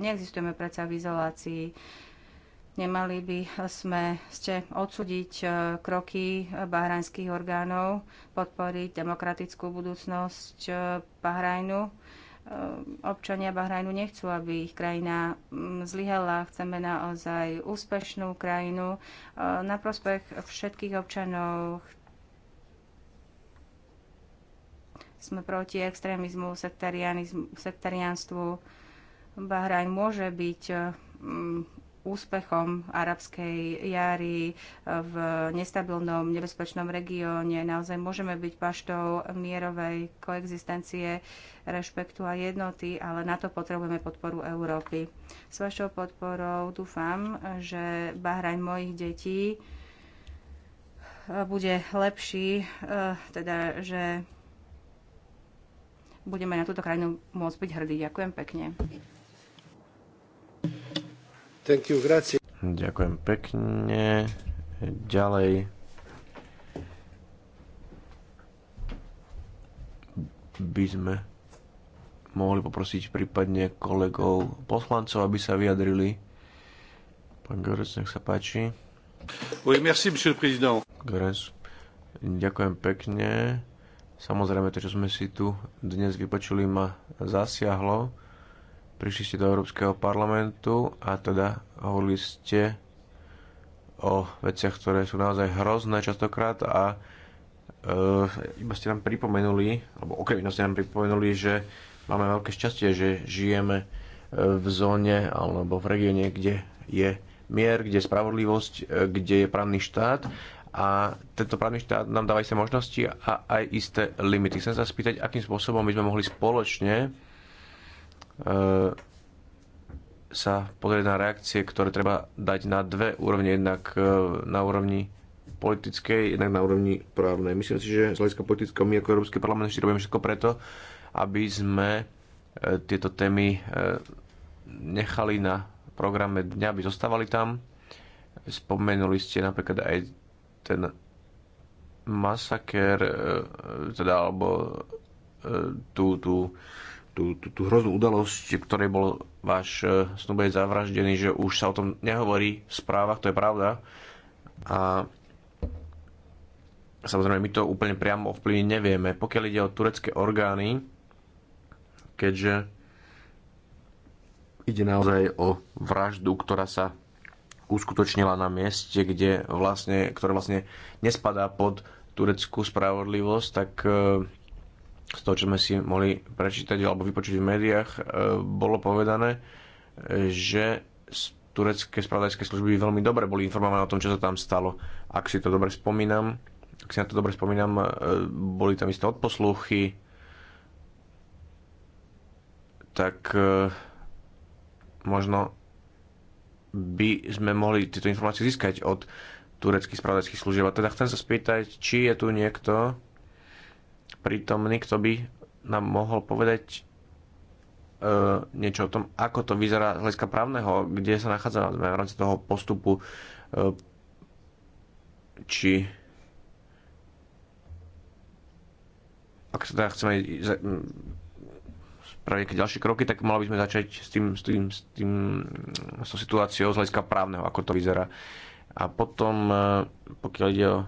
Neexistujeme predsa v izolácii. Nemali by sme ste odsúdiť e, kroky bahrajnských orgánov, podporiť demokratickú budúcnosť e, Bahrajnu. E, občania Bahrajnu nechcú, aby ich krajina zlyhala. Chceme naozaj úspešnú krajinu na prospech všetkých občanov. Sme proti extrémizmu, sektariánstvu. Bahrajn môže byť úspechom arabskej jary eh, v nestabilnom, nebezpečnom regióne. Naozaj môžeme byť paštou mierovej koexistencie, rešpektu a jednoty, ale na to potrebujeme podporu Európy. S vašou podporou dúfam, že Bahrajn mojich detí eh, bude lepší, eh, teda že budeme na túto krajinu môcť byť hrdí. Ďakujem pekne. Thank you, grazie. Ďakujem pekne. Ďalej. By sme mohli poprosiť prípadne kolegov poslancov, aby sa vyjadrili. Pán Gorec, nech sa páči. Oui, merci, monsieur le président. Gorec, ďakujem pekne. Samozrejme, to, čo sme si tu dnes vypočuli, ma zasiahlo prišli ste do Európskeho parlamentu a teda hovorili ste o veciach, ktoré sú naozaj hrozné častokrát a e, iba ste nám pripomenuli, alebo okrem iného ste nám pripomenuli, že máme veľké šťastie, že žijeme e, v zóne alebo v regióne, kde je mier, kde je spravodlivosť, e, kde je právny štát a tento právny štát nám dáva isté možnosti a aj isté limity. Chcem sa spýtať, akým spôsobom by sme mohli spoločne E, sa pozrieť na reakcie, ktoré treba dať na dve úrovne. Jednak e, na úrovni politickej, jednak na úrovni právnej. Myslím si, že z hľadiska politického my ako Európsky parlament ešte robíme všetko preto, aby sme e, tieto témy nechali na programe dňa, aby zostávali tam. Spomenuli ste napríklad aj ten masaker, teda alebo tú, tú tú, tú, tú hroznú udalosť, ktorej bol váš e, snúbenec zavraždený, že už sa o tom nehovorí v správach, to je pravda. A samozrejme my to úplne priamo ovplyvniť nevieme. Pokiaľ ide o turecké orgány, keďže ide naozaj o vraždu, ktorá sa uskutočnila na mieste, kde vlastne, ktoré vlastne nespadá pod tureckú spravodlivosť, tak e, z toho, čo sme si mohli prečítať alebo vypočuť v médiách, e, bolo povedané, e, že turecké spravodajské služby veľmi dobre boli informované o tom, čo sa tam stalo. Ak si to dobre spomínam, ak si na to dobre spomínam, e, boli tam isté odposluchy, tak možno by sme mohli tieto informácie získať od tureckých spravodajských služieb. A teda chcem sa spýtať, či je tu niekto, prítomný, kto by nám mohol povedať e, niečo o tom, ako to vyzerá z hľadiska právneho, kde sa nachádzame v rámci toho postupu, e, či ak sa teda chceme spraviť nejaké ďalšie kroky, tak mali by sme začať s tým, s tým, s tým s tou situáciou z hľadiska právneho, ako to vyzerá. A potom, e, pokiaľ ide o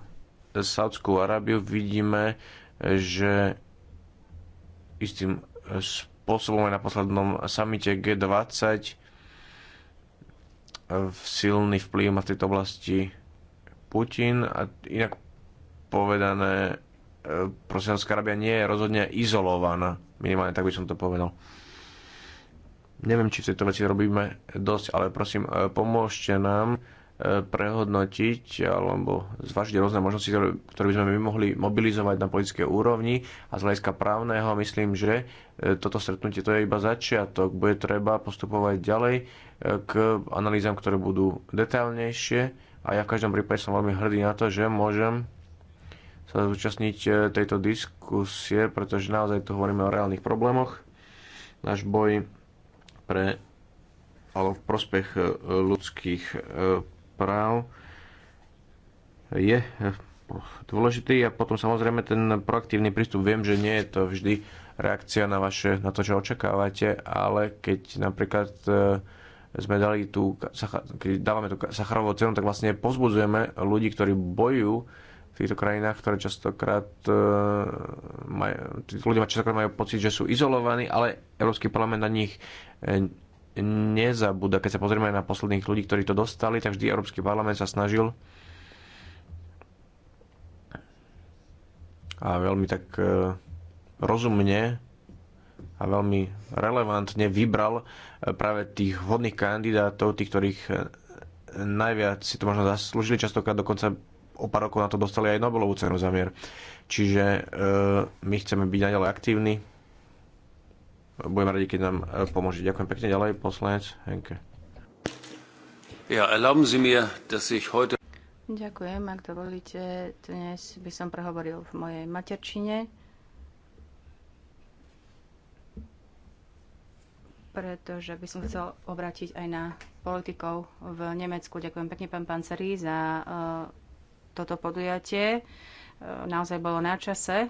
Saudskú Arábiu, vidíme, že istým eh, spôsobom aj na poslednom samite G20 eh, silný vplyv má v tejto oblasti Putin a inak povedané eh, prosím Arábia nie je rozhodne izolovaná. Minimálne tak by som to povedal. Neviem, či v tejto veci robíme dosť, ale prosím, pomôžte nám prehodnotiť alebo zvažiť rôzne možnosti, ktoré, by sme my mohli mobilizovať na politické úrovni a z hľadiska právneho myslím, že e, toto stretnutie to je iba začiatok. Bude treba postupovať ďalej e, k analýzam, ktoré budú detailnejšie a ja v každom prípade som veľmi hrdý na to, že môžem sa zúčastniť e, tejto diskusie, pretože naozaj tu hovoríme o reálnych problémoch. Náš boj pre alebo v prospech ľudských práv je dôležitý a potom samozrejme ten proaktívny prístup. Viem, že nie je to vždy reakcia na, vaše, na to, čo očakávate, ale keď napríklad eh, sme dali tú, keď dávame tú Sacharovú cenu, tak vlastne pozbudzujeme ľudí, ktorí bojujú v týchto krajinách, ktoré častokrát eh, majú, ľudia častokrát majú pocit, že sú izolovaní, ale Európsky parlament na nich eh, nezabúda. Keď sa pozrieme na posledných ľudí, ktorí to dostali, tak vždy Európsky parlament sa snažil a veľmi tak e, rozumne a veľmi relevantne vybral e, práve tých vhodných kandidátov, tých, ktorých e, najviac si to možno zaslúžili, častokrát dokonca o pár rokov na to dostali aj Nobelovú cenu za mier. Čiže e, my chceme byť naďalej aktívni, budem radi, keď nám e, pomôže. Ďakujem pekne. Ďalej poslanec Henke. Ja, erlauben Sie mir, dass ich heute... Ďakujem, ak dovolíte, dnes by som prehovoril v mojej materčine, pretože by som chcel obrátiť aj na politikov v Nemecku. Ďakujem pekne, pán Panceri, za uh, toto podujatie. Uh, naozaj bolo na čase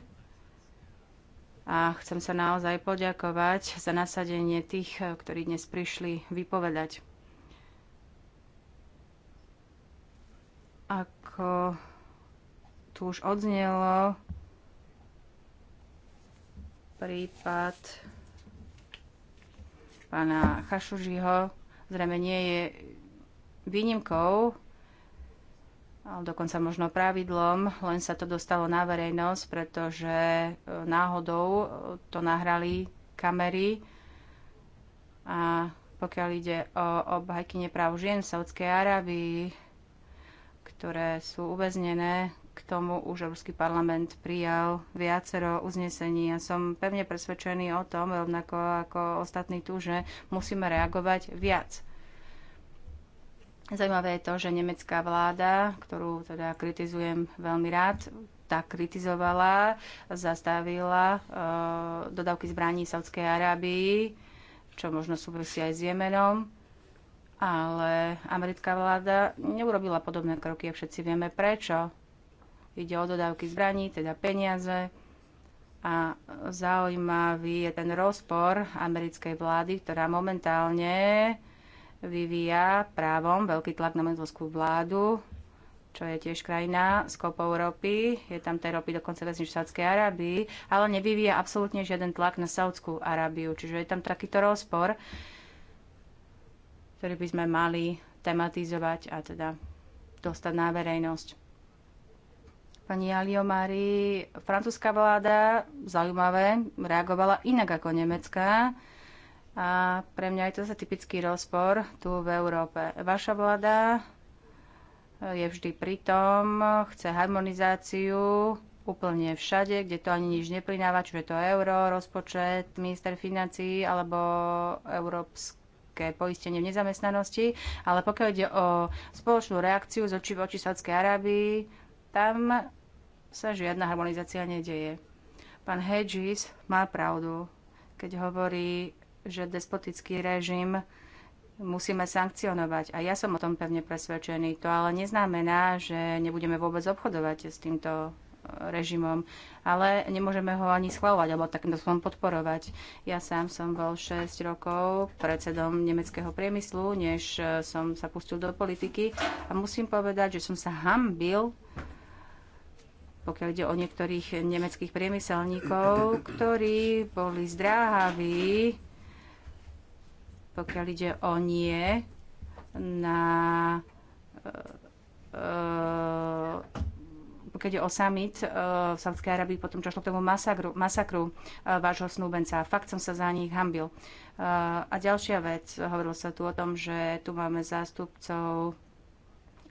a chcem sa naozaj poďakovať za nasadenie tých, ktorí dnes prišli vypovedať. Ako tu už odznelo, prípad pána Chašužiho zrejme nie je výnimkou, dokonca možno pravidlom, len sa to dostalo na verejnosť, pretože e, náhodou e, to nahrali kamery a pokiaľ ide o obhajkyne práv žien v Saudskej Arábii, ktoré sú uväznené, k tomu už Európsky parlament prijal viacero uznesení. Ja som pevne presvedčený o tom, rovnako ako ostatní tu, že musíme reagovať viac Zaujímavé je to, že nemecká vláda, ktorú teda kritizujem veľmi rád, tak kritizovala, zastavila e, dodávky zbraní Saudskej Arábii, čo možno súvisí aj s Jemenom. Ale americká vláda neurobila podobné kroky a všetci vieme prečo. Ide o dodávky zbraní, teda peniaze. A zaujímavý je ten rozpor americkej vlády, ktorá momentálne vyvíja právom veľký tlak na medzovskú vládu, čo je tiež krajina z kopou ropy. Je tam tej ropy dokonca väzni v Sádskej Arábii, ale nevyvíja absolútne žiaden tlak na Saudskú Arábiu. Čiže je tam takýto rozpor, ktorý by sme mali tematizovať a teda dostať na verejnosť. Pani Mari, francúzska vláda, zaujímavé, reagovala inak ako nemecká a pre mňa je to zase typický rozpor tu v Európe. Vaša vláda e, je vždy pritom, chce harmonizáciu úplne všade, kde to ani nič neprináva, čiže to euro, rozpočet, minister financí alebo európsky poistenie v nezamestnanosti, ale pokiaľ ide o spoločnú reakciu z očí oči Sádskej Arábii, tam sa žiadna harmonizácia nedeje. Pán Hedges má pravdu, keď hovorí, že despotický režim musíme sankcionovať. A ja som o tom pevne presvedčený. To ale neznamená, že nebudeme vôbec obchodovať s týmto e, režimom, ale nemôžeme ho ani schvalovať alebo takýmto spôsobom podporovať. Ja sám som bol 6 rokov predsedom nemeckého priemyslu, než e, som sa pustil do politiky a musím povedať, že som sa hambil pokiaľ ide o niektorých nemeckých priemyselníkov, ktorí boli zdráhaví pokiaľ ide o nie na e, e, pokiaľ ide o summit e, v Sádskej Arabii, potom čo šlo k tomu masakru, masakru vášho snúbenca. Fakt som sa za nich hambil. A ďalšia vec, hovorilo sa tu o tom, že tu máme zástupcov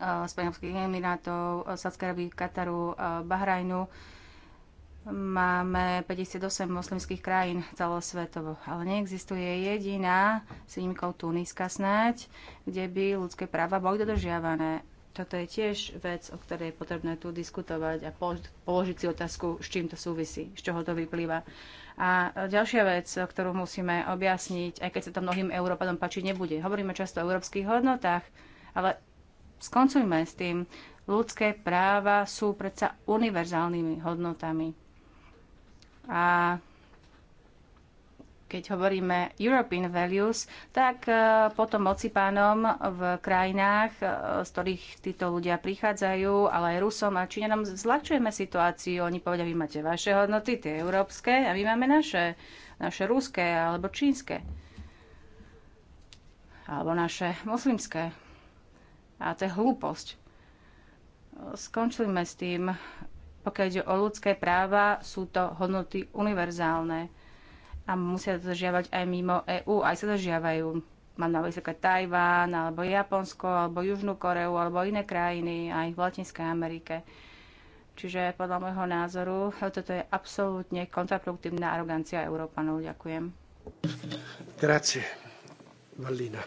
spanielských Emirátov, Sádskej Arabii, Kataru, Bahrajnu Máme 58 moslimských krajín celosvetovo, ale neexistuje jediná, s výnimkou Tuniska snáď, kde by ľudské práva boli dodržiavané. Toto je tiež vec, o ktorej je potrebné tu diskutovať a položiť si otázku, s čím to súvisí, z čoho to vyplýva. A ďalšia vec, ktorú musíme objasniť, aj keď sa to mnohým Európanom páčiť nebude. Hovoríme často o európskych hodnotách, ale skoncujme s tým. Ľudské práva sú predsa univerzálnymi hodnotami a keď hovoríme European values, tak e, potom moci pánom v krajinách, e, z ktorých títo ľudia prichádzajú, ale aj Rusom a Číňanom zľahčujeme situáciu. Oni povedia, vy máte vaše hodnoty, tie európske, a my máme naše, naše ruské alebo čínske. Alebo naše moslimské. A to je hlúposť. Skončíme s tým. Pokiaľ ide o ľudské práva, sú to hodnoty univerzálne a musia to zažiavať aj mimo EÚ, aj sa zažiavajú. Mám na mysli Tajván, alebo Japonsko, alebo Južnú Koreu, alebo iné krajiny, aj v Latinskej Amerike. Čiže podľa môjho názoru toto je absolútne kontraproduktívna arogancia Európanov. Ďakujem. Grazie. Valina.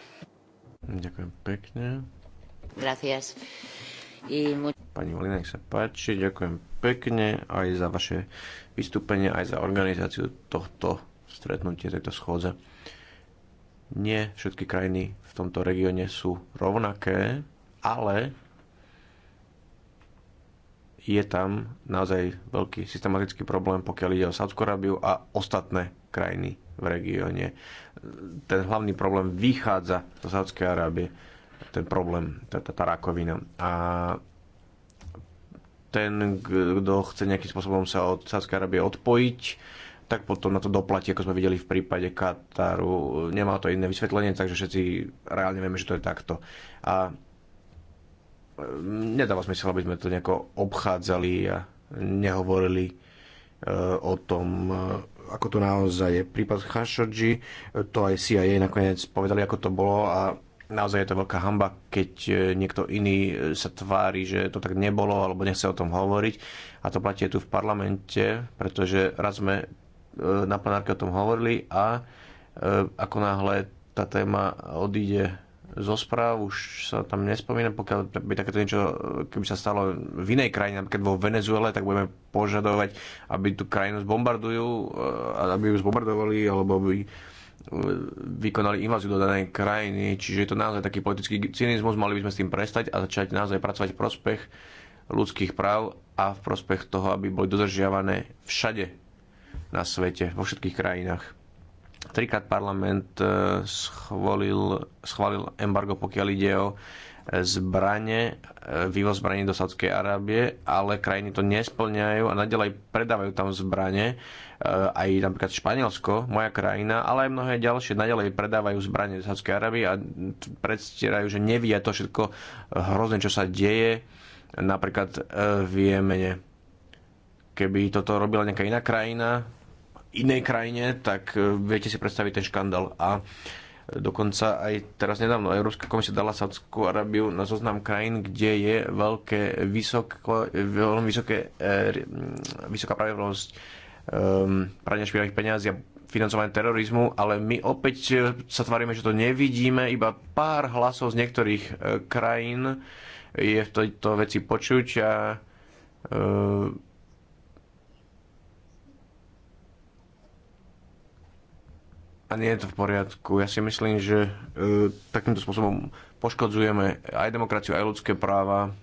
Ďakujem pekne. Gracias. Pani Volina, nech sa páči, ďakujem pekne aj za vaše vystúpenie, aj za organizáciu tohto stretnutia, tejto schôdze. Nie všetky krajiny v tomto regióne sú rovnaké, ale je tam naozaj veľký systematický problém, pokiaľ ide o Sádzku Arábiu a ostatné krajiny v regióne. Ten hlavný problém vychádza zo Sádzkej Arábie ten problém, tá, tá, tá rakovina. A ten, kto chce nejakým spôsobom sa od Sádskej Arábie odpojiť, tak potom na to doplatí, ako sme videli v prípade Kataru. Nemá to iné vysvetlenie, takže všetci reálne vieme, že to je takto. A e, nedáva zmysel, aby sme to nejako obchádzali a nehovorili e, o tom, e, ako to naozaj je. Prípad Khashoggi, to aj CIA nakoniec povedali, ako to bolo a naozaj je to veľká hamba, keď e, niekto iný e, sa tvári, že to tak nebolo alebo nechce o tom hovoriť. A to platí tu v parlamente, pretože raz sme e, na plenárke o tom hovorili a ako náhle tá téma odíde zo správ, už sa tam nespomínam, pokiaľ by takéto niečo, keby sa stalo v inej krajine, napríklad vo Venezuele, tak budeme požadovať, aby tú krajinu zbombardujú, aby ju zbombardovali, alebo aby vykonali inváziu do danej krajiny, čiže je to naozaj taký politický cynizmus, mali by sme s tým prestať a začať naozaj pracovať v prospech ľudských práv a v prospech toho, aby boli dodržiavané všade na svete, vo všetkých krajinách. Trikrát parlament eh, schválil, schválil embargo, pokiaľ ide o zbranie, e, vývoz zbraní do Sádskej Arábie, ale krajiny to nesplňajú a nadalej predávajú tam zbranie, e, aj napríklad Španielsko, moja krajina, ale aj mnohé ďalšie nadalej predávajú zbranie do Sádskej Arábie a predstierajú, že nevia to všetko e, hrozné, čo sa deje napríklad v Jemene. Keby toto robila nejaká iná krajina, inej krajine, tak viete si predstaviť ten škandál. A Dokonca aj teraz nedávno Európska komisia dala Saudskú Arabiu na zoznam krajín, kde je veľké, vysoko, veľmi vysoké, e, vysoká pravidelnosť e, ehm, prania špinavých peniazí a financovanie terorizmu, ale my opäť eh, sa tvárime, že to nevidíme. Iba pár hlasov z niektorých e, krajín je v tejto veci počuť a e, a nie je to v poriadku. Ja si myslím, že e, takýmto spôsobom poškodzujeme aj demokraciu, aj ľudské práva,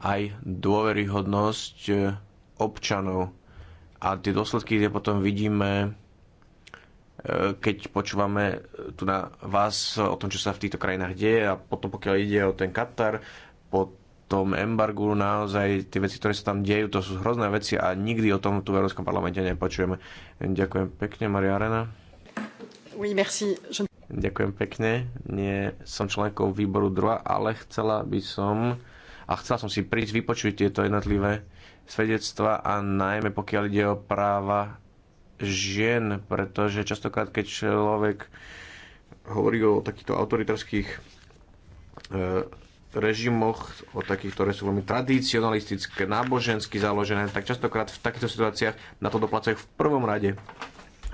aj dôveryhodnosť e, občanov. A tie dôsledky tie potom vidíme, e, keď počúvame tu na vás o tom, čo sa v týchto krajinách deje a potom pokiaľ ide o ten Katar, potom tom embargu naozaj tie veci, ktoré sa tam dejú, to sú hrozné veci a nikdy o tom tu v Európskom parlamente nepočujeme. Ďakujem pekne, Maria Arena. Oui, merci. Je... Ďakujem pekne. Nie som členkou výboru 2, ale chcela by som a chcela som si prísť vypočuť tieto jednotlivé svedectva a najmä pokiaľ ide o práva žien, pretože častokrát, keď človek hovorí o takýchto autoritárskych eh, režimoch, o takých, ktoré sú veľmi tradicionalistické, nábožensky založené, tak častokrát v takýchto situáciách na to doplácajú v prvom rade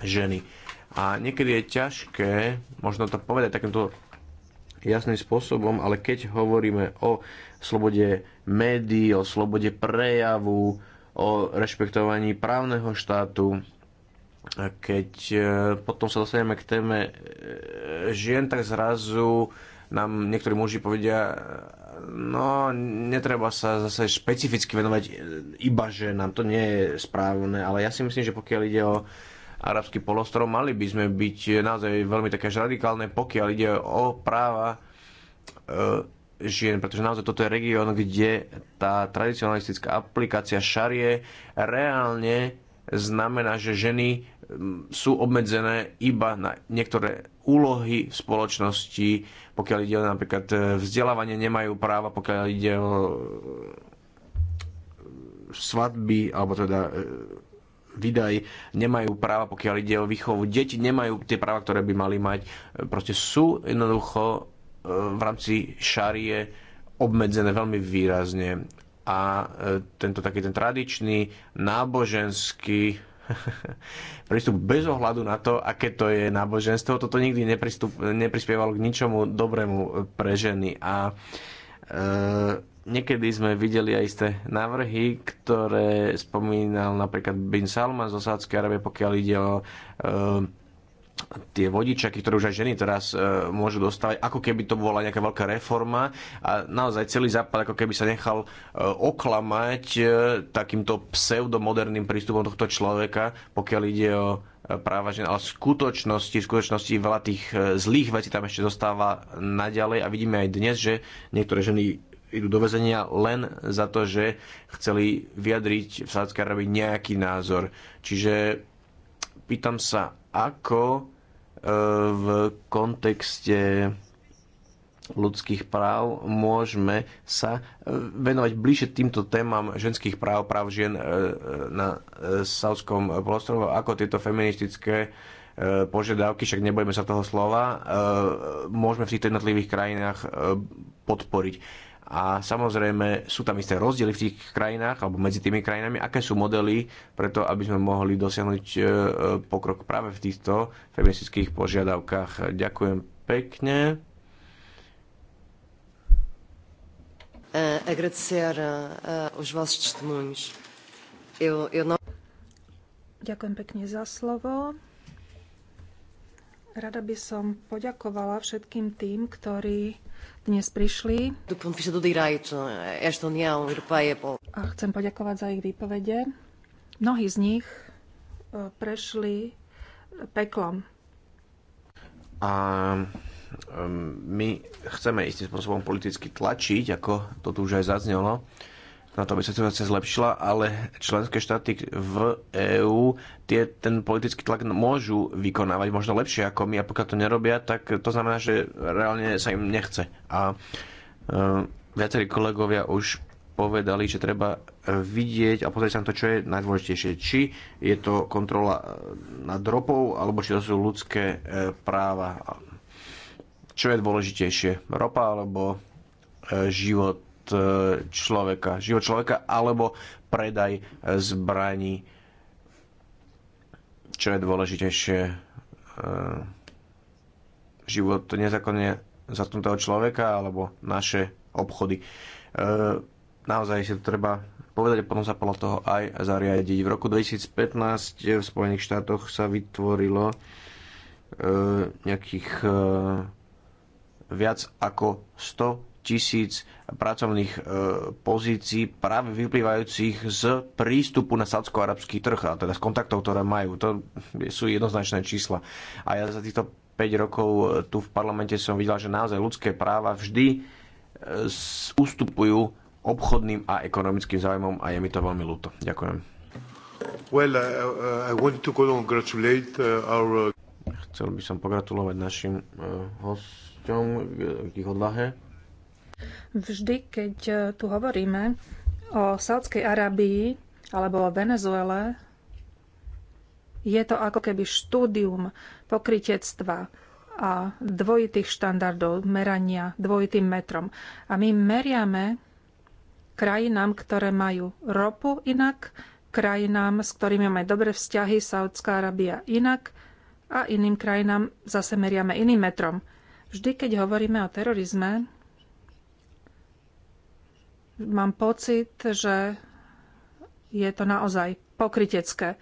ženy. A niekedy je ťažké, možno to povedať takýmto jasným spôsobom, ale keď hovoríme o slobode médií, o slobode prejavu, o rešpektovaní právneho štátu, keď e, potom sa dostaneme k téme e, žien, tak zrazu nám niektorí muži povedia, no netreba sa zase špecificky venovať e, iba že nám to nie je správne, ale ja si myslím, že pokiaľ ide o arabský polostrov, mali by sme byť naozaj veľmi také radikálne, pokiaľ ide o práva e, žien, pretože naozaj toto je región, kde tá tradicionalistická aplikácia šarie reálne znamená, že ženy sú obmedzené iba na niektoré úlohy v spoločnosti, pokiaľ ide o napríklad e, vzdelávanie, nemajú práva, pokiaľ ide o e, svadby, alebo teda e, vydaj, nemajú práva, pokiaľ ide o výchovu. Deti nemajú tie práva, ktoré by mali mať. Proste sú jednoducho v rámci šarie obmedzené veľmi výrazne. A tento taký ten tradičný náboženský *laughs* prístup bez ohľadu na to, aké to je náboženstvo. Toto nikdy nepristup, neprispievalo k ničomu dobrému pre ženy. A e, niekedy sme videli aj isté návrhy, ktoré spomínal napríklad Bin Salman z Sádskej Arabie, pokiaľ ide o e, tie vodičaky, ktoré už aj ženy teraz e, môžu dostávať, ako keby to bola nejaká veľká reforma a naozaj celý západ ako keby sa nechal e, oklamať e, takýmto pseudomoderným prístupom tohto človeka, pokiaľ ide o e, práva žien, ale v skutočnosti, v skutočnosti veľa tých e, zlých vecí tam ešte zostáva naďalej a vidíme aj dnes, že niektoré ženy idú do väzenia len za to, že chceli vyjadriť v Sádzkej Arabii nejaký názor. Čiže pýtam sa, ako v kontexte ľudských práv môžeme sa e, venovať bližšie týmto témam ženských práv, práv žien e, e, na Saudskom polostrove, ako tieto feministické požiadavky, však nebojme sa toho slova, môžeme v týchto jednotlivých krajinách podporiť a samozrejme sú tam isté rozdiely v tých krajinách alebo medzi tými krajinami, aké sú modely preto, aby sme mohli dosiahnuť e, e, pokrok práve v týchto feministických požiadavkách. Ďakujem pekne. E, no- Ďakujem pekne za slovo. Rada by som poďakovala všetkým tým, ktorí dnes prišli. A chcem poďakovať za ich výpovede. Mnohí z nich e, prešli peklom. A e, my chceme istým spôsobom politicky tlačiť, ako to tu už aj zaznelo, na to, aby sa situácia zlepšila, ale členské štáty v EÚ tie, ten politický tlak môžu vykonávať možno lepšie ako my a pokiaľ to nerobia, tak to znamená, že reálne sa im nechce. A e, viacerí kolegovia už povedali, že treba vidieť a pozrieť sa na to, čo je najdôležitejšie. Či je to kontrola e, nad ropou, alebo či to sú ľudské e, práva. Čo je dôležitejšie? Ropa alebo e, život E, človeka, život človeka alebo predaj zbraní, čo je dôležitejšie, e, život nezákonne zatknutého človeka alebo naše obchody. E, naozaj si to treba povedať a potom sa podľa toho aj zariadiť. V roku 2015 v Spojených štátoch sa vytvorilo nejakých viac ako 100 tisíc pracovných e, pozícií práve vyplývajúcich z prístupu na sadsko-arabský trh, a teda z kontaktov, ktoré majú. To sú jednoznačné čísla. A ja za týchto 5 rokov e, tu v parlamente som videl, že naozaj ľudské práva vždy e, ustupujú obchodným a ekonomickým zájmom a je mi to veľmi ľúto. Ďakujem. Well, I, I want to congratulate uh, our... Uh, Chcel by som pogratulovať našim uh, hostom k ich odvahe. Vždy, keď e, tu hovoríme o Saudskej Arábii alebo o Venezuele, je to ako keby štúdium pokritectva a dvojitých štandardov merania dvojitým metrom. A my meriame krajinám, ktoré majú ropu inak, krajinám, s ktorými máme dobré vzťahy, Saudská Arábia inak a iným krajinám zase meriame iným metrom. Vždy, keď hovoríme o terorizme, Mám pocit, že je to naozaj pokrytecké.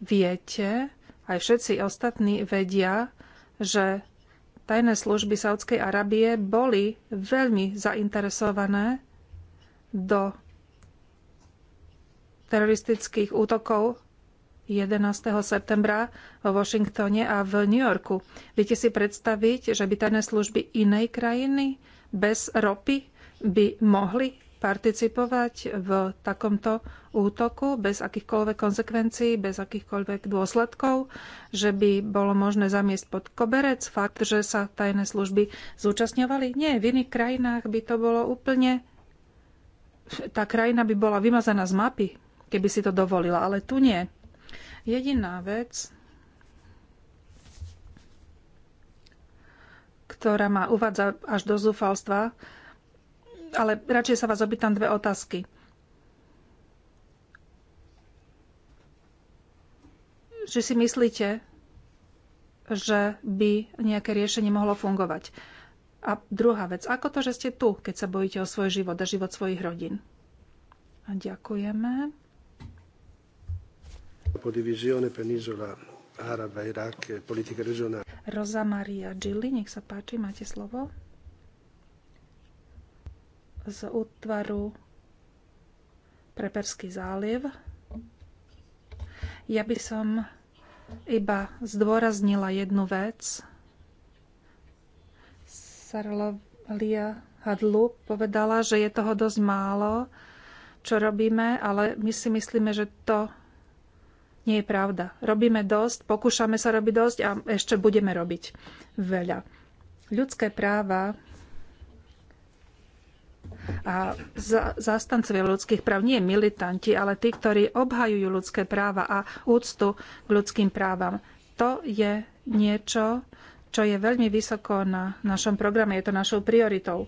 Viete, aj všetci ostatní vedia, že tajné služby Saudskej Arábie boli veľmi zainteresované do teroristických útokov 11. septembra vo Washingtone a v New Yorku. Viete si predstaviť, že by tajné služby inej krajiny bez ropy by mohli participovať v takomto útoku bez akýchkoľvek konsekvencií, bez akýchkoľvek dôsledkov, že by bolo možné zamiesť pod koberec fakt, že sa tajné služby zúčastňovali. Nie, v iných krajinách by to bolo úplne... Tá krajina by bola vymazaná z mapy, keby si to dovolila, ale tu nie. Jediná vec, ktorá ma uvádza až do zúfalstva, ale radšej sa vás opýtam dve otázky. Že si myslíte, že by nejaké riešenie mohlo fungovať. A druhá vec, ako to, že ste tu, keď sa bojíte o svoj život a život svojich rodín? A ďakujeme. Po divizione penizola Araba, politika regionálna. Rosa Maria Gilli, nech sa páči, máte slovo z útvaru Preperský záliv. Ja by som iba zdôraznila jednu vec. Sarlovia Hadlu povedala, že je toho dosť málo, čo robíme, ale my si myslíme, že to nie je pravda. Robíme dosť, pokúšame sa robiť dosť a ešte budeme robiť veľa. Ľudské práva a zastancovia ľudských práv, nie militanti, ale tí, ktorí obhajujú ľudské práva a úctu k ľudským právam. To je niečo, čo je veľmi vysoko na našom programe. Je to našou prioritou.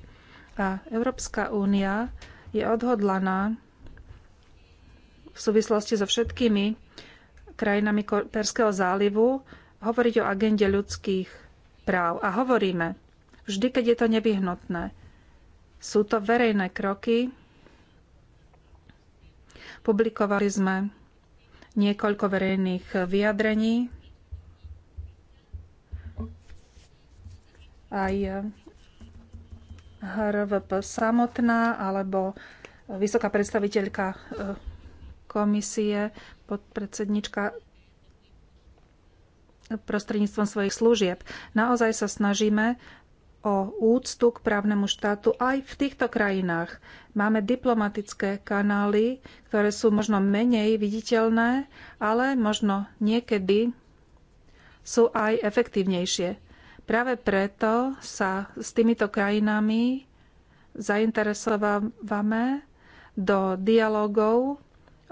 A Európska únia je odhodlaná v súvislosti so všetkými krajinami Perského zálivu hovoriť o agende ľudských práv. A hovoríme, vždy, keď je to nevyhnutné. Sú to verejné kroky. Publikovali sme niekoľko verejných vyjadrení. Aj HRVP samotná alebo vysoká predstaviteľka e, komisie, podpredsednička e, prostredníctvom svojich služieb. Naozaj sa snažíme o úctu k právnemu štátu aj v týchto krajinách. Máme diplomatické kanály, ktoré sú možno menej viditeľné, ale možno niekedy sú aj efektívnejšie. Práve preto sa s týmito krajinami zainteresovávame do dialogov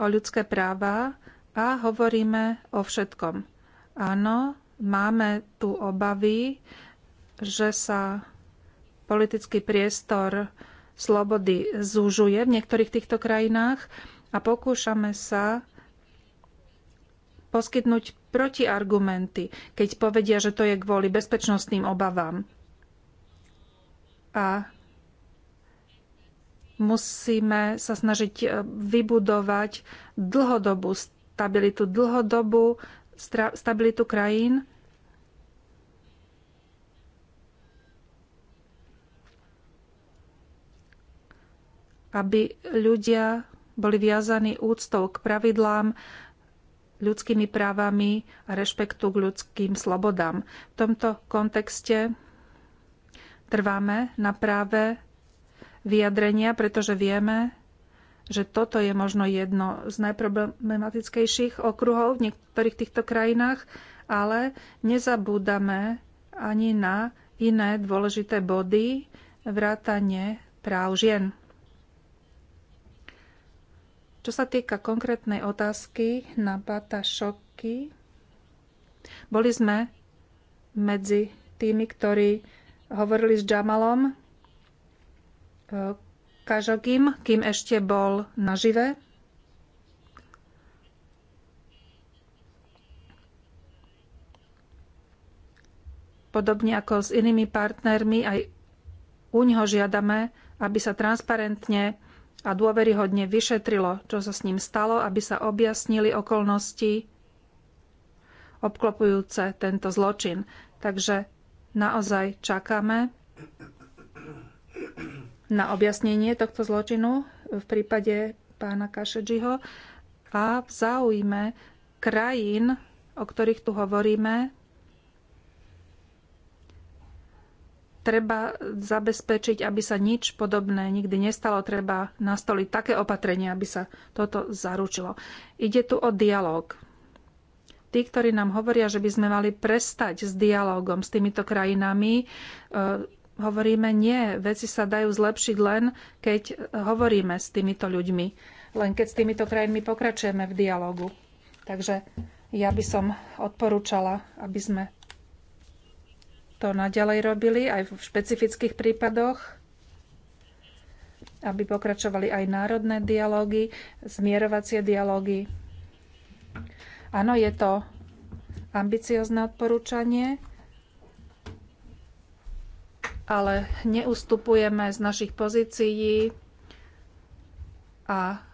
o ľudské práva a hovoríme o všetkom. Áno, máme tu obavy, že sa politický priestor slobody zúžuje v niektorých týchto krajinách a pokúšame sa poskytnúť protiargumenty, keď povedia, že to je kvôli bezpečnostným obavám. A musíme sa snažiť e, vybudovať dlhodobú stabilitu, dlhodobú stabilitu krajín aby ľudia boli viazaní úctou k pravidlám, ľudskými právami a rešpektu k ľudským slobodám. V tomto kontexte trváme na práve vyjadrenia, pretože vieme, že toto je možno jedno z najproblematickejších okruhov v niektorých týchto krajinách, ale nezabúdame ani na iné dôležité body vrátanie práv žien. Čo sa týka konkrétnej otázky na Bata Šoky, boli sme medzi tými, ktorí hovorili s Jamalom e, Kažogim, kým ešte bol nažive. Podobne ako s inými partnermi, aj u ňoho žiadame, aby sa transparentne a dôveryhodne vyšetrilo, čo sa s ním stalo, aby sa objasnili okolnosti obklopujúce tento zločin. Takže naozaj čakáme na objasnenie tohto zločinu v prípade pána Kašedžiho a v záujme krajín, o ktorých tu hovoríme, treba zabezpečiť, aby sa nič podobné nikdy nestalo. Treba nastoliť také opatrenia, aby sa toto zaručilo. Ide tu o dialog. Tí, ktorí nám hovoria, že by sme mali prestať s dialogom s týmito krajinami, e, hovoríme nie. Veci sa dajú zlepšiť len, keď hovoríme s týmito ľuďmi. Len keď s týmito krajinami pokračujeme v dialogu. Takže ja by som odporúčala, aby sme to naďalej robili aj v špecifických prípadoch, aby pokračovali aj národné dialógy, zmierovacie dialógy. Áno, je to ambiciozne odporúčanie, ale neustupujeme z našich pozícií a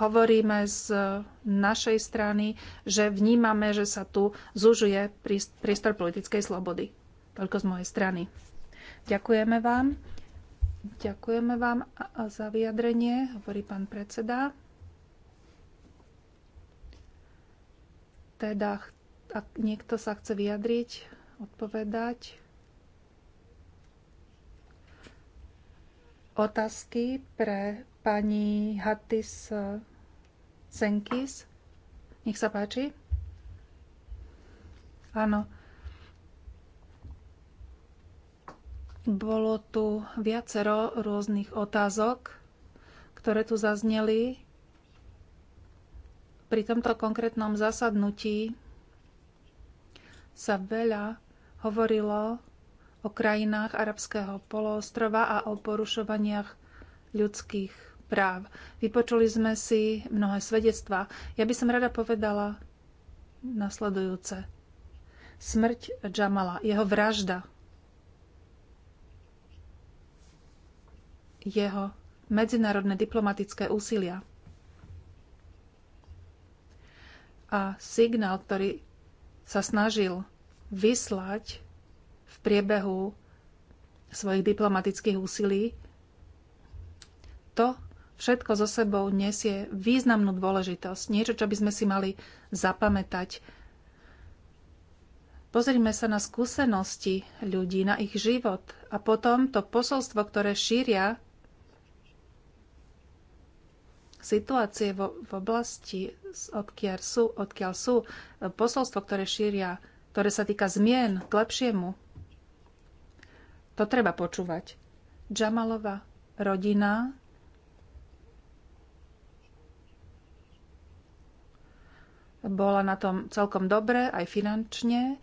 hovoríme z našej strany, že vnímame, že sa tu zužuje priestor politickej slobody. Toľko z mojej strany. Ďakujeme vám. Ďakujeme vám za vyjadrenie, hovorí pán predseda. Teda, ak niekto sa chce vyjadriť, odpovedať. Otázky pre pani Hattis eh, Senkis. Nech sa páči. Áno. Bolo tu viacero rôznych otázok, ktoré tu zazneli. Pri tomto konkrétnom zasadnutí sa veľa hovorilo o krajinách arabského poloostrova a o porušovaniach ľudských práv. Vypočuli sme si mnohé svedectvá. Ja by som rada povedala nasledujúce. Smrť Džamala, jeho vražda jeho medzinárodné diplomatické úsilia. A signál, ktorý sa snažil vyslať v priebehu svojich diplomatických úsilí, to všetko so sebou nesie významnú dôležitosť, niečo, čo by sme si mali zapamätať. Pozrime sa na skúsenosti ľudí, na ich život a potom to posolstvo, ktoré šíria situácie vo, v oblasti, odkiaľ sú, odkiaľ sú e, posolstvo, ktoré šíria, ktoré sa týka zmien k lepšiemu, to treba počúvať. Džamalova rodina bola na tom celkom dobre, aj finančne.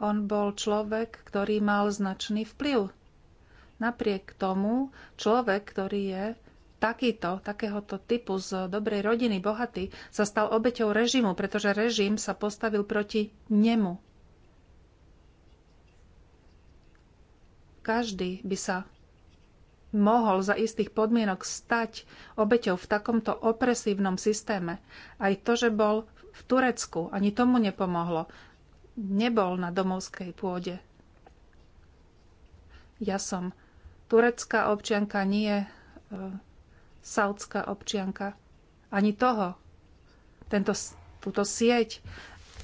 On bol človek, ktorý mal značný vplyv. Napriek tomu človek, ktorý je takýto, takéhoto typu z dobrej rodiny, bohatý, sa stal obeťou režimu, pretože režim sa postavil proti nemu. Každý by sa mohol za istých podmienok stať obeťou v takomto opresívnom systéme. Aj to, že bol v Turecku, ani tomu nepomohlo. Nebol na domovskej pôde. Ja som turecká občianka, nie e, saudská občianka. Ani toho. Tento, túto sieť,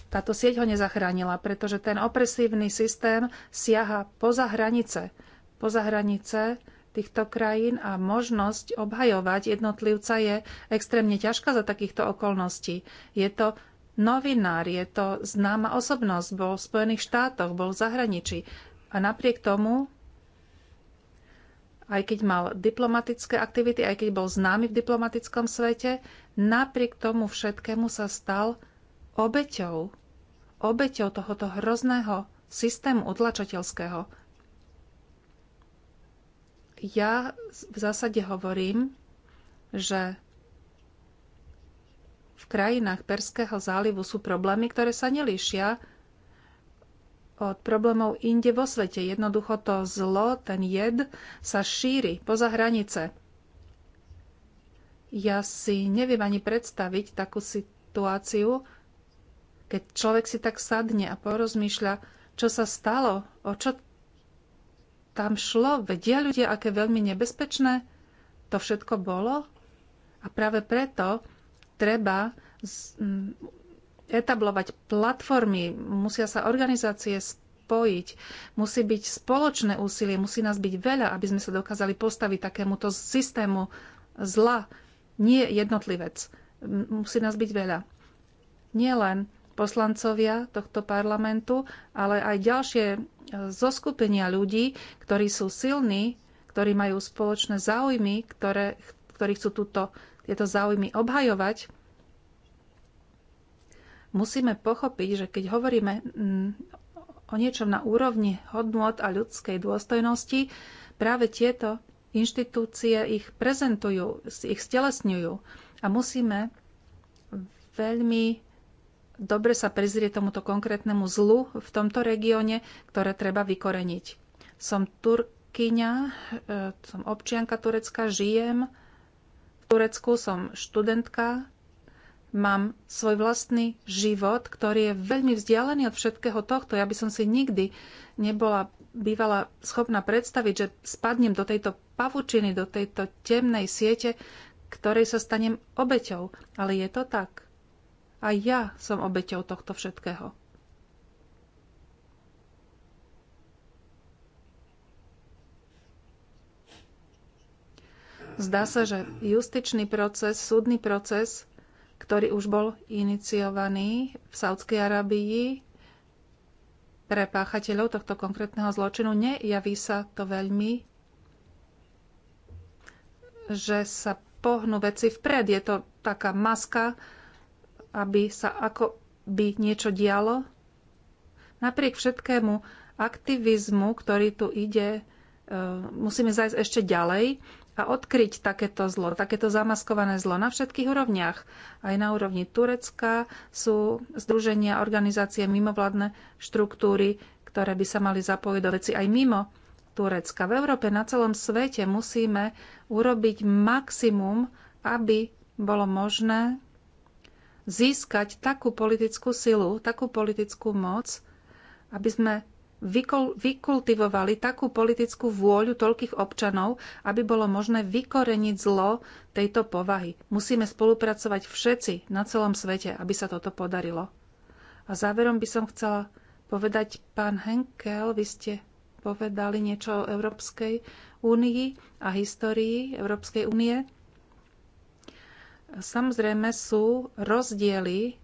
táto sieť ho nezachránila, pretože ten opresívny systém siaha poza hranice. Poza hranice týchto krajín a možnosť obhajovať jednotlivca je extrémne ťažká za takýchto okolností. Je to novinár, je to známa osobnosť, bol v Spojených štátoch, bol v zahraničí. A napriek tomu aj keď mal diplomatické aktivity, aj keď bol známy v diplomatickom svete, napriek tomu všetkému sa stal obeťou, obeťou tohoto hrozného systému utlačateľského. Ja v zásade hovorím, že v krajinách Perského zálivu sú problémy, ktoré sa nelíšia od problémov inde vo svete. Jednoducho to zlo, ten jed sa šíri poza hranice. Ja si neviem ani predstaviť takú situáciu, keď človek si tak sadne a porozmýšľa, čo sa stalo, o čo tam šlo, vedia ľudia, aké veľmi nebezpečné to všetko bolo. A práve preto treba etablovať platformy, musia sa organizácie spojiť, musí byť spoločné úsilie, musí nás byť veľa, aby sme sa dokázali postaviť takémuto systému zla, nie jednotlivec. Musí nás byť veľa. Nie len poslancovia tohto parlamentu, ale aj ďalšie e, zoskupenia ľudí, ktorí sú silní, ktorí majú spoločné záujmy, ktoré, ktorí chcú túto, tieto záujmy obhajovať Musíme pochopiť, že keď hovoríme mm, o niečom na úrovni hodnot a ľudskej dôstojnosti, práve tieto inštitúcie ich prezentujú, ich stelesňujú a musíme veľmi dobre sa prizrieť tomuto konkrétnemu zlu v tomto regióne, ktoré treba vykoreniť. Som Turkyňa, e, som občianka Turecka, žijem v Turecku, som študentka Mám svoj vlastný život, ktorý je veľmi vzdialený od všetkého tohto. Ja by som si nikdy nebola bývala schopná predstaviť, že spadnem do tejto pavučiny, do tejto temnej siete, ktorej sa stanem obeťou. Ale je to tak. A ja som obeťou tohto všetkého. Zdá sa, že justičný proces, súdny proces ktorý už bol iniciovaný v Saudskej Arabii pre páchateľov tohto konkrétneho zločinu. Nejaví sa to veľmi, že sa pohnú veci vpred. Je to taká maska, aby sa ako by niečo dialo. Napriek všetkému aktivizmu, ktorý tu ide, e, musíme zajsť ešte ďalej a odkryť takéto zlo, takéto zamaskované zlo na všetkých úrovniach. Aj na úrovni Turecka sú združenia, organizácie, mimovládne štruktúry, ktoré by sa mali zapojiť do veci aj mimo Turecka. V Európe, na celom svete musíme urobiť maximum, aby bolo možné získať takú politickú silu, takú politickú moc, aby sme vykultivovali takú politickú vôľu toľkých občanov, aby bolo možné vykoreniť zlo tejto povahy. Musíme spolupracovať všetci na celom svete, aby sa toto podarilo. A záverom by som chcela povedať, pán Henkel, vy ste povedali niečo o Európskej únii a histórii Európskej únie. Samozrejme sú rozdiely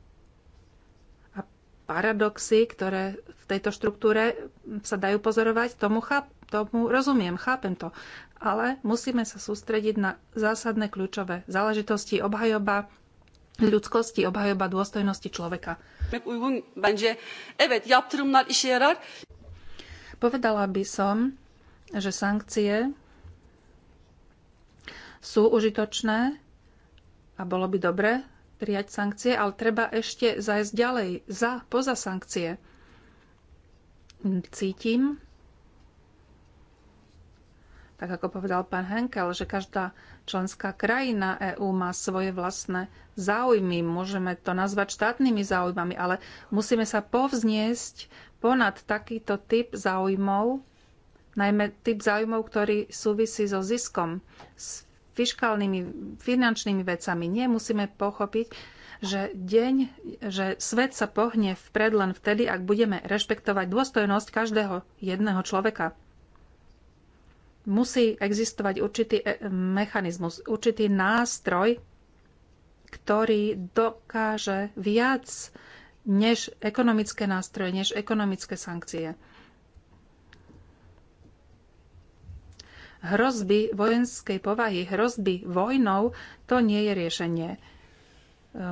paradoxy, ktoré v tejto štruktúre sa dajú pozorovať, tomu, cháp, tomu rozumiem, chápem to. Ale musíme sa sústrediť na zásadné kľúčové záležitosti obhajoba ľudskosti, obhajoba dôstojnosti človeka. Povedala by som, že sankcie sú užitočné a bolo by dobre prijať sankcie, ale treba ešte zajsť ďalej, za, poza sankcie. Cítim, tak ako povedal pán Henkel, že každá členská krajina EÚ má svoje vlastné záujmy. Môžeme to nazvať štátnymi záujmami, ale musíme sa povzniesť ponad takýto typ záujmov, najmä typ záujmov, ktorý súvisí so ziskom, s fiškálnymi, finančnými vecami. Nie, musíme pochopiť, že deň, že svet sa pohne vpred len vtedy, ak budeme rešpektovať dôstojnosť každého jedného človeka. Musí existovať určitý e, mechanizmus, určitý nástroj, ktorý dokáže viac než ekonomické nástroje, než ekonomické sankcie. hrozby vojenskej povahy, hrozby vojnou, to nie je riešenie. E,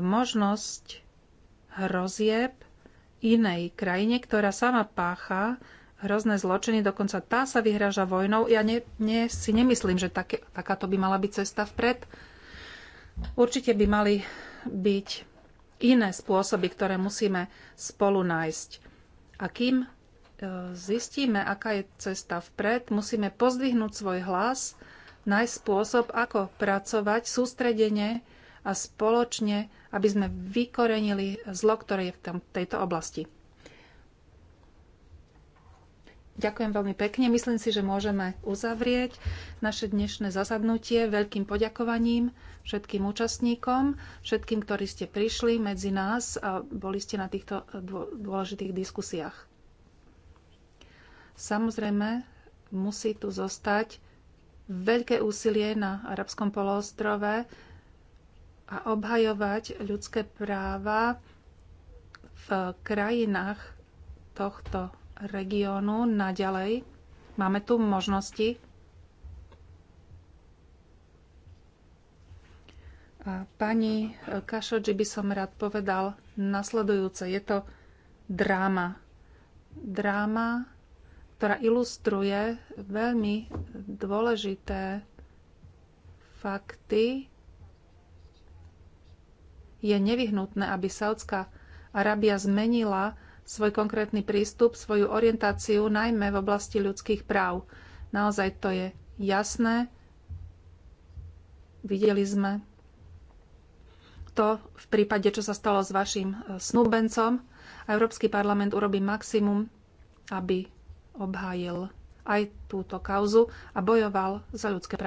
možnosť hrozieb inej krajine, ktorá sama pácha hrozné zločiny, dokonca tá sa vyhraža vojnou. Ja ne, ne, si nemyslím, že také, takáto by mala byť cesta vpred. Určite by mali byť iné spôsoby, ktoré musíme spolu nájsť. A kým zistíme, aká je cesta vpred, musíme pozdvihnúť svoj hlas, nájsť spôsob, ako pracovať sústredene a spoločne, aby sme vykorenili zlo, ktoré je v tejto oblasti. Ďakujem veľmi pekne. Myslím si, že môžeme uzavrieť naše dnešné zasadnutie veľkým poďakovaním všetkým účastníkom, všetkým, ktorí ste prišli medzi nás a boli ste na týchto dôležitých diskusiách. Samozrejme, musí tu zostať veľké úsilie na arabskom poloostrove a obhajovať ľudské práva v krajinách tohto regiónu naďalej. Máme tu možnosti. A pani Kašoči by som rád povedal nasledujúce. Je to dráma. Dráma ktorá ilustruje veľmi dôležité fakty, je nevyhnutné, aby Saudská Arábia zmenila svoj konkrétny prístup, svoju orientáciu, najmä v oblasti ľudských práv. Naozaj to je jasné. Videli sme to v prípade, čo sa stalo s vašim snúbencom. Európsky parlament urobí maximum, aby obhájil aj túto kauzu a bojoval za ľudské práva.